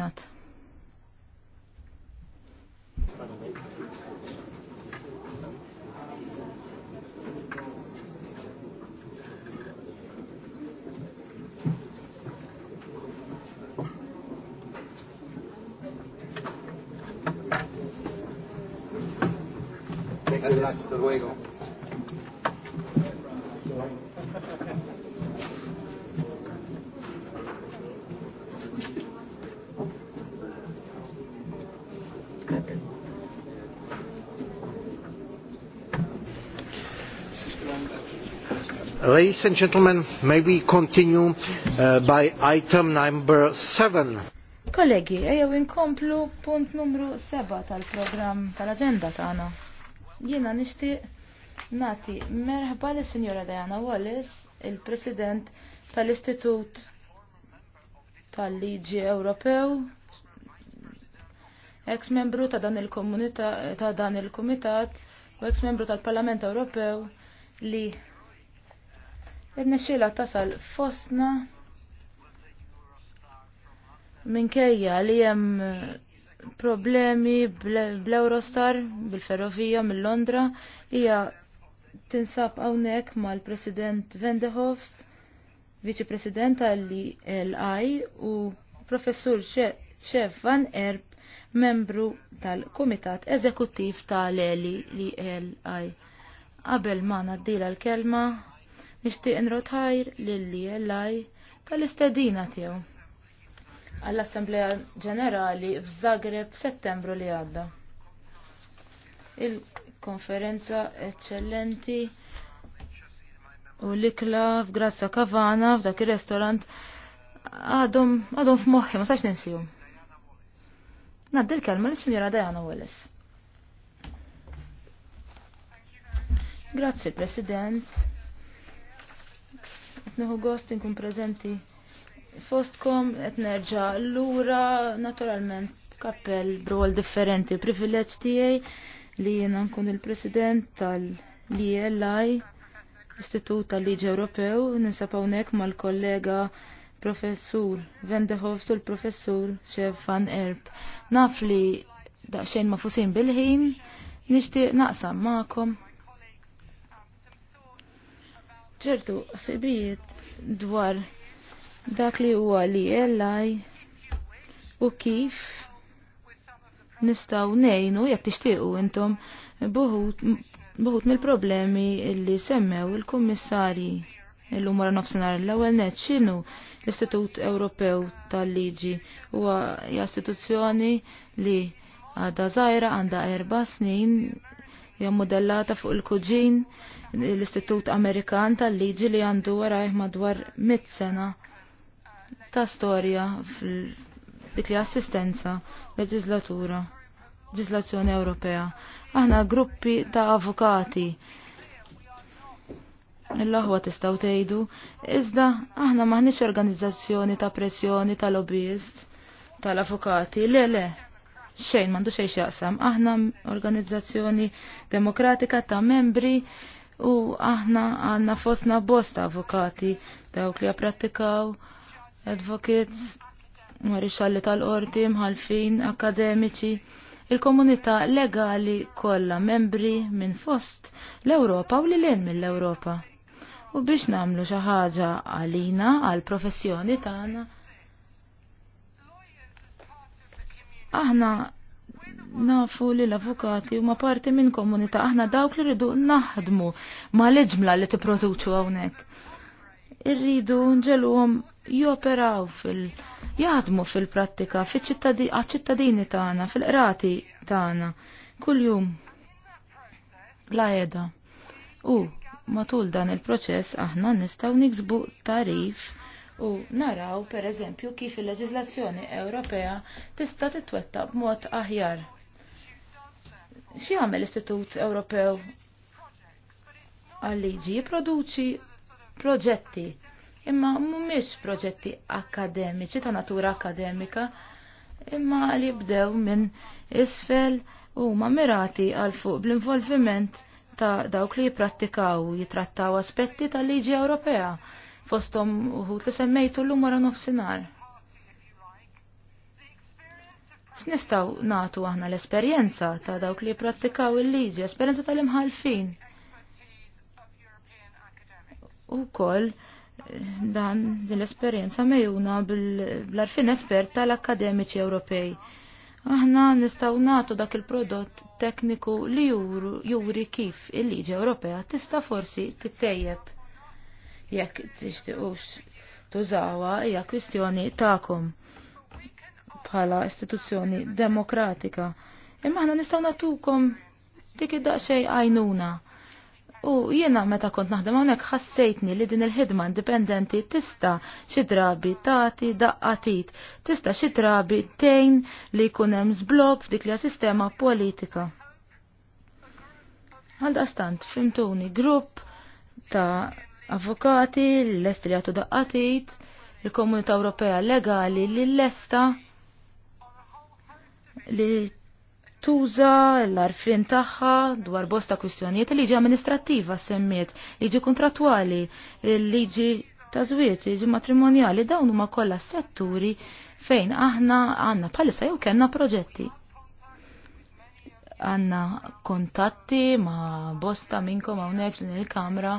S1: Ladies and gentlemen, may we continue uh, by
S3: item number seven.
S2: Kollegi, ejjew inkomplu punt numru seba tal program tal-agenda tagħna. Jiena nixtieq nati merħba li sinjora Diana Wallis, il-President tal-Istitut tal-Liġi Ewropew, ex-membru ta' dan il-komunità ta' dan il-Kumitat u ex-membru tal-Parlament Ewropew li irnexxiela tasal fostna minkejja li hemm problemi bl-Eurostar bil-ferrovija mill-Londra hija tinsab hawnhekk mal-President Vendehofs, Viċi President tal-LI u Professur Chef Van Erb, membru tal-Kumitat Eżekuttiv tal-LI. Qabel ma naddila l-kelma, nixtieq nrotħajr lill-LI tal-istedina tiegħu għall-Assemblea Ġenerali f'Zagreb settembru li għadda. Il-konferenza eccellenti u l-ikla f'Grazza Kavana f'dak ir-restorant għadhom għadhom f'moħħi, ma sax ninsihom. Naddi l-kelma lis-Sinjora Diana Wallace. Grazzi, President. Nuhu gost inkun prezenti fostkom qed nerġa' lura naturalment kappell brol differenti privileġġ tiegħi li jiena nkun il-President tal-ILI Istitut tal-Liġi Ewropew ninsab hawnhekk mal-kollega Professur Vendehof u l-Professur Chef Van Erb. Naf li daqsxejn fusin bil-ħin nixtieq naqsam magħkom ċertu sibijiet dwar dak li huwa li ellaj u kif nistaw nejnu jekk tixtiequ intom buħut, buħut mill-problemi li semmew il-kummissarji illum wara nofsinhar l-ewwel net x'inhu l-Istitut Ewropew tal-Liġi huwa istituzzjoni li għadha żgħira għandha erba' snin hija modellata fuq il-kuġin l-Istitut Amerikan tal-Liġi li għandu warajh madwar mit sena ta' storja dik li assistenza leġislatura, legislazzjoni Ewropea. Aħna gruppi ta' avukati. l laħwa tistaw tgħidu, iżda aħna maħniex organizzazzjoni ta' pressjoni ta' lobbyist tal-avukati. Le, le, xejn mandu xejn x'jaqsam. Aħna organizzazzjoni demokratika ta' membri u aħna għandna fostna bosta avukati dawk li japprattikaw advocates, marixalli tal-qorti, mħalfin, akademiċi, il-komunità legali kollha membri minn fost l-Ewropa u li lejn mill-Ewropa. U biex namlu xi ħaġa għalina għal professjoni tagħna. Aħna nafu li l-avukati huma parti minn komunità aħna dawk li rridu naħdmu ma l-ġmla li tipproduċu hawnhekk. Irridu nġeluhom joperaw fil jaħdmu fil-prattika għal-ċittadini tagħna, fil-qrati tagħna kuljum la jeda. U matul dan il-proċess aħna nistgħu niksbu tarif u naraw per eżempju kif il-leġislazzjoni Ewropea tista' titwetta b'mod aħjar. Xi għamel l-Istitut Ewropew għal-liġi jipproduċi proġetti imma mhumiex proġetti akademiċi ta' natura akademika imma li bdew minn isfel u ma mirati għal fuq bl-involviment ta' dawk li jiprattikaw jitrattaw aspetti tal-liġi Ewropea fostom uħut li semmejtu l-lum għara nofsinhar. X'nistgħu nagħtu aħna l-esperjenza ta' dawk li jipprattikaw il-liġi, esperjenza tal-imħalfin. Ukoll dan din l-esperjenza mejuna bl-arfin espert tal-akademiċi Ewropej. Aħna nistgħu nagħtu dak il-prodott tekniku li juri kif il-liġi Ewropea tista' forsi tittejjeb. Jekk tixtiqux tużawha hija kwistjoni tagħkom bħala istituzzjoni demokratika. Imma aħna nistgħu nagħtukom dik id-daqsxejn għajnuna U jiena meta kont naħdem hawnhekk ħassejtni li din il-ħidma indipendenti tista' xi drabi tagħti daqqatit, tista' xi drabi tgħin li jkun hemm żblok f'dik li sistema politika. daqstant fimtuni grupp ta' avukati l lest li għatu daqqatit, il-Komunità Ewropea Legali li l-lesta li tuża l-arfin tagħha dwar bosta kwistjonijiet il-liġi amministrattiva semmiet, liġi kontrattwali, liġi ta' liġi matrimonjali, dawn huma kollha setturi fejn aħna għandna bħalissa jew kellna proġetti. Għanna kontatti ma' bosta minnkom hawnhekk din il-kamra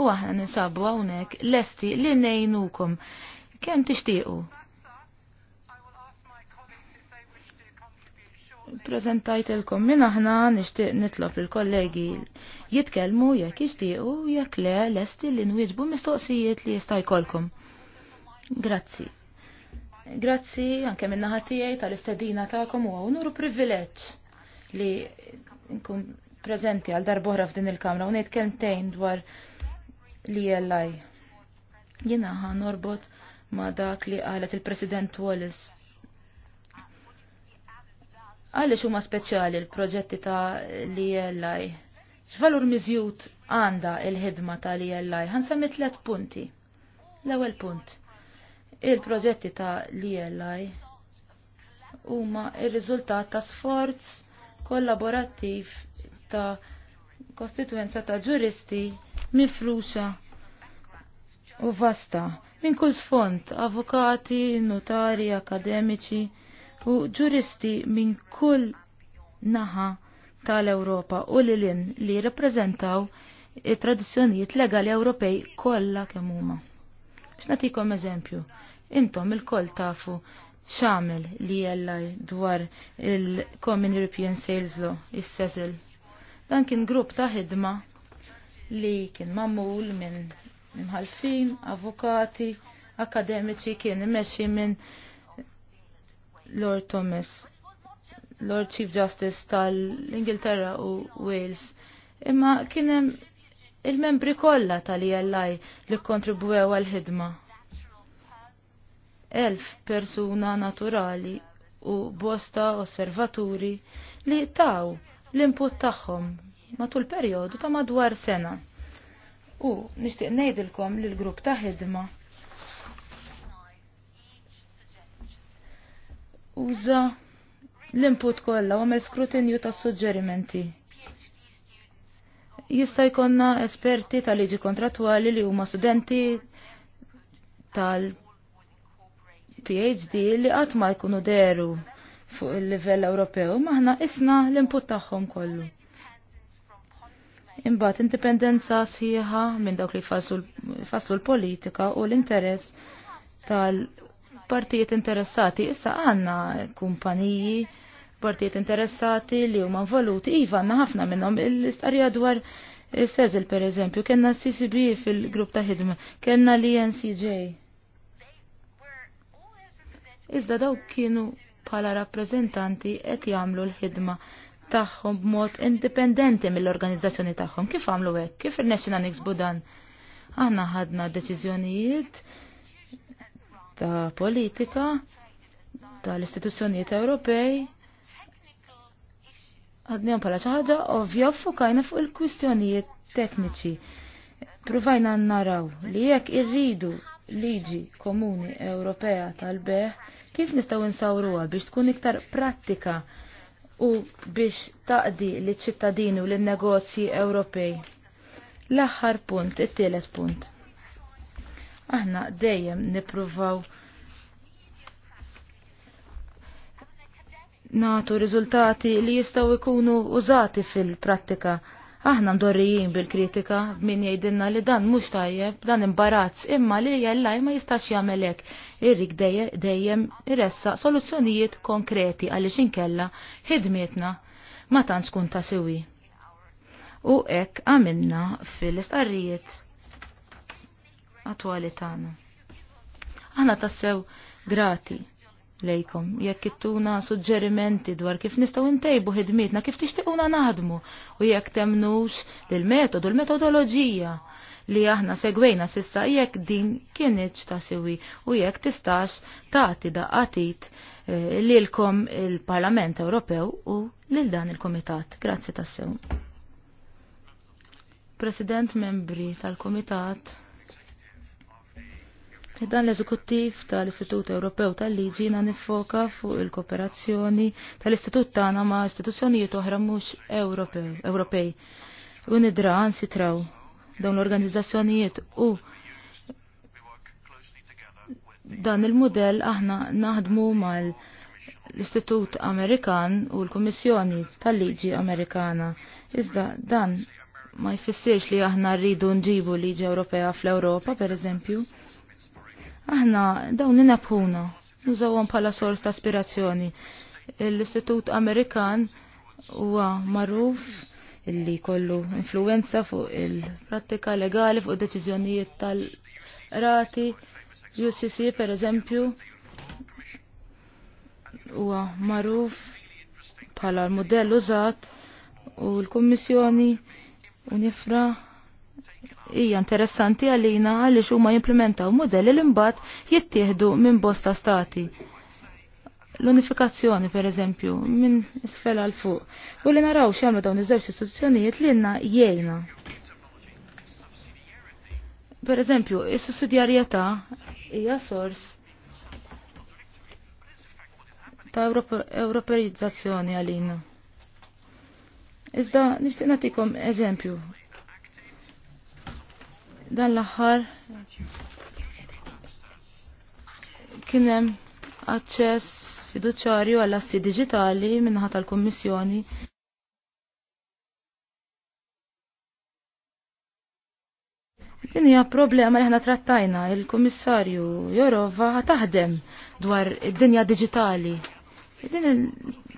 S2: u aħna ninsabu hawnhekk lesti li ngħinukom kemm tixtiequ prezentajt il-kom minn aħna nixtieq nitlob il-kollegi jitkellmu jekk jixtiequ jekk le lesti li nwieġbu mistoqsijiet li jista' jkollkom. Grazzi. Grazzi anke minn naħa tiegħi tal-istedina tagħkom u onuru privileġġ li nkun preżenti għal darbohra f'din il-kamra u ngħid kelmtejn dwar li e jellaj. Jiena ħan norbot ma' dak li qalet il-President Wallace Għaliex huma speċjali l-proġetti ta' li jellaj. X'valur miżjud għandha il-ħidma ta' jellaj. Għan sammi tlet punti. L-ewwel punt. Il-proġetti ta' li e jellaj. huma il riżultat ta' sforz kollaborattiv ta' kostituenza ta' ġuristi mifruxa u vasta minn kull sfond, avukati, notari, akademiċi u ġuristi minn kull naħa tal-Ewropa u lilin li jirrappreżentaw it-tradizzjonijiet legali Ewropej kollha kemm huma. X'natikom eżempju, intom il-koll tafu x'għamel li e jellaj dwar il-Common European Sales Law, il sesil Dan kien grupp ta' ħidma li kien mamul minn imħalfin, avukati, akademiċi kien imexxi minn Lord Thomas, Lord Chief Justice tal-Ingilterra u Wales. Imma kienem il-membri kollha tal-ILI li kontribwew għal-ħidma. Elf persuna naturali u bosta osservaturi li taw l-input tagħhom matul perjodu ta' madwar sena. U nixtieq ngħidilkom li l-grupp ta' ħidma uża l-input kollha u għamel skrutinju ta' suġġerimenti. Jista' jkollna esperti ta' liġi kontratwali li huma studenti tal-PhD li qatt ma jkunu deru fuq il-livell Ewropew, maħna isna l-input tagħhom kollu. Imbagħad indipendenza sħiħa minn dawk li faslu l-politika u l-interess tal- partijiet interessati. Issa għanna kumpaniji, partijiet interessati li huma involuti. Iva għanna ħafna minnhom l-istarja dwar Sezil per eżempju, kena CCB fil-grupp ta' ħidma, kena l ncj Iżda daw kienu bħala rappreżentanti qed jagħmlu l-ħidma tagħhom b'mod indipendenti mill-organizzazzjoni tagħhom. Kif għamlu hekk? Kif irnexxina niksbu Budan? Aħna ħadna deċiżjonijiet ta' politika tal-istituzzjonijiet Ewropej għadnijom pala ċaħġa ovvja fukajna fuq il-kwistjonijiet tekniċi. Provajna naraw li jekk irridu liġi komuni Ewropea tal-beħ, kif nistaw insawruha biex tkun iktar prattika u biex taqdi li ċittadini u l-negozji Ewropej. L-aħħar punt, it-tielet punt aħna dejjem nippruvaw natu riżultati li jistgħu jkunu użati fil-prattika. Aħna mdorrijin bil-kritika min jgħidilna li dan mhux tajjeb, dan imbarazz, imma li jellaj ma jistax jagħmel hekk. Irrik dejjem iressa soluzzjonijiet konkreti għaliex inkella ħidmietna ma tantx kun ta' sewi. U hekk għamilna fil-istqarrijiet attwali tagħna. Aħna tassew grati lejkom, jekk ittuna suġġerimenti dwar kif nistgħu ntejbu ħidmitna, kif tixtiquna naħdmu u jekk temnux l metodu l-metodoloġija li aħna segwejna sissa jekk din kienieċ ta' siwi u jekk tistax tagħti l eh, lilkom il-Parlament Ewropew u lil dan il-Komitat. Grazzi tassew. President membri tal-Komitat Dan l-eżekuttiv tal-Istitut Ewropew tal-Liġi na nifoka fuq il-kooperazzjoni tal-Istitut tagħna ma' istituzzjonijiet oħra mhux Ewropej. U nidra ansi traw dawn l-organizzazzjonijiet u dan il-modell aħna naħdmu mal l-Istitut Amerikan u l-Kummissjoni tal-Liġi Amerikana. Iżda dan ma jfissirx li aħna rridu nġibu liġi Ewropea fl-Ewropa, per eżempju. Aħna dawn li nabħuna, nużawhom bħala sors ta' aspirazzjoni. L-Istitut Amerikan huwa marruf illi kollu influenza fuq il-prattika legali fuq deċiżjonijiet tal-rati. UCC per eżempju huwa marruf bħala l-modell użat u l-Kummissjoni u nifra hija interessanti għalina għaliex huma jimplementaw modelli li mbagħad jittieħdu minn bosta stati. L-unifikazzjoni, per eżempju, minn isfel għal fuq. U li naraw xamlu dawn iż-żewġ istituzzjonijiet li għandna jgħinna. Per eżempju, is-sussidjarjetà hija sors ta' Europeizzazzjoni għalina. Iżda nixtieq nagħtikom eżempju Dan l-aħħar kien hemm aċċess fiduċarju għall assi diġitali minnaħa tal-Kummissjoni. Din hija problema li ħna trattajna il-Kummissarju Jorova taħdem dwar id-dinja digitali. Din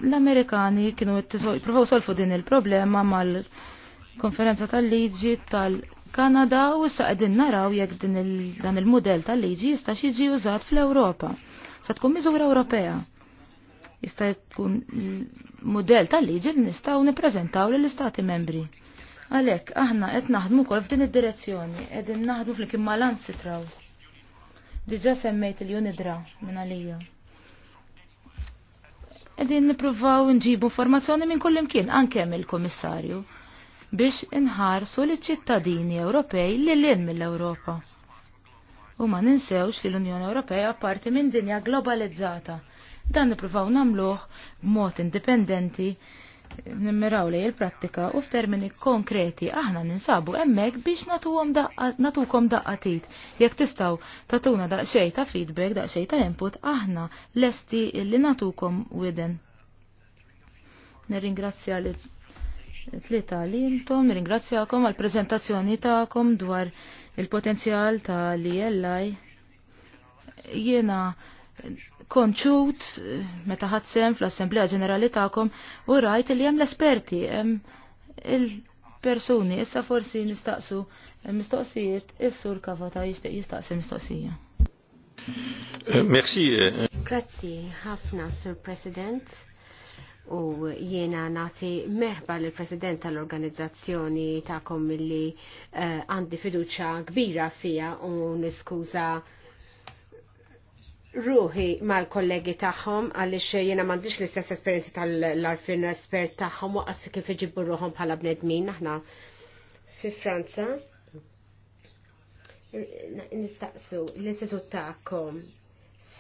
S2: l-Amerikani kienu jippruvaw solfu din il-problema mal-konferenza tal-liġi tal-, -liġi, tal liġi Kanada u issa qegħdin naraw jekk din il dan il-mudell tal-liġi jista' jiġi użat fl-Ewropa. Sa tkun miżura Ewropea. Jista' tkun mudell tal-liġi li nistgħu nippreżentaw lill-Istati membri. Għalhekk aħna qed naħdmu wkoll f'din id-direzzjoni, qegħdin naħdmu flimkien mal sitraw. Diġà semmejt il-Unidra minn għalija. Qegħdin nippruvaw nġibu informazzjoni minn kull imkien, anke il kummissarju biex inħarsu li ċittadini Ewropej li l-in mill-Ewropa. U ma ninsewx li l-Unjoni Ewropea parti minn dinja globalizzata. Dan nipruvaw namluħ b'mod indipendenti nimmiraw li il-prattika u f'termini konkreti aħna ninsabu emmek biex natukom daqqatit. Jek tistaw tatuna daqxej ta' feedback, daqxej ta' input, aħna lesti li natukom widen. Nirringrazzja li tlieta għalintom, nirringrazzjakom għal prezentazzjoni ta'kom dwar il-potenzjal ta' li jellaj. Jena konċut eh, meta ħadsem fl-Assemblea Ġenerali ta'kom u rajt li hemm l-esperti, hemm il-persuni, issa forsi nistaqsu eh, mistoqsijiet, is-sur kavata jixtieq jistaqsi mistoqsija.
S1: Eh, merci.
S3: Grazzi ħafna, Sur President u jiena nati meħba l president tal-organizzazzjoni ta'kom milli eh, għandi fiduċa kbira fija u niskuża ruħi mal-kollegi tagħhom għaliex jiena m'għandix l-istess esperjenzi tal-arfin espert tagħhom waqas kif iġibbu ruħhom bħala bnedmin aħna fi Franza nistaqsu l-istitut tagħkom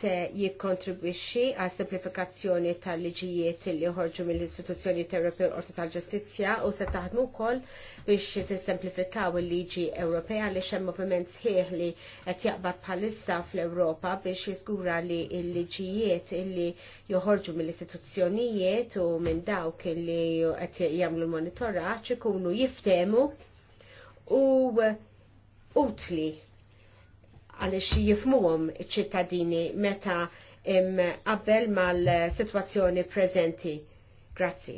S3: se jikkontribwixxi għal simplifikazzjoni tal-liġijiet li ħorġu mill-istituzzjoni Ewropew Qorti tal-Ġustizzja u se taħdmu wkoll biex tissemplifikaw il-liġi Ewropea li hemm moviment sħiħ li qed jaqbad bħalissa fl-Ewropa biex jiżgura li l-liġijiet illi joħorġu mill-istituzzjonijiet u minn dawk illi qed jagħmlu l-monitoraġġ ikunu jiftemu u utli għalix jifmuhom ċittadini meta qabel mal-sitwazzjoni preżenti. Grazzi.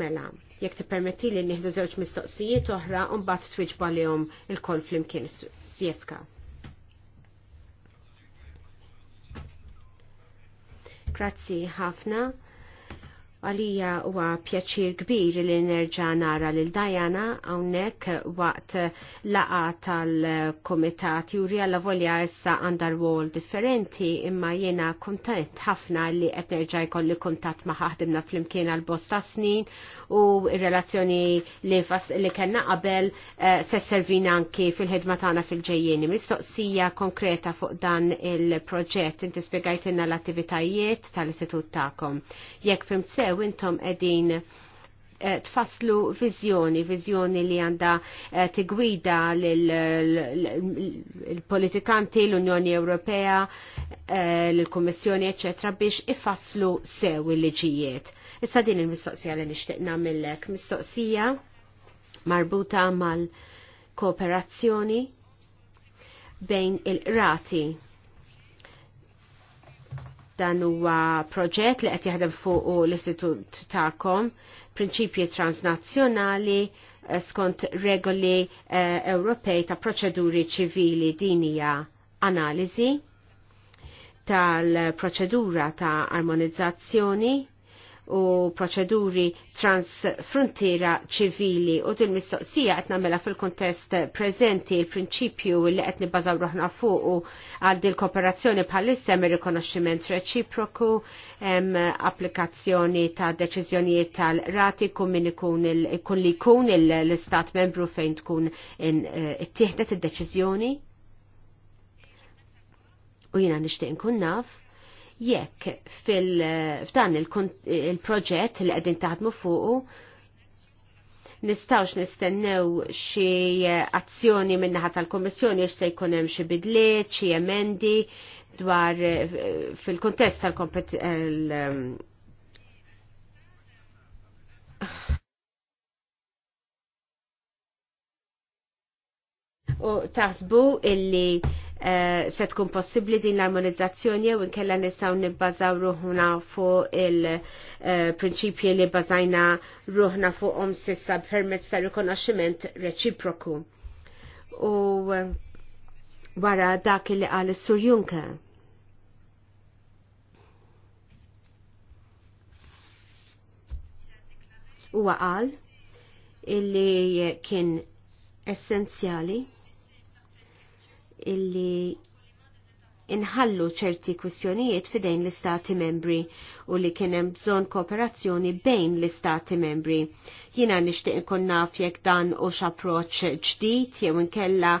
S3: Mela, jekk permetti li nieħdu żewġ mistoqsijiet oħra u mbagħad twiġbu għalihom il-kol flimkien sjefka. Grazzi ħafna Għalija huwa pjaċir kbir li nerġa' nara lil Dajana hawnhekk waqt laqa tal-Kumitat Juri alla volja issa għandha rwol differenti imma jiena kuntent ħafna li qed nerġa' jkolli kuntatt ma' ħaħdimna flimkien għal bosta snin u r-relazzjoni li, li kellna qabel eh, se servina anki fil-ħidma tagħna fil ġejjeni Mistoqsija konkreta fuq dan il-proġett inti spjegajtilna l-attivitajiet tal-istitut tagħkom. Jekk fimt Ewropew intom qegħdin eh, tfasslu viżjoni, viżjoni li għanda eh, tigwida l-politikanti, l-Unjoni Ewropea, eh, l-Kommissjoni, eccetera, biex ifasslu sew il-liġijiet. Issa din il-mistoqsija li nixtieq nagħmellek, mistoqsija marbuta mal-kooperazzjoni bejn il-rati Dan huwa proġett li qed jaħdem fuq l-istitut tagħkom, prinċipji transnazzjonali eh, skont regoli eh, Ewropej ta' proċeduri ċivili din hija analiżi tal-proċedura ta' armonizzazzjoni u proċeduri transfrontiera ċivili u din mistoqsija qed nagħmilha fil-kuntest preżenti il-prinċipju li qed nibbażaw roħna fuq u għal din kooperazzjoni bħalissem ir-rikonoxximent reċiproku, hemm applikazzjoni ta' deċiżjonijiet tal-rati kun min ikun li jkun l-istat membru fejn tkun eh, ittieħdet id-deċiżjoni. U jiena nixtieq nkun naf jekk fil-ftan il-proġett li qegħdin taħdmu fuqu nistawx nistennew xi azzjoni minnaħa tal-Kommissjoni se jkun hemm xi bidliet, xi emendi dwar fil-kuntest tal-kompet u taħsbu illi Eh, se tkun possibbli din l-armonizzazzjoni u nkella nistgħu nibbażaw ruħna fuq il-prinċipji eh, li bażajna ruħna fuqhom sissa permezz ta' rikonoxximent reċiproku. U eh, wara dak li qal sur Juncker. Huwa qal illi kien essenzjali illi inħallu ċerti kwistjonijiet fidejn l-istati membri u li kienem bżon kooperazzjoni bejn l-istati membri. Jina nishtiq nkun naf jekk dan u x'approċċ ġdid jew inkella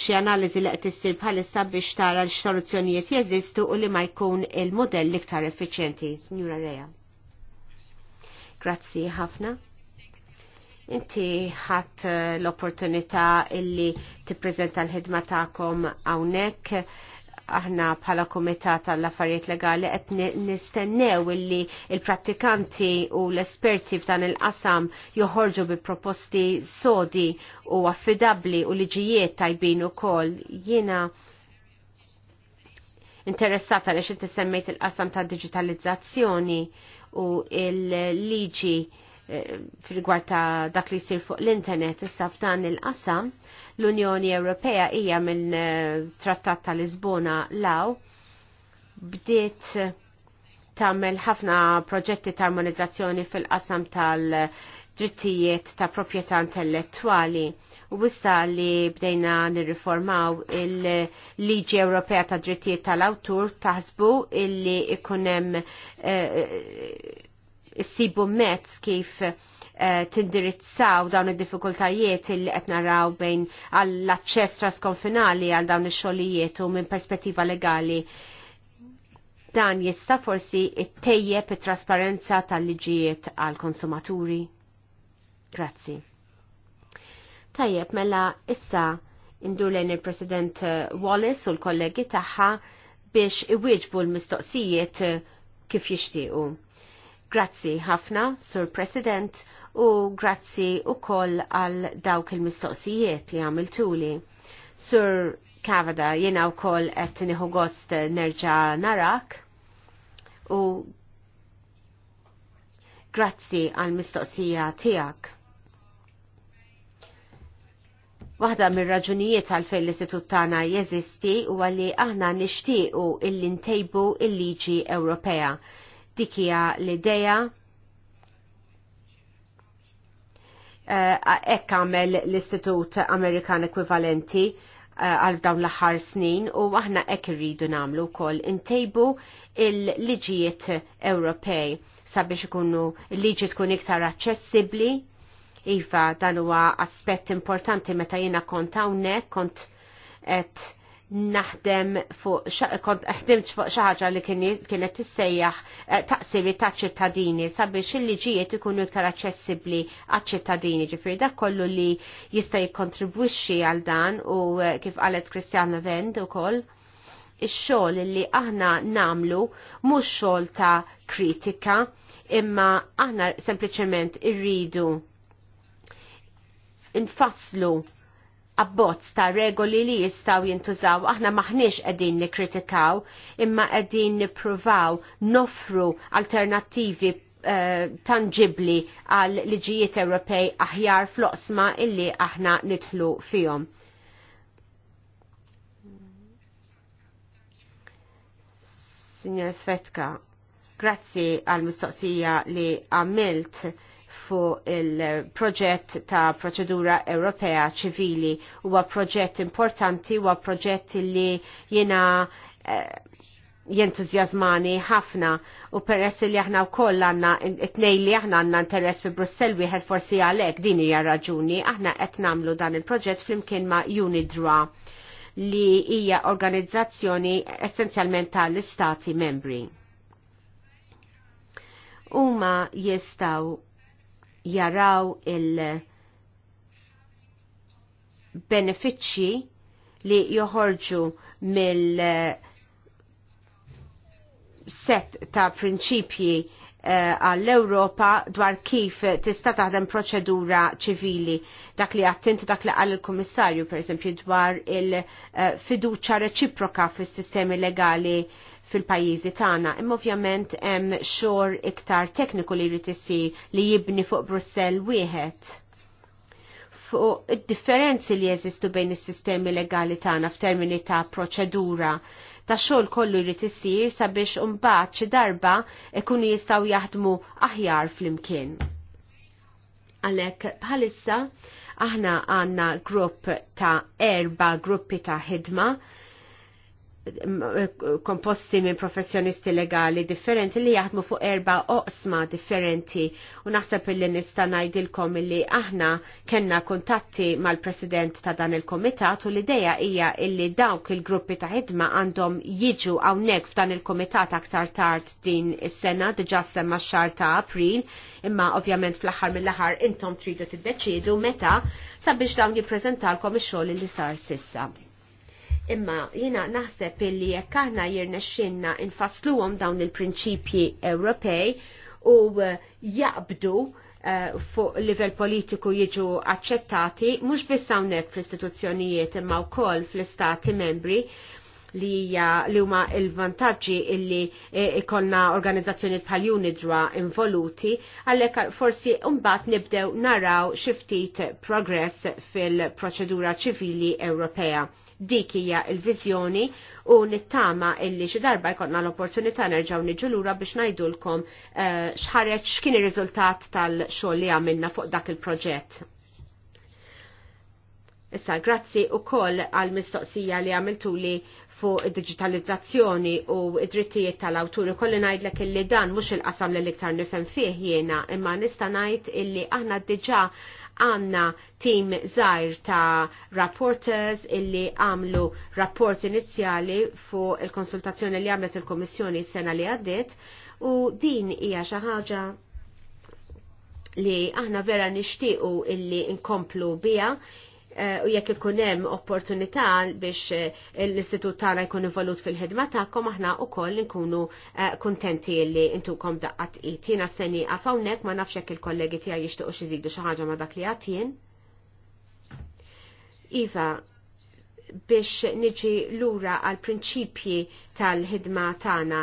S3: xi analiżi li qed issir bħalissa biex tara x-soluzzjonijiet jeżistu u li ma jkun il-modell iktar effiċjenti. Signora Reja. Grazzi ħafna. Inti ħadd eh, l-opportunità illi tippreżenta l-ħidma tagħkom hawnhekk aħna bħala komitat tal-affarijiet legali qed nistennew illi il-prattikanti u l-esperti f'dan il-qasam joħorġu bi proposti sodi u affidabli u liġijiet tajbin ukoll. Jiena interessata li xinti semmejt il-qasam ta' digitalizzazzjoni u il-liġi Eh, fil gwarta ta' dak li jsir fuq l-internet issa f'dan il-qasam l-Unjoni Ewropea hija mill eh, trattat ta' Lisbona law bdiet eh, tagħmel ħafna proġetti ta' armonizzazzjoni fil-qasam tal-drittijiet ta' proprjetà intellettwali u wissa li bdejna nirriformaw il-Liġi Ewropea ta' Drittijiet tal-Awtur taħsbu illi ikunem eh, issibu mezz kif eh, tindirizzaw dawn id-diffikultajiet li qed naraw bejn għall-aċċess trasconfinali għal dawn ix-xogħlijiet u minn perspettiva legali dan jista' forsi ttejjeb it-trasparenza tal-liġijiet għall konsumaturi Grazzi. Tajjeb, mela issa indur lejn il-President eh, Wallace u l-kollegi tagħha biex iwieġbu l-mistoqsijiet eh, kif jixtiequ. Grazzi ħafna, Sur President, u grazzi u koll għal dawk il-mistoqsijiet li għamiltuli. Sur Kavada, jena u koll għet niħu gost nerġa narak u grazzi għal mistoqsija tijak. Waħda mir raġunijiet għal fejn l-istitut tagħna jeżisti huwa li aħna nixtiequ illi ntejbu il-liġi Ewropea dikija l-ideja eh, ekk għamel l-Istitut Amerikan Ekwivalenti eh, għal dawn l-aħħar snin u aħna ekk irridu namlu kol intejbu il-liġijiet Ewropej sabiex ikunu il-liġi tkun iktar aċċessibbli. Iva, dan huwa aspett importanti meta jiena kont hawnhekk kont qed naħdem fuq kont ħdimt fuq xi ħaġa li kienet tissejjaħ eh, taqsimi ta' ċittadini sabiex il-liġijiet ikunu iktar aċċessibbli għaċ-ċittadini ġifieri dak kollu li jista' jikkontribwixxi għal dan u eh, kif qalet Kristjana Vend ukoll ix-xogħol li aħna namlu mhux xogħol ta' kritika imma aħna sempliċement irridu infasslu abbozz ta' regoli li jistaw jintużaw, aħna maħniex li nikkritikaw, imma qegħdin nippruvaw nofru alternattivi uh, eh, tangibli għal liġijiet Ewropej aħjar floqsma illi aħna nidħlu fihom. Signor Svetka, grazzi għal mistoqsija li għamilt fuq il-proġett ta' proċedura Ewropea ċivili huwa proġett importanti huwa proġett li jena eh, jentuzjazmani ħafna u peress li aħna wkoll għandna it-tnej li aħna għandna interess fi Brussell wieħed forsi għalhekk din hija raġuni aħna qed nagħmlu dan il-proġett flimkien ma' Unidra li hija organizzazzjoni essenzjalment tal-istati membri. Huma jistaw jaraw il-benefiċċji li joħorġu mill set ta' prinċipji eh, għall-Europa dwar kif tista' taħdem proċedura ċivili dak li għattintu dak li għall il-Kummissarju per esempio dwar il-fiduċa eh, reċiproka fis-sistemi legali fil-pajjiżi tagħna. Imma ovvjament hemm xor iktar tekniku li jrid isir li jibni fuq Brussell wieħed fuq id-differenzi li jeżistu bejn is-sistemi legali tagħna f'termini ta' proċedura ta' xogħol kollu jrid isir sabiex imbagħad xi darba ikunu jistgħu jaħdmu aħjar flimkien. Għalhekk bħalissa aħna għandna grupp ta' erba' gruppi ta' ħidma komposti minn professjonisti legali differenti li jaħdmu fuq erba oqsma differenti u naħseb illi nista' ngħidilkom illi aħna kenna kuntatti mal-president ta' dan il-komitat u l-idea hija illi dawk il-gruppi ta' ħidma għandhom jiġu hawnhekk f'dan il-komitat aktar tard din is-sena diġà semma x-xahar ta' April imma ovvjament fl-aħħar mill-aħħar intom tridu tiddeċiedu meta sabiex dawn jippreżentalkom ix-xogħol li sar sissa. Imma jina naħseb illi jekk aħna jirnexxinna infasluhom dawn il-prinċipji Ewropej u eh, jaqbdu eh, fuq livell politiku jiġu aċċettati mhux biss hawnhekk fl-istituzzjonijiet imma wkoll fl-istati membri li hija li huma l-vantaġġi illi eh, ikonna e, organizzazzjoni bħal Unidra involuti, għalhekk forsi mbagħad nibdew naraw xi ftit progress fil-proċedura ċivili Ewropea. Dik hija l-viżjoni u nittama illi xi darba jkollna l-opportunità nerġgħu niġu lura biex ngħidulkom eh, x'ħareġ x'kien ir-riżultat tal-xogħol li għamilna fuq dak il-proġett. Issa, grazzi u għall għal-mistoqsija li għamiltuli fuq digitalizzazzjoni u id-drittijiet tal-awturi. Kolli ngħidlek illi dan mux il-qasam l-iktar nifem fih jena, imma nista ngħid illi aħna diġà għanna tim zaħir ta' rapporters illi għamlu rapport inizjali fu il-konsultazzjoni li għamlet il-Komissjoni s-sena li għaddit u din hija xi ħaġa li aħna vera nixtiequ illi nkomplu biha Eh, u jekk ikun hemm opportunità biex eh, l-istitut tagħna jkun involut fil-ħidma tagħkom aħna wkoll nkunu eh, kuntenti li intukom daqqat qid. Jiena se hawnhekk ma nafx hekk il-kollegi tiegħi jixtiequ xi jżidu xi ħaġa ma dak li għad jien. Iva, biex niġi lura għal prinċipji tal-ħidma tagħna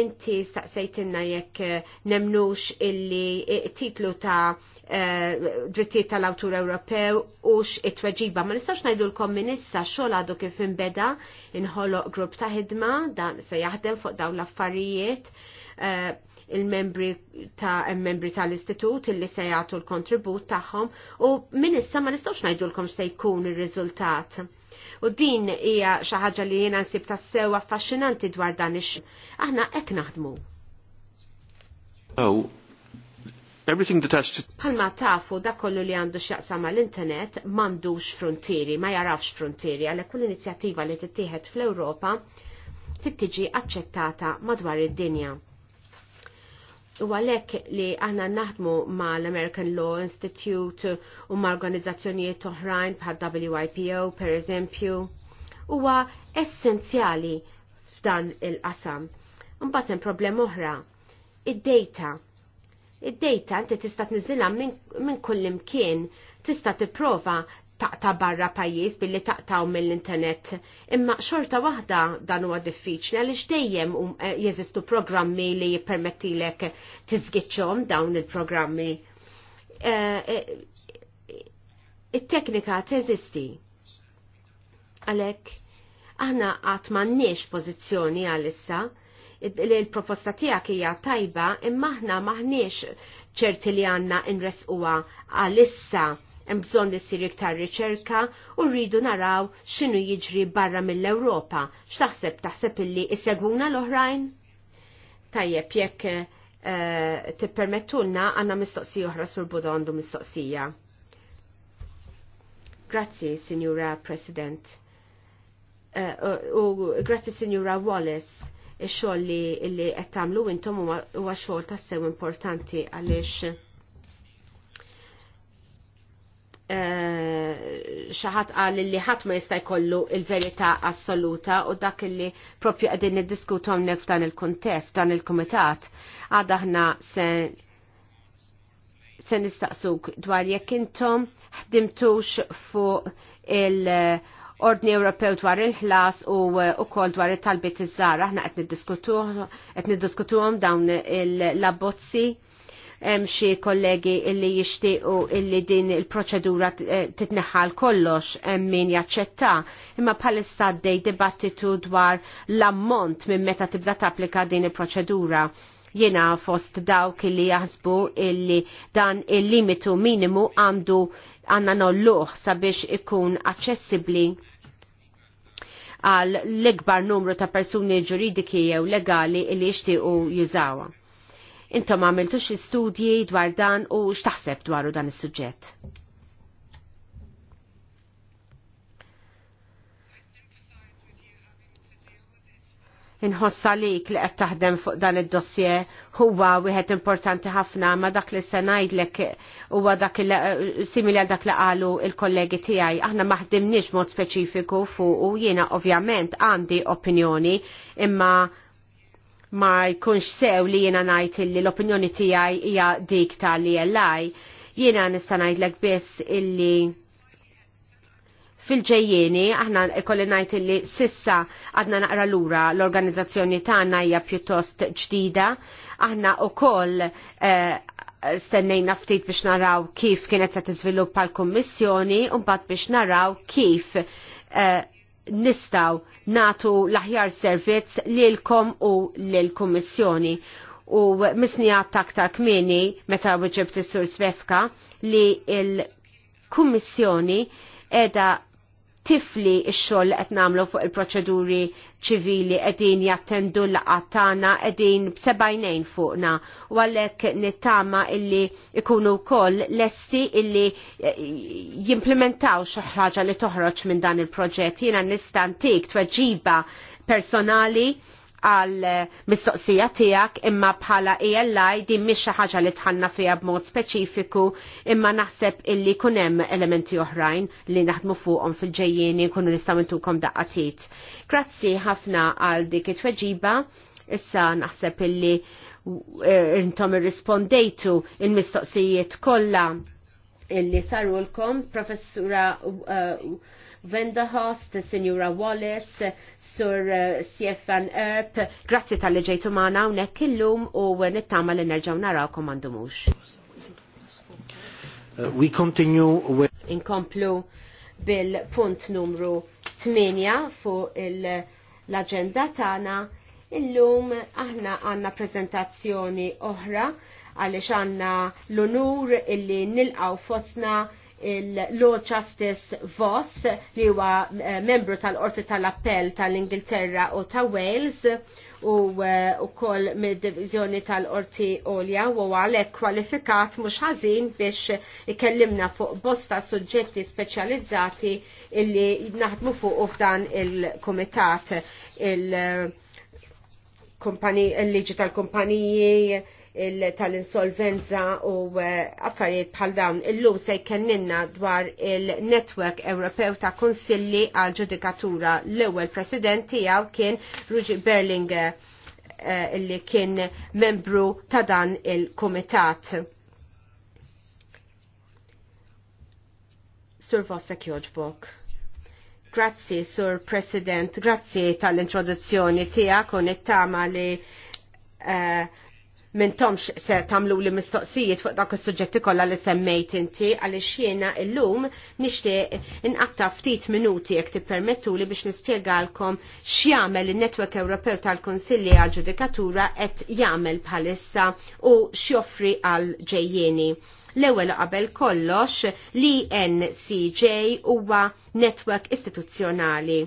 S3: Inti staqsejtinna jekk eh, nemnux illi eh, titlu ta' eh, drittijiet tal-awtur Ewropew ux it tweġiba Ma nistax najdu l-kom minissa xol għadu kif imbeda inħolo grupp ta' ħidma, dan se jaħdem fuq daw l-affarijiet il-membri ta' membri tal-istitut illi se jagħtu l-kontribut tagħhom u minissa ma nistgħux ngħidulkom se jkun ir-riżultat U din hija xi ħaġa li jiena nsib tassew affaxxinanti dwar dan ix aħna hekk naħdmu.
S1: Oh, everything that has to...
S3: Palma tafu da kollu li għandu xaqsa ma l-internet mandux frontieri, ma jarafx frontieri, għalek kull inizjattiva li tittieħed fl-Europa tiġi accettata madwar id-dinja. U għalek li għanna naħdmu ma l-American Law Institute u ma organizzazzjonijiet oħrajn bħal WIPO per eżempju, huwa essenzjali f'dan il-qasam. Mbagħad hemm problema oħra, id-data. Id-data inti tista' tniżilha minn min kull tista' tipprova taqta barra pajjiż billi taqtaw mill-internet. Imma xorta waħda dan huwa diffiċli għaliex dejjem um, eh, jeżistu programmi li jippermettilek tiżgiċċhom dawn il-programmi. Eh, eh, it-teknika teżisti. Għalhekk aħna qatt m'għandniex pożizzjoni għalissa li l-proposta tiegħek hija tajba imma aħna maħniex ċerti li għandna inresquha għalissa hemm bżonn li iktar riċerka u rridu naraw x'inhu jiġri barra mill-Ewropa. X'taħseb taħseb illi issegwuna l-oħrajn? Tajjeb jekk uh, tippermettulna għandna mistoqsija oħra sur Buda għandu mistoqsija. Grazzi, Signora President. Eh, u grazzi, Signora Wallace ix-xogħol li qed tagħmlu intom huwa xogħol tassew importanti għaliex Eh, xaħat għal li ħadd ma jista' jkollu il-verità assoluta u dak li propju qegħdin niddiskutu hawnhekk f'dan il-kuntest, dan il-kumitat, għadha aħna se se nistaqsuk dwar jekk intom ħdimtux fuq il-Ordni Ewropew dwar il-ħlas u wkoll eh, dwar it-talbiet iż-żgħar aħna qed niddiskutuhom dawn il-labbozzi. il labbozzi il hemm xi kollegi illi jixtiequ illi din il-proċedura eh, titneħħal kollox hemm min jaċċetta, imma bħalissa dej dibattitu dwar l-ammont minn meta tibda tapplika din il-proċedura. Jiena fost dawk li jaħsbu illi dan il-limitu minimu għandu għanna nolluħ sabiex ikun aċċessibbli għal l-ikbar numru ta' persuni ġuridiki jew legali illi jixtiequ jużawha Intom għamiltu xi studji dwar dan u x'taħseb dwaru dan is-suġġett? Inħossa lik li qed taħdem fuq dan id-dossier huwa wieħed importanti ħafna ma dak li se ngħidlek huwa dak simili għal dak li qalu l kollegi tiegħi aħna ma ħdimniex mod speċifiku fuq u jiena ovvjament għandi opinjoni imma ma jkunx sew li jiena ngħid illi l-opinjoni tiegħi hija dik tal jellaj, Jiena nista' ngħidlek biss illi fil-ġejjeni aħna ikolli ngħid illi sissa għadna naqra lura l-organizzazzjoni tagħna hija pjuttost ġdida. Aħna wkoll eh, stennejna ftit biex naraw kif kienet se tiżviluppa l-Kummissjoni u mbagħad biex naraw kif eh, nistaw natu l-aħjar servizz lilkom u lill-Kummissjoni u misni taktar aktar kmini meta wieġeb sur Svefka li il-Kummissjoni edha tifli x-xogħol qed nagħmlu fuq il-proċeduri ċivili qegħdin jattendu l tagħna qegħdin b'sebajnejn fuqna u għalhekk nittama illi ikunu wkoll lesti illi eh, jimplementaw xi ħaġa li toħroġ minn dan il-proġett. Jiena nista' ntik tweġiba personali għal mistoqsija tiegħek imma bħala ELI din mhix xi ħaġa li tħanna fiha b'mod speċifiku imma naħseb illi kun hemm elementi oħrajn li naħdmu fuqhom fil-ġejjieni nkunu nistgħu ntukom daqqatit. Grazzi ħafna għal dik it-tweġiba. Issa naħseb illi eh, intom irrispondejtu il-mistoqsijiet kollha illi sarulkom, professura uh, Vendahost, Signora Wallace, Sur uh, Siefan Erp, Grazzi tal-li ġejtu maħna unek illum u nittama li nerġaw narawkom għandu mux.
S1: Uh, we continue with...
S3: Inkomplu bil-punt numru 8 fuq l-agenda tana. Illum aħna għanna prezentazzjoni oħra għalix għanna l-onur illi nilqaw fosna il-Law Justice Voss li huwa eh, membru tal-Qorti tal-Appell tal-Ingilterra u ta' Wales u wkoll eh, mid divizjoni tal-Qorti Olja u għalhekk kwalifikat mhux ħażin biex ikellimna fuq bosta suġġetti speċjalizzati illi naħdmu fuq f'dan il-Kumitat eh, il-Liġi tal-Kumpaniji, il tal-insolvenza u eh, affarijiet bħal dawn. Illum se jkenninna dwar il-Network Ewropew ta' Konsilli għal Ġudikatura. L-ewwel president tiegħu kien Ruġi Berlinger eh, illi kien membru ta' dan il-Kumitat. Sur Vossa Kjoġbok. Grazzi, Sur President, grazzi tal-introduzzjoni tija kun it-tama li uh, tomx se tamlu li mistoqsijiet fuq dak is-suġġetti kollha li semmejt inti għaliex jiena llum nixtieq inqatta' ftit minuti jekk tippermettu li biex nispjegalkom x'jagħmel in-Netwerk Ewropew tal-Kunsilli għal Ġudikatura qed jagħmel bħalissa u x'joffri għal ġejjieni. L-ewwel qabel kollox li NCJ huwa netwerk istituzzjonali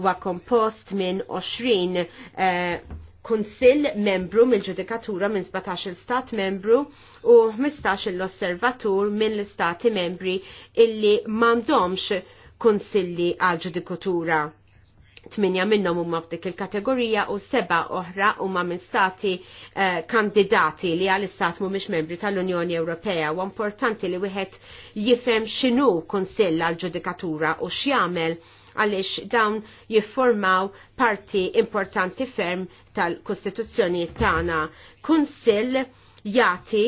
S3: huwa kompost minn 20 eh, kunsill membru mill-ġudikatura minn 17 stat membru u 15 l-osservatur mill-stati membri illi mandomx kunsilli għal ġudikatura. Tminja minnhom huma f'dik il-kategorija u seba oħra huma minn stati eh, kandidati li għal istat mhumiex membri tal-Unjoni Ewropea u importanti li wieħed jifhem x'inhu kunsill għal ġudikatura u x'jagħmel għaliex dawn jiffurmaw parti importanti ferm tal-Kostituzzjoni tagħna. Kunsill jati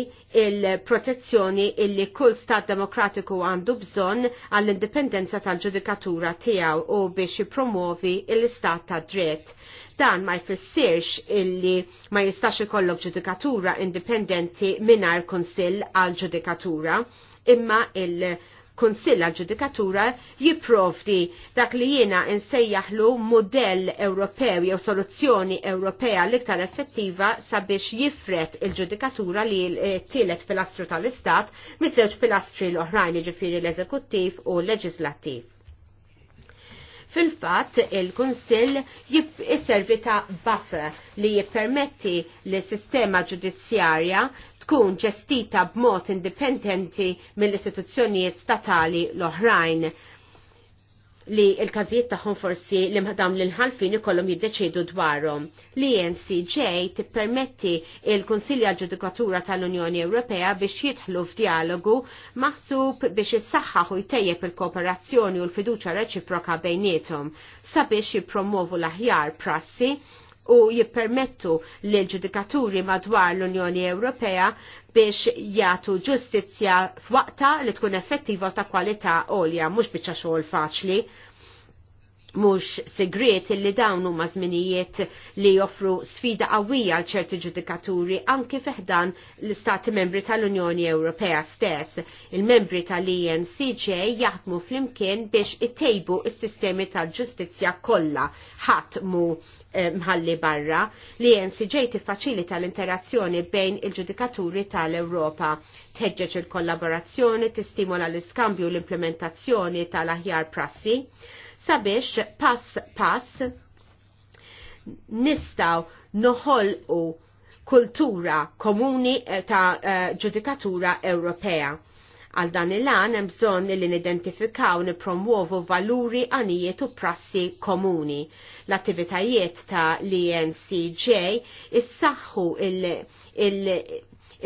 S3: il-protezzjoni illi kull stat demokratiku għandu bżonn għall-indipendenza tal-ġudikatura tiegħu u biex jipromovi l-istat ta' dritt. Dan ma jfissirx illi ma jistax ikollok ġudikatura indipendenti minar kunsill għal ġudikatura imma il- Kunsill ġudikatura jipprovdi dak li jiena nsejjaħlu modell Ewropew jew soluzzjoni Ewropea l-iktar effettiva sabiex jifret il-ġudikatura li tielet pilastru tal-Istat miż-żewġ pilastri l-oħrajn jiġifieri l-eżekuttiv u l-leġislattiv. Fil-fatt, il-Kunsill jisservi ta' buffer li jippermetti li sistema ġudizzjarja tkun ġestita b'mod indipendenti mill-istituzzjonijiet statali l-oħrajn li il-każijiet tagħhom forsi li mħadam l-inħalfin ikollhom jiddeċidu dwarhom. L-ENCJ tippermetti il-Kunsilja Ġudikatura tal-Unjoni Ewropea biex jidħlu f'dialogu maħsub biex jissaħħaħ u jtejjeb il-kooperazzjoni u l-fiduċa reċiproka bejniethom sabiex jippromovu l-aħjar prassi u jippermettu l-ġudikaturi madwar l-Unjoni Ewropea biex jagħtu ġustizzja f'waqta li tkun effettiva ta' kwalità għolja mhux biċċa xogħol faċli mhux segret illi dawn huma żminijiet li joffru sfida qawwija għal ċerti ġudikaturi anke fiħdan l-Istati Membri tal-Unjoni Ewropea stess. Il-membri tal-ENCJ jaħdmu flimkien biex ittejbu is-sistemi tal-ġustizzja kollha ħadd mu eh, mħalli barra li e NCJ tiffaċilita l-interazzjoni bejn il-ġudikaturi tal-Europa, teġġeġ il-kollaborazzjoni, tistimola l-iskambju l-implementazzjoni tal-aħjar prassi, sabiex pass pass nistaw noħolqu kultura komuni eh, ta' eh, ġudikatura Ewropea. Għal dan il-għan hemm bżonn li nidentifikaw nipromuovu valuri għanijiet u prassi komuni. L-attivitajiet ta' l-ENCJ issaħħu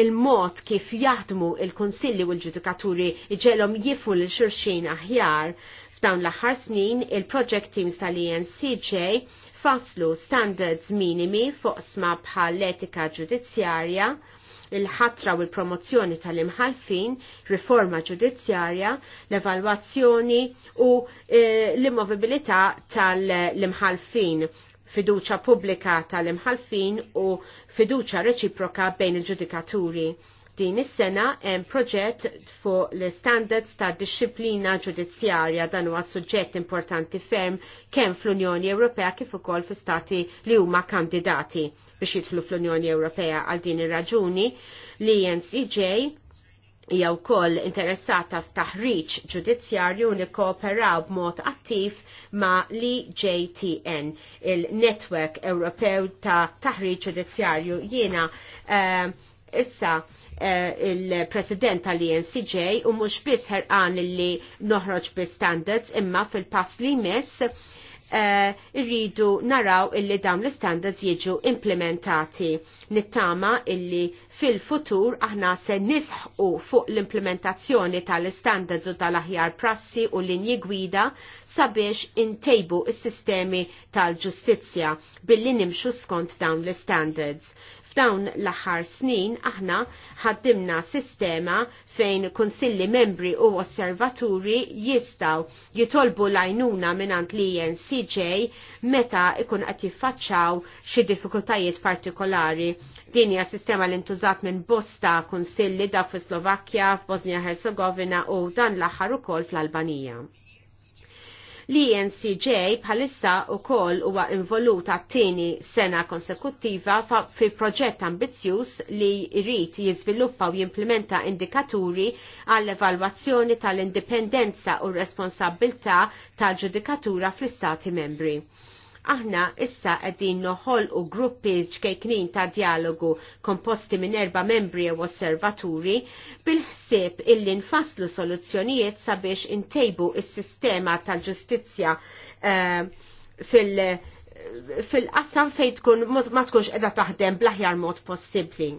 S3: il-mod kif jaħdmu il-konsilli u l-ġudikaturi iġelom jifu l-xurxin aħjar F'dawn l-aħħar snin, il-Project Teams tal-ENCJ faslu standards minimi fuq sma bħal etika ġudizzjarja, il-ħatra u l-promozzjoni tal-imħalfin, riforma ġudizzjarja, l-evalwazzjoni u e, eh, l-immovibilità tal-imħalfin fiduċa pubblika tal-imħalfin u fiduċa reċiproka bejn il-ġudikaturi. Din is-sena hemm proġett fuq l-standards ta' disċiplina ġudizzjarja dan huwa suġġett importanti ferm kemm fl-Unjoni Ewropea kif ukoll fl stati li huma kandidati biex jidħlu fl-Unjoni Ewropea għal din ir-raġuni li NCJ hija wkoll interessata f'taħriġ ġudizzjarju li kooperaw b'mod attiv ma' l-JTN, e il-Network Ewropew ta' Taħriġ Ġudizzjarju jiena uh, issa Eh, il-president tal incj u mux biss ħerqan li noħroġ bi standards imma fil-pass li mess eh, irridu naraw illi dawn l-standards jiġu implementati. Nittama illi fil-futur aħna se nisħu fuq l-implementazzjoni tal-standards u tal-aħjar prassi u linji gwida sabiex intejbu is sistemi tal-ġustizja billi nimxu skont dawn l-standards. F'dawn l-aħħar snin aħna ħaddimna sistema fejn konsilli membri u osservaturi jistaw jitolbu lajnuna minant li CJ meta ikun qed jiffaċċaw xi diffikultajiet partikolari. Din hija sistema li ntużat minn bosta konsilli da fi Slovakkja, f'Bosnia Herzegovina u dan l-aħħar ukoll fl-Albanija. L-ENCJ bħalissa u koll huwa involuta t-tini sena konsekuttiva fi proġett ambizjuż li jrid jiżviluppa u jimplementa indikaturi għall-evalwazzjoni tal-indipendenza u responsabilta tal-ġudikatura fl-Istati membri. Aħna issa qegħdin noħolqu gruppi ġkejknin ta' dialogu komposti minn erba' membri u osservaturi bil-ħsieb illi nfasslu soluzzjonijiet sabiex intejbu is-sistema tal-ġustizzja eh, fil- qassam fejt tkun ma tkunx qiegħda taħdem bl-aħjar mod possibbli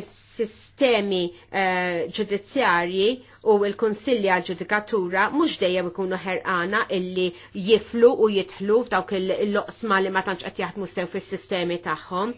S3: sistemi eh, ġudizzjarji u l-konsilja ġudikatura mhux dejjem ikunu ħerqana illi jiflu u jitħlu f'dawk il-loqsma li ma tantx qed jaħdmu sew fis-sistemi tagħhom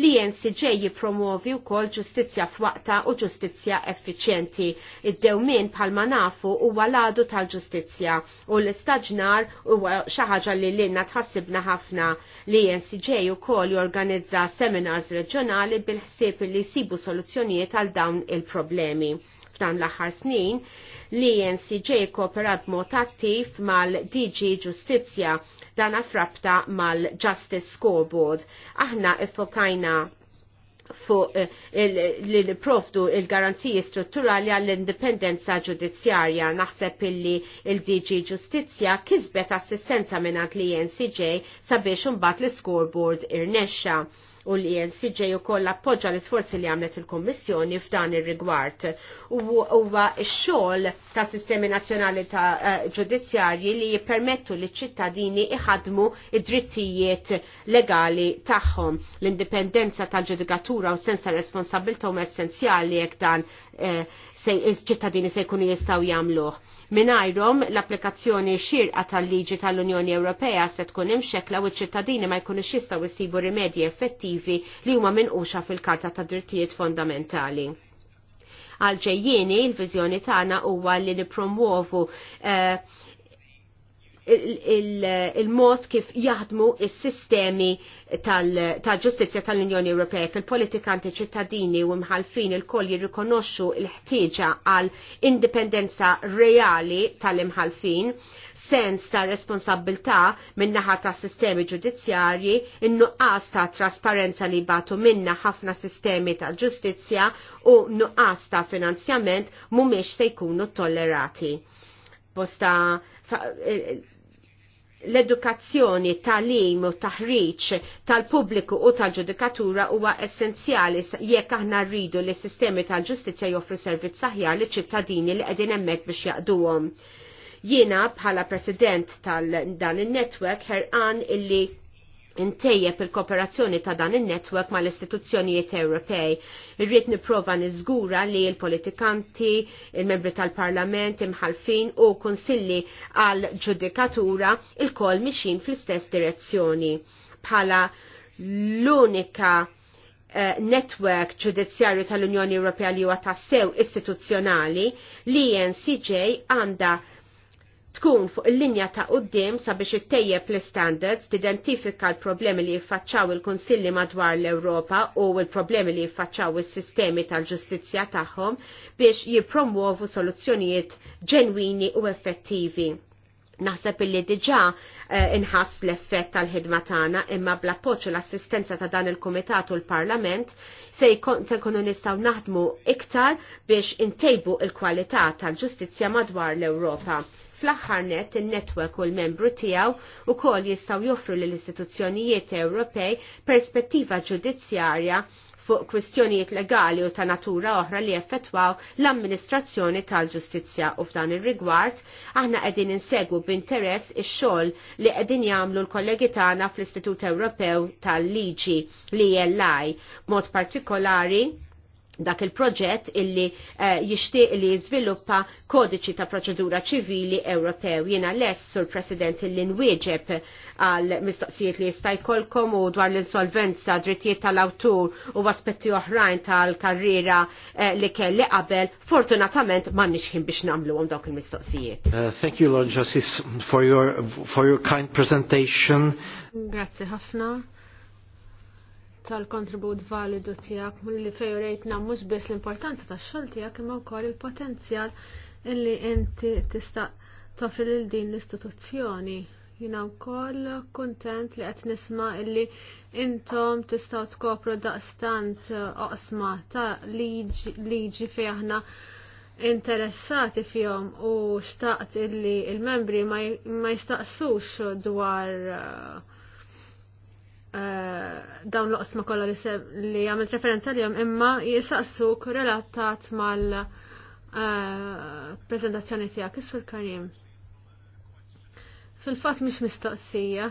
S3: li NCJ jipromovi wkoll ġustizzja f'waqta u ġustizzja effiċjenti. Id-dewmin bħalma nafu huwa ladu tal-ġustizzja u l-istaġnar huwa xi ħaġa li lilna tħassibna ħafna li NCJ ukoll jorganizza seminars reġjonali bil-ħsieb li jsibu soluzzjonijiet għal dawn il-problemi f'dan l-aħħar snin li NCJ kooperat mod attiv mal-DG Ġustizzja dan frabta mal-Justice Scoreboard. Aħna iffokajna fuq eh, li profdu il-garanziji strutturali għall-indipendenza ġudizzjarja. Naħseb illi il-DG Ġustizzja kisbet assistenza minn li NCJ sabiex imbagħad l-scoreboard irnexxa u l-ENCJ ukoll appoġġa l-isforzi li għamlet il-Kommissjoni f'dan ir-rigward. Huwa x-xogħol ta' sistemi nazzjonali ta' eh, ġudizzjarji li jippermettu li ċittadini iħadmu id-drittijiet legali tagħhom. L-indipendenza tal-ġudikatura u sens ta' responsabilta huma essenzjali jekk dan eh, ċittadini se jkunu jistgħu jagħmluh. Minajrom l-applikazzjoni xirqa tal-liġi tal-Unjoni Ewropea se tkun imxekla u ċ-ċittadini ma jkunux jistgħu jsibu rimedji effettivi direttivi li huma minquxa fil-Karta ta' Drittijiet Fondamentali Għalġejjeni, il-vizjoni tagħna huwa li nipromuovu eh, il-mod kif jaħdmu is sistemi tal-ġustizja tal-Unjoni Ewropea, il-politikanti ċittadini u mħalfin il-koll jirrikonoxxu l ħtieġa għal indipendenza reali tal-imħalfin sens ta' responsabilta minnaħa ta' sistemi ġudizzjarji, in-nuqqas ta' trasparenza li batu minna ħafna sistemi ta' ġustizzja u nuqqas ta' finanzjament mumiex se jkunu tollerati. Bosta eh, l-edukazzjoni, lim u taħriċ tal-pubbliku u tal-ġudikatura huwa essenzjali jekk aħna rridu li s sistemi tal-ġustizja joffru servizz aħjar li ċittadini li qegħdin hemmhekk biex jaqduhom. Jiena bħala president tal-dan il-network herqan illi intejjeb il-kooperazzjoni ta' dan il-network ma' l-istituzzjonijiet Ewropej. Irrid niprofa niżgura li l-politikanti, il-membri tal-parlament, imħalfin u konsilli għal ġudikatura il-kol mixin fl-istess direzzjoni. Bħala l-unika uh, network ġudizzjarju tal-Unjoni Ewropea li huwa tassew istituzzjonali li NCJ għanda tkun fuq il-linja ta' qoddim sabiex ittejjeb l-standards tidentifika l-problemi li jiffaċċaw il-Kunsilli madwar l-Ewropa u l-problemi li jiffaċċaw is-sistemi tal-ġustizzja tagħhom biex jippromuovu soluzzjonijiet ġenwini u effettivi. Naħseb illi diġà eh, inħass l-effett tal-ħidma tagħna imma bl-appoġġ u l-assistenza ta' dan il-Kumitat u l-Parlament se jkunu nistgħu naħdmu iktar biex intejbu il-kwalità tal-ġustizzja madwar l-Ewropa Fl-aħħar net in-netwerk u l-membru tiegħu ukoll jistgħu joffru lill-istituzzjonijiet Ewropej perspettiva ġudizzjarja fuq kwistjonijiet legali u ta' natura oħra li effettwaw l-amministrazzjoni tal-ġustizzja u f'dan ir-rigward aħna qegħdin insegwu b'interess ix-xogħol li qegħdin jagħmlu l-kollegi tagħna fl-Istitut Ewropew tal-Liġi LI ili mod partikolari dak il-proġett illi uh, jixtieq li jiżviluppa kodiċi ta' proċedura ċivili Ewropew. Jiena less sur President illi nwieġeb għal mistoqsijiet li jista' jkollkom u dwar l-insolvenza, drittijiet tal-awtur u aspetti oħrajn tal-karriera uh, li kelli qabel, fortunatament m'għandniex ħin biex nagħmluhom dawn il-mistoqsijiet.
S1: Uh, thank you, Lord Justice, for your, for your kind
S3: presentation.
S1: Grazie ħafna tal-kontribut validu tijak, li fejrejtna mux biss l-importanza ta' xol tijak, imma u il-potenzjal illi inti tista' toffri lil din l-istituzzjoni. Jina u koll kontent li għet nisma illi intom tistaw tkopru daqstant oqsma ta' liġi fej aħna interessati fjom u xtaqt illi il-membri ma jistaqsux dwar uh, dawn l-qosma kollha li għamilt referenza li imma jisaqsuk relatat mal eh, prezentazzjoni tiegħek is-Sur Karim. Fil-fatt mhix mistoqsija.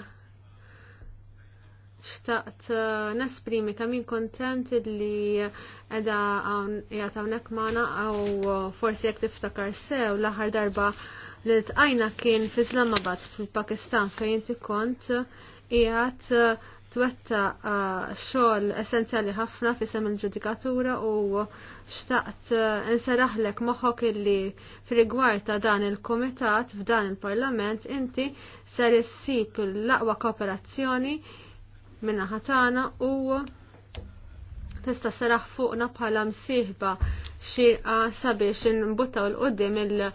S1: Xtaqt eh, nesprimi kamin kontent li qiegħda jgħat hawnhekk magħna aw forsi jekk tiftakar sew l-aħħar darba li tqajna kien fi Islamabad fil-Pakistan fejn inti kont qiegħed twetta xogħol essenzjali ħafna fisem il-ġudikatura u xtaqt inseraħlek moħħok illi fil ta' dan il-komitat f'dan il-parlament inti ser issib l-aqwa kooperazzjoni minna ħatana u tista' seraħ fuqna bħala msieħba xirqa sabiex nbuttaw l-qoddim l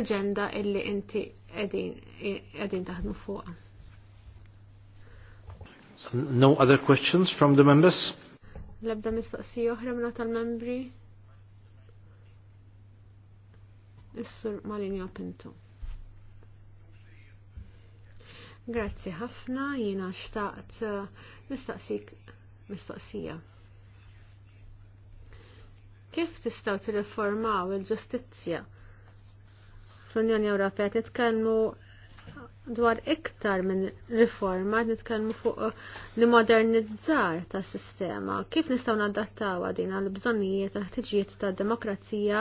S1: aġenda illi inti qegħdin taħdmu fuqha.
S3: No other questions from the members?
S1: Labda mistaqsija oħra minna tal-membri. Issur sur Malinja Grazzi ħafna, jina xtaqt uh, nistaqsik mistaqsija. Kif tistaw tirriformaw il-ġustizzja? Fl-Unjoni Ewropea titkellmu dwar iktar minn riforma nitkellmu fuq uh, li modernizzar tas sistema kif nistgħu nadattaw din għal bżonnijiet għal ħtiġijiet tad demokrazija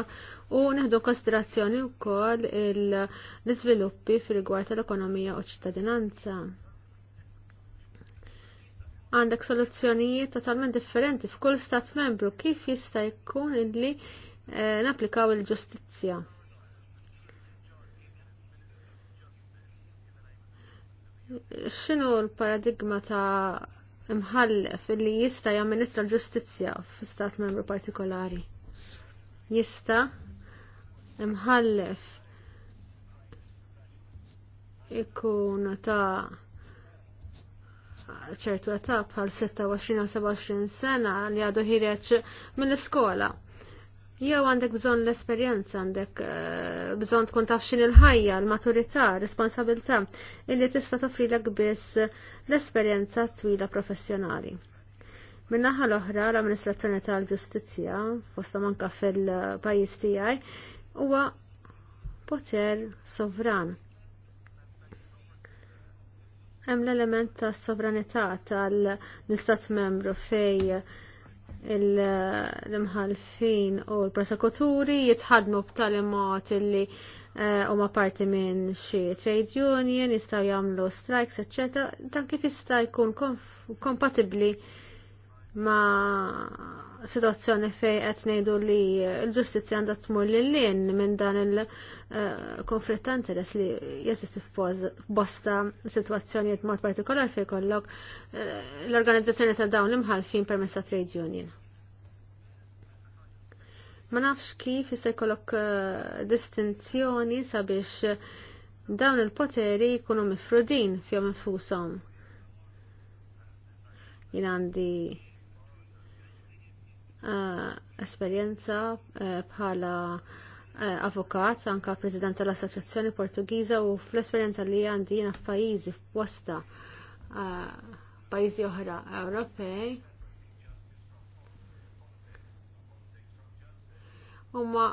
S1: u neħdu konsiderazzjoni wkoll l-iżviluppi fir-rigward tal-ekonomija u ċittadinanza. Għandek soluzzjonijiet totalment differenti f'kull stat membru kif jista' jkun illi eh, napplikaw il-ġustizzja. il ġustizzja xinu l-paradigma ta' imħallef li jista jamministra ġustizzja f'stat membru partikolari? Jista imħallef ikun ta' ċertu età għal 26-27 sena li għadu ħireċ mill-iskola Jew għandek bżonn l-esperjenza, għandek eh, bżonn tkun taf xin il-ħajja, l-maturità, responsabilità, illi tista' l biss l-esperjenza twila professjonali. Minnaħa l-oħra l-amministrazzjoni tal-ġustizzja, fosta manka fil-pajjiż tiegħi, huwa poter sovran. Hemm l-element tas sovranità tal-istat membru fej l-imħalfin u l-prosekuturi jitħadmu b'tali mod illi eh, huma parti minn xi trade union, jistgħu jagħmlu strikes, etc. Dan kif jista' jkun kompatibbli ma' situazzjoni fej qed ngħidu li l-ġustizzja għandha tmur lil lin minn dan il-konflitt eh, ta' interess li jeżisti f'bosta sitwazzjonijiet mod partikolar fej kollok eh, l-organizzazzjoni ta' dawn l-imħalfin permezz ta' trade union. Ma nafx kif jista' jkollok eh, distinzjoni sabiex dawn il-poteri jkunu mifrudin fihom infushom. Jien għandi Eh, esperjenza eh, bħala eh, avukat, anka President tal-Assoċjazzjoni Portugiża u fl-esperjenza li għandi jiena f'pajjiżi f'wasta pajjiżi oħra Ewropej. Huma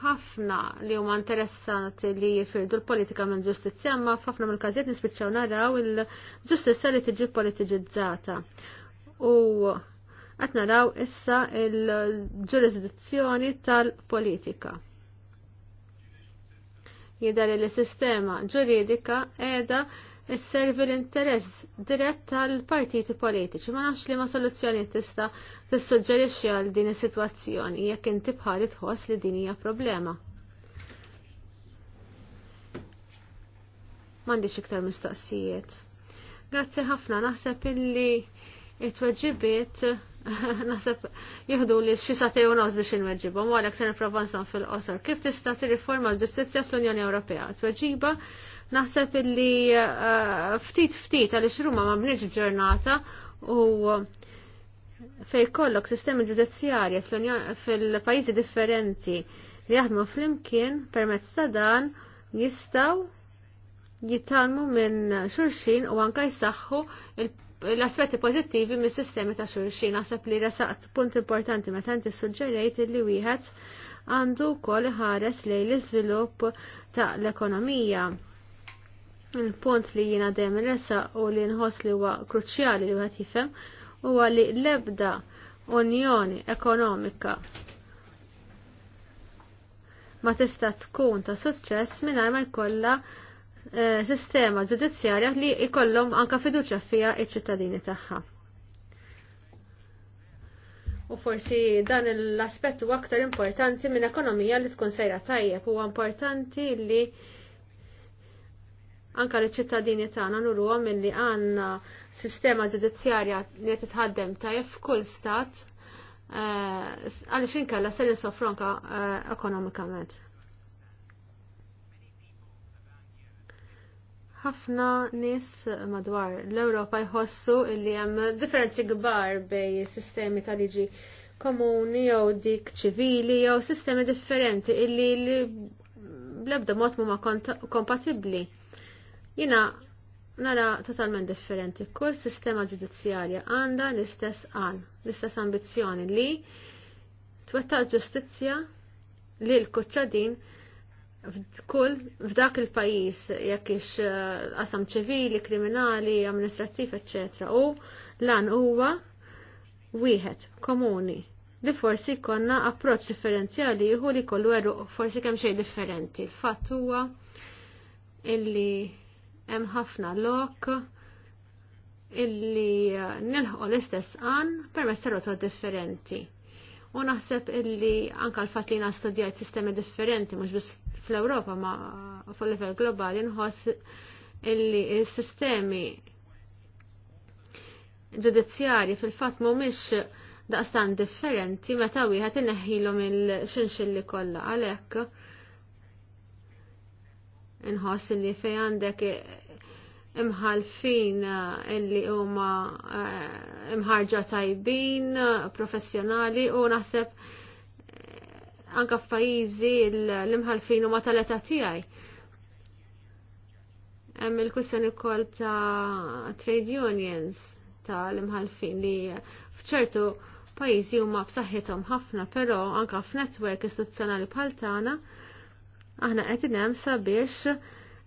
S1: ħafna li huma interessanti li jifirdu l-politika minn ġustizzja, ma f'ħafna mill każijiet nispiċċaw naraw il-ġustizzja li tiġi politiġizzata. U Qed naraw issa il-ġurisdizzjoni tal-politika. Jidher li sistema ġuridika s-servi l-interess dirett tal-partiti politiċi. Ma nafx li ma soluzzjoni tista tissuġġerixxi għal din is-sitwazzjoni jekk inti bħali tħoss li din hija problema. M'għandix iktar mistaqsijiet. Grazzi ħafna naħseb illi it-tweġibiet <laughs> Nasab jihdu li xi satej u nos biex inweġibhom u għalek se il-provanzan fil-qosor. Kif tista' tirriforma l-ġustizzja fl-Unjoni Ewropea? Tweġiba naħseb li eh, ftit ftit għaliex ruma ma bniex ġurnata u fej kollok sistemi ġudizzjarja fil-pajjiżi differenti li jaħdmu fl-imkien permezz ta' dan jistaw jitalmu minn xulxin u anka jsaħħu il l-aspetti pozittivi mis sistemi ta' xulxin naħseb li rasaqt punt importanti meta tanti suġġerejt li wieħed għandu wkoll ħares lejn l-iżvilupp ta' l-ekonomija. Il-punt li jiena dejjem resa u li nħos li huwa kruċjali li wieħed jifhem huwa li l-ebda unjoni ekonomika ma tista' tkun ta' suċċess mingħajr ma jkollha Eh, sistema ġudizzjarja li ikollhom anka fiduċja fija iċ-ċittadini tagħha. U forsi dan l-aspett huwa aktar importanti minn ekonomija li tkun sejra tajjeb huwa importanti li anka l-ċittadini tagħna nurruhom milli għandna sistema ġudizzjarja li qed titħaddem tajjeb f'kull stat eh, għaliex inkella se nisofronka eh, ekonomikament. ħafna nies madwar l-Ewropa jħossu li hemm differenzi kbar bej sistemi ta' liġi komuni jew dik ċivili jew sistemi differenti illi li bl-ebda mod huma kompatibbli. Jina nara totalment differenti. Kull sistema ġudizzjarja għandha l-istess għan, l-istess ambizzjoni li twettaq ġustizzja li l-kuċċadin f'kull f'dak il-pajis jekk ix eh, qasam ċivili, kriminali, amministrattiv, ecc. U lan huwa wieħed komuni li forsi konna approċ differenzjali jieħu li kollu eru forsi kemm xejn differenti. Il-fatt huwa illi hemm ħafna lok illi eh, nilħu l-istess qan, permezz ta' differenti. U naħseb illi anka l-fatt li studjajt sistemi differenti, mhux biss fl-Ewropa ma fuq livell globali nħoss illi s-sistemi ġudizzjarji fil-fatt mhumiex daqstan differenti meta wieħed inneħħilhom il-xinxilli kollha għalhekk inħoss li fejn għandek imħalfin illi huma eh, imħarġa tajbin, professjonali u naħseb anka f'pajjiżi l-imħalfin huma tal-età tiegħi. Hemm il-kwistjoni wkoll ta' trade unions ta' l-imħalfin li f'ċertu pajjiżi huma b'saħħithom ħafna, però anka f'netwerk istituzzjonali bħal tagħna aħna qed hemm sabiex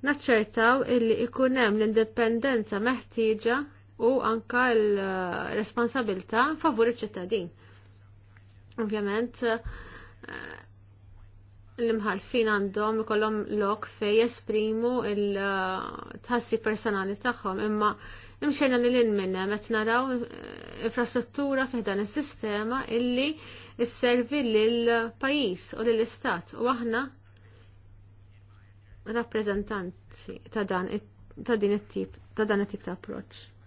S1: naċċertaw illi ikun hemm l-indipendenza meħtieġa u anka l-responsabilità favur iċ-ċittadin. Ovvjament, l-imħalfin għandhom ikollhom lok fej jesprimu il-tassi personali tagħhom imma imxejna li lil minnem qed naraw infrastruttura fih dan is-sistema illi sservi lil pajjiż u lil istat u aħna rappreżentanti ta' dan it-tip ta' dan it-tip ta' approċċ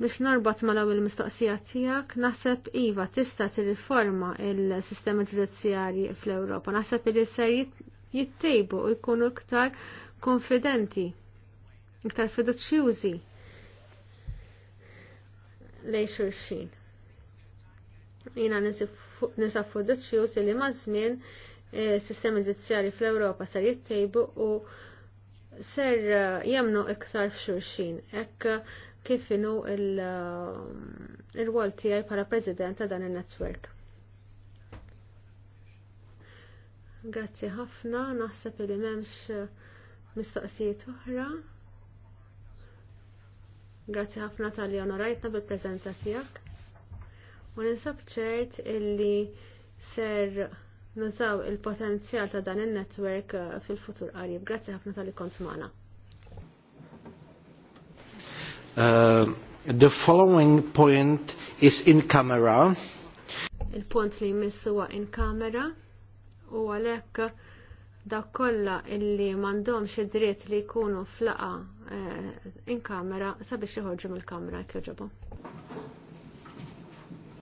S1: biex norbat ma l-ewwel mistoqsija tiegħek, naħseb iva tista' tirriforma il-sistema ġudizzjarji fl-Ewropa. Naħseb li ser jittejbu u jkunu iktar konfidenti, iktar fiduċjużi lej xurxin. Jina nisa fiduċjużi li il eh, sistema ġudizzjarji fl-Ewropa ser jittejbu u ser eh, jemnu iktar f'xurxin. Ekka kif inu il-rwol um, tiegħi bħala president ta' dan il-network. Grazzi ħafna, naħseb li m'hemmx uh, mistoqsijiet oħra. Grazzi ħafna tal-li onorajtna bil prezenza tiegħek. U ninsab ċert illi ser nużaw il-potenzjal ta' dan il-network uh, fil-futur qarib. Grazzi ħafna tal-li kont magħna. Uh, the following point is in camera. Il-punt li jmiss huwa in camera u għalhekk dak kollha illi m'għandhomx id-dritt li jkunu flaqa eh, in kamera sabiex joħorġu mill-kamera jekk joġobhom.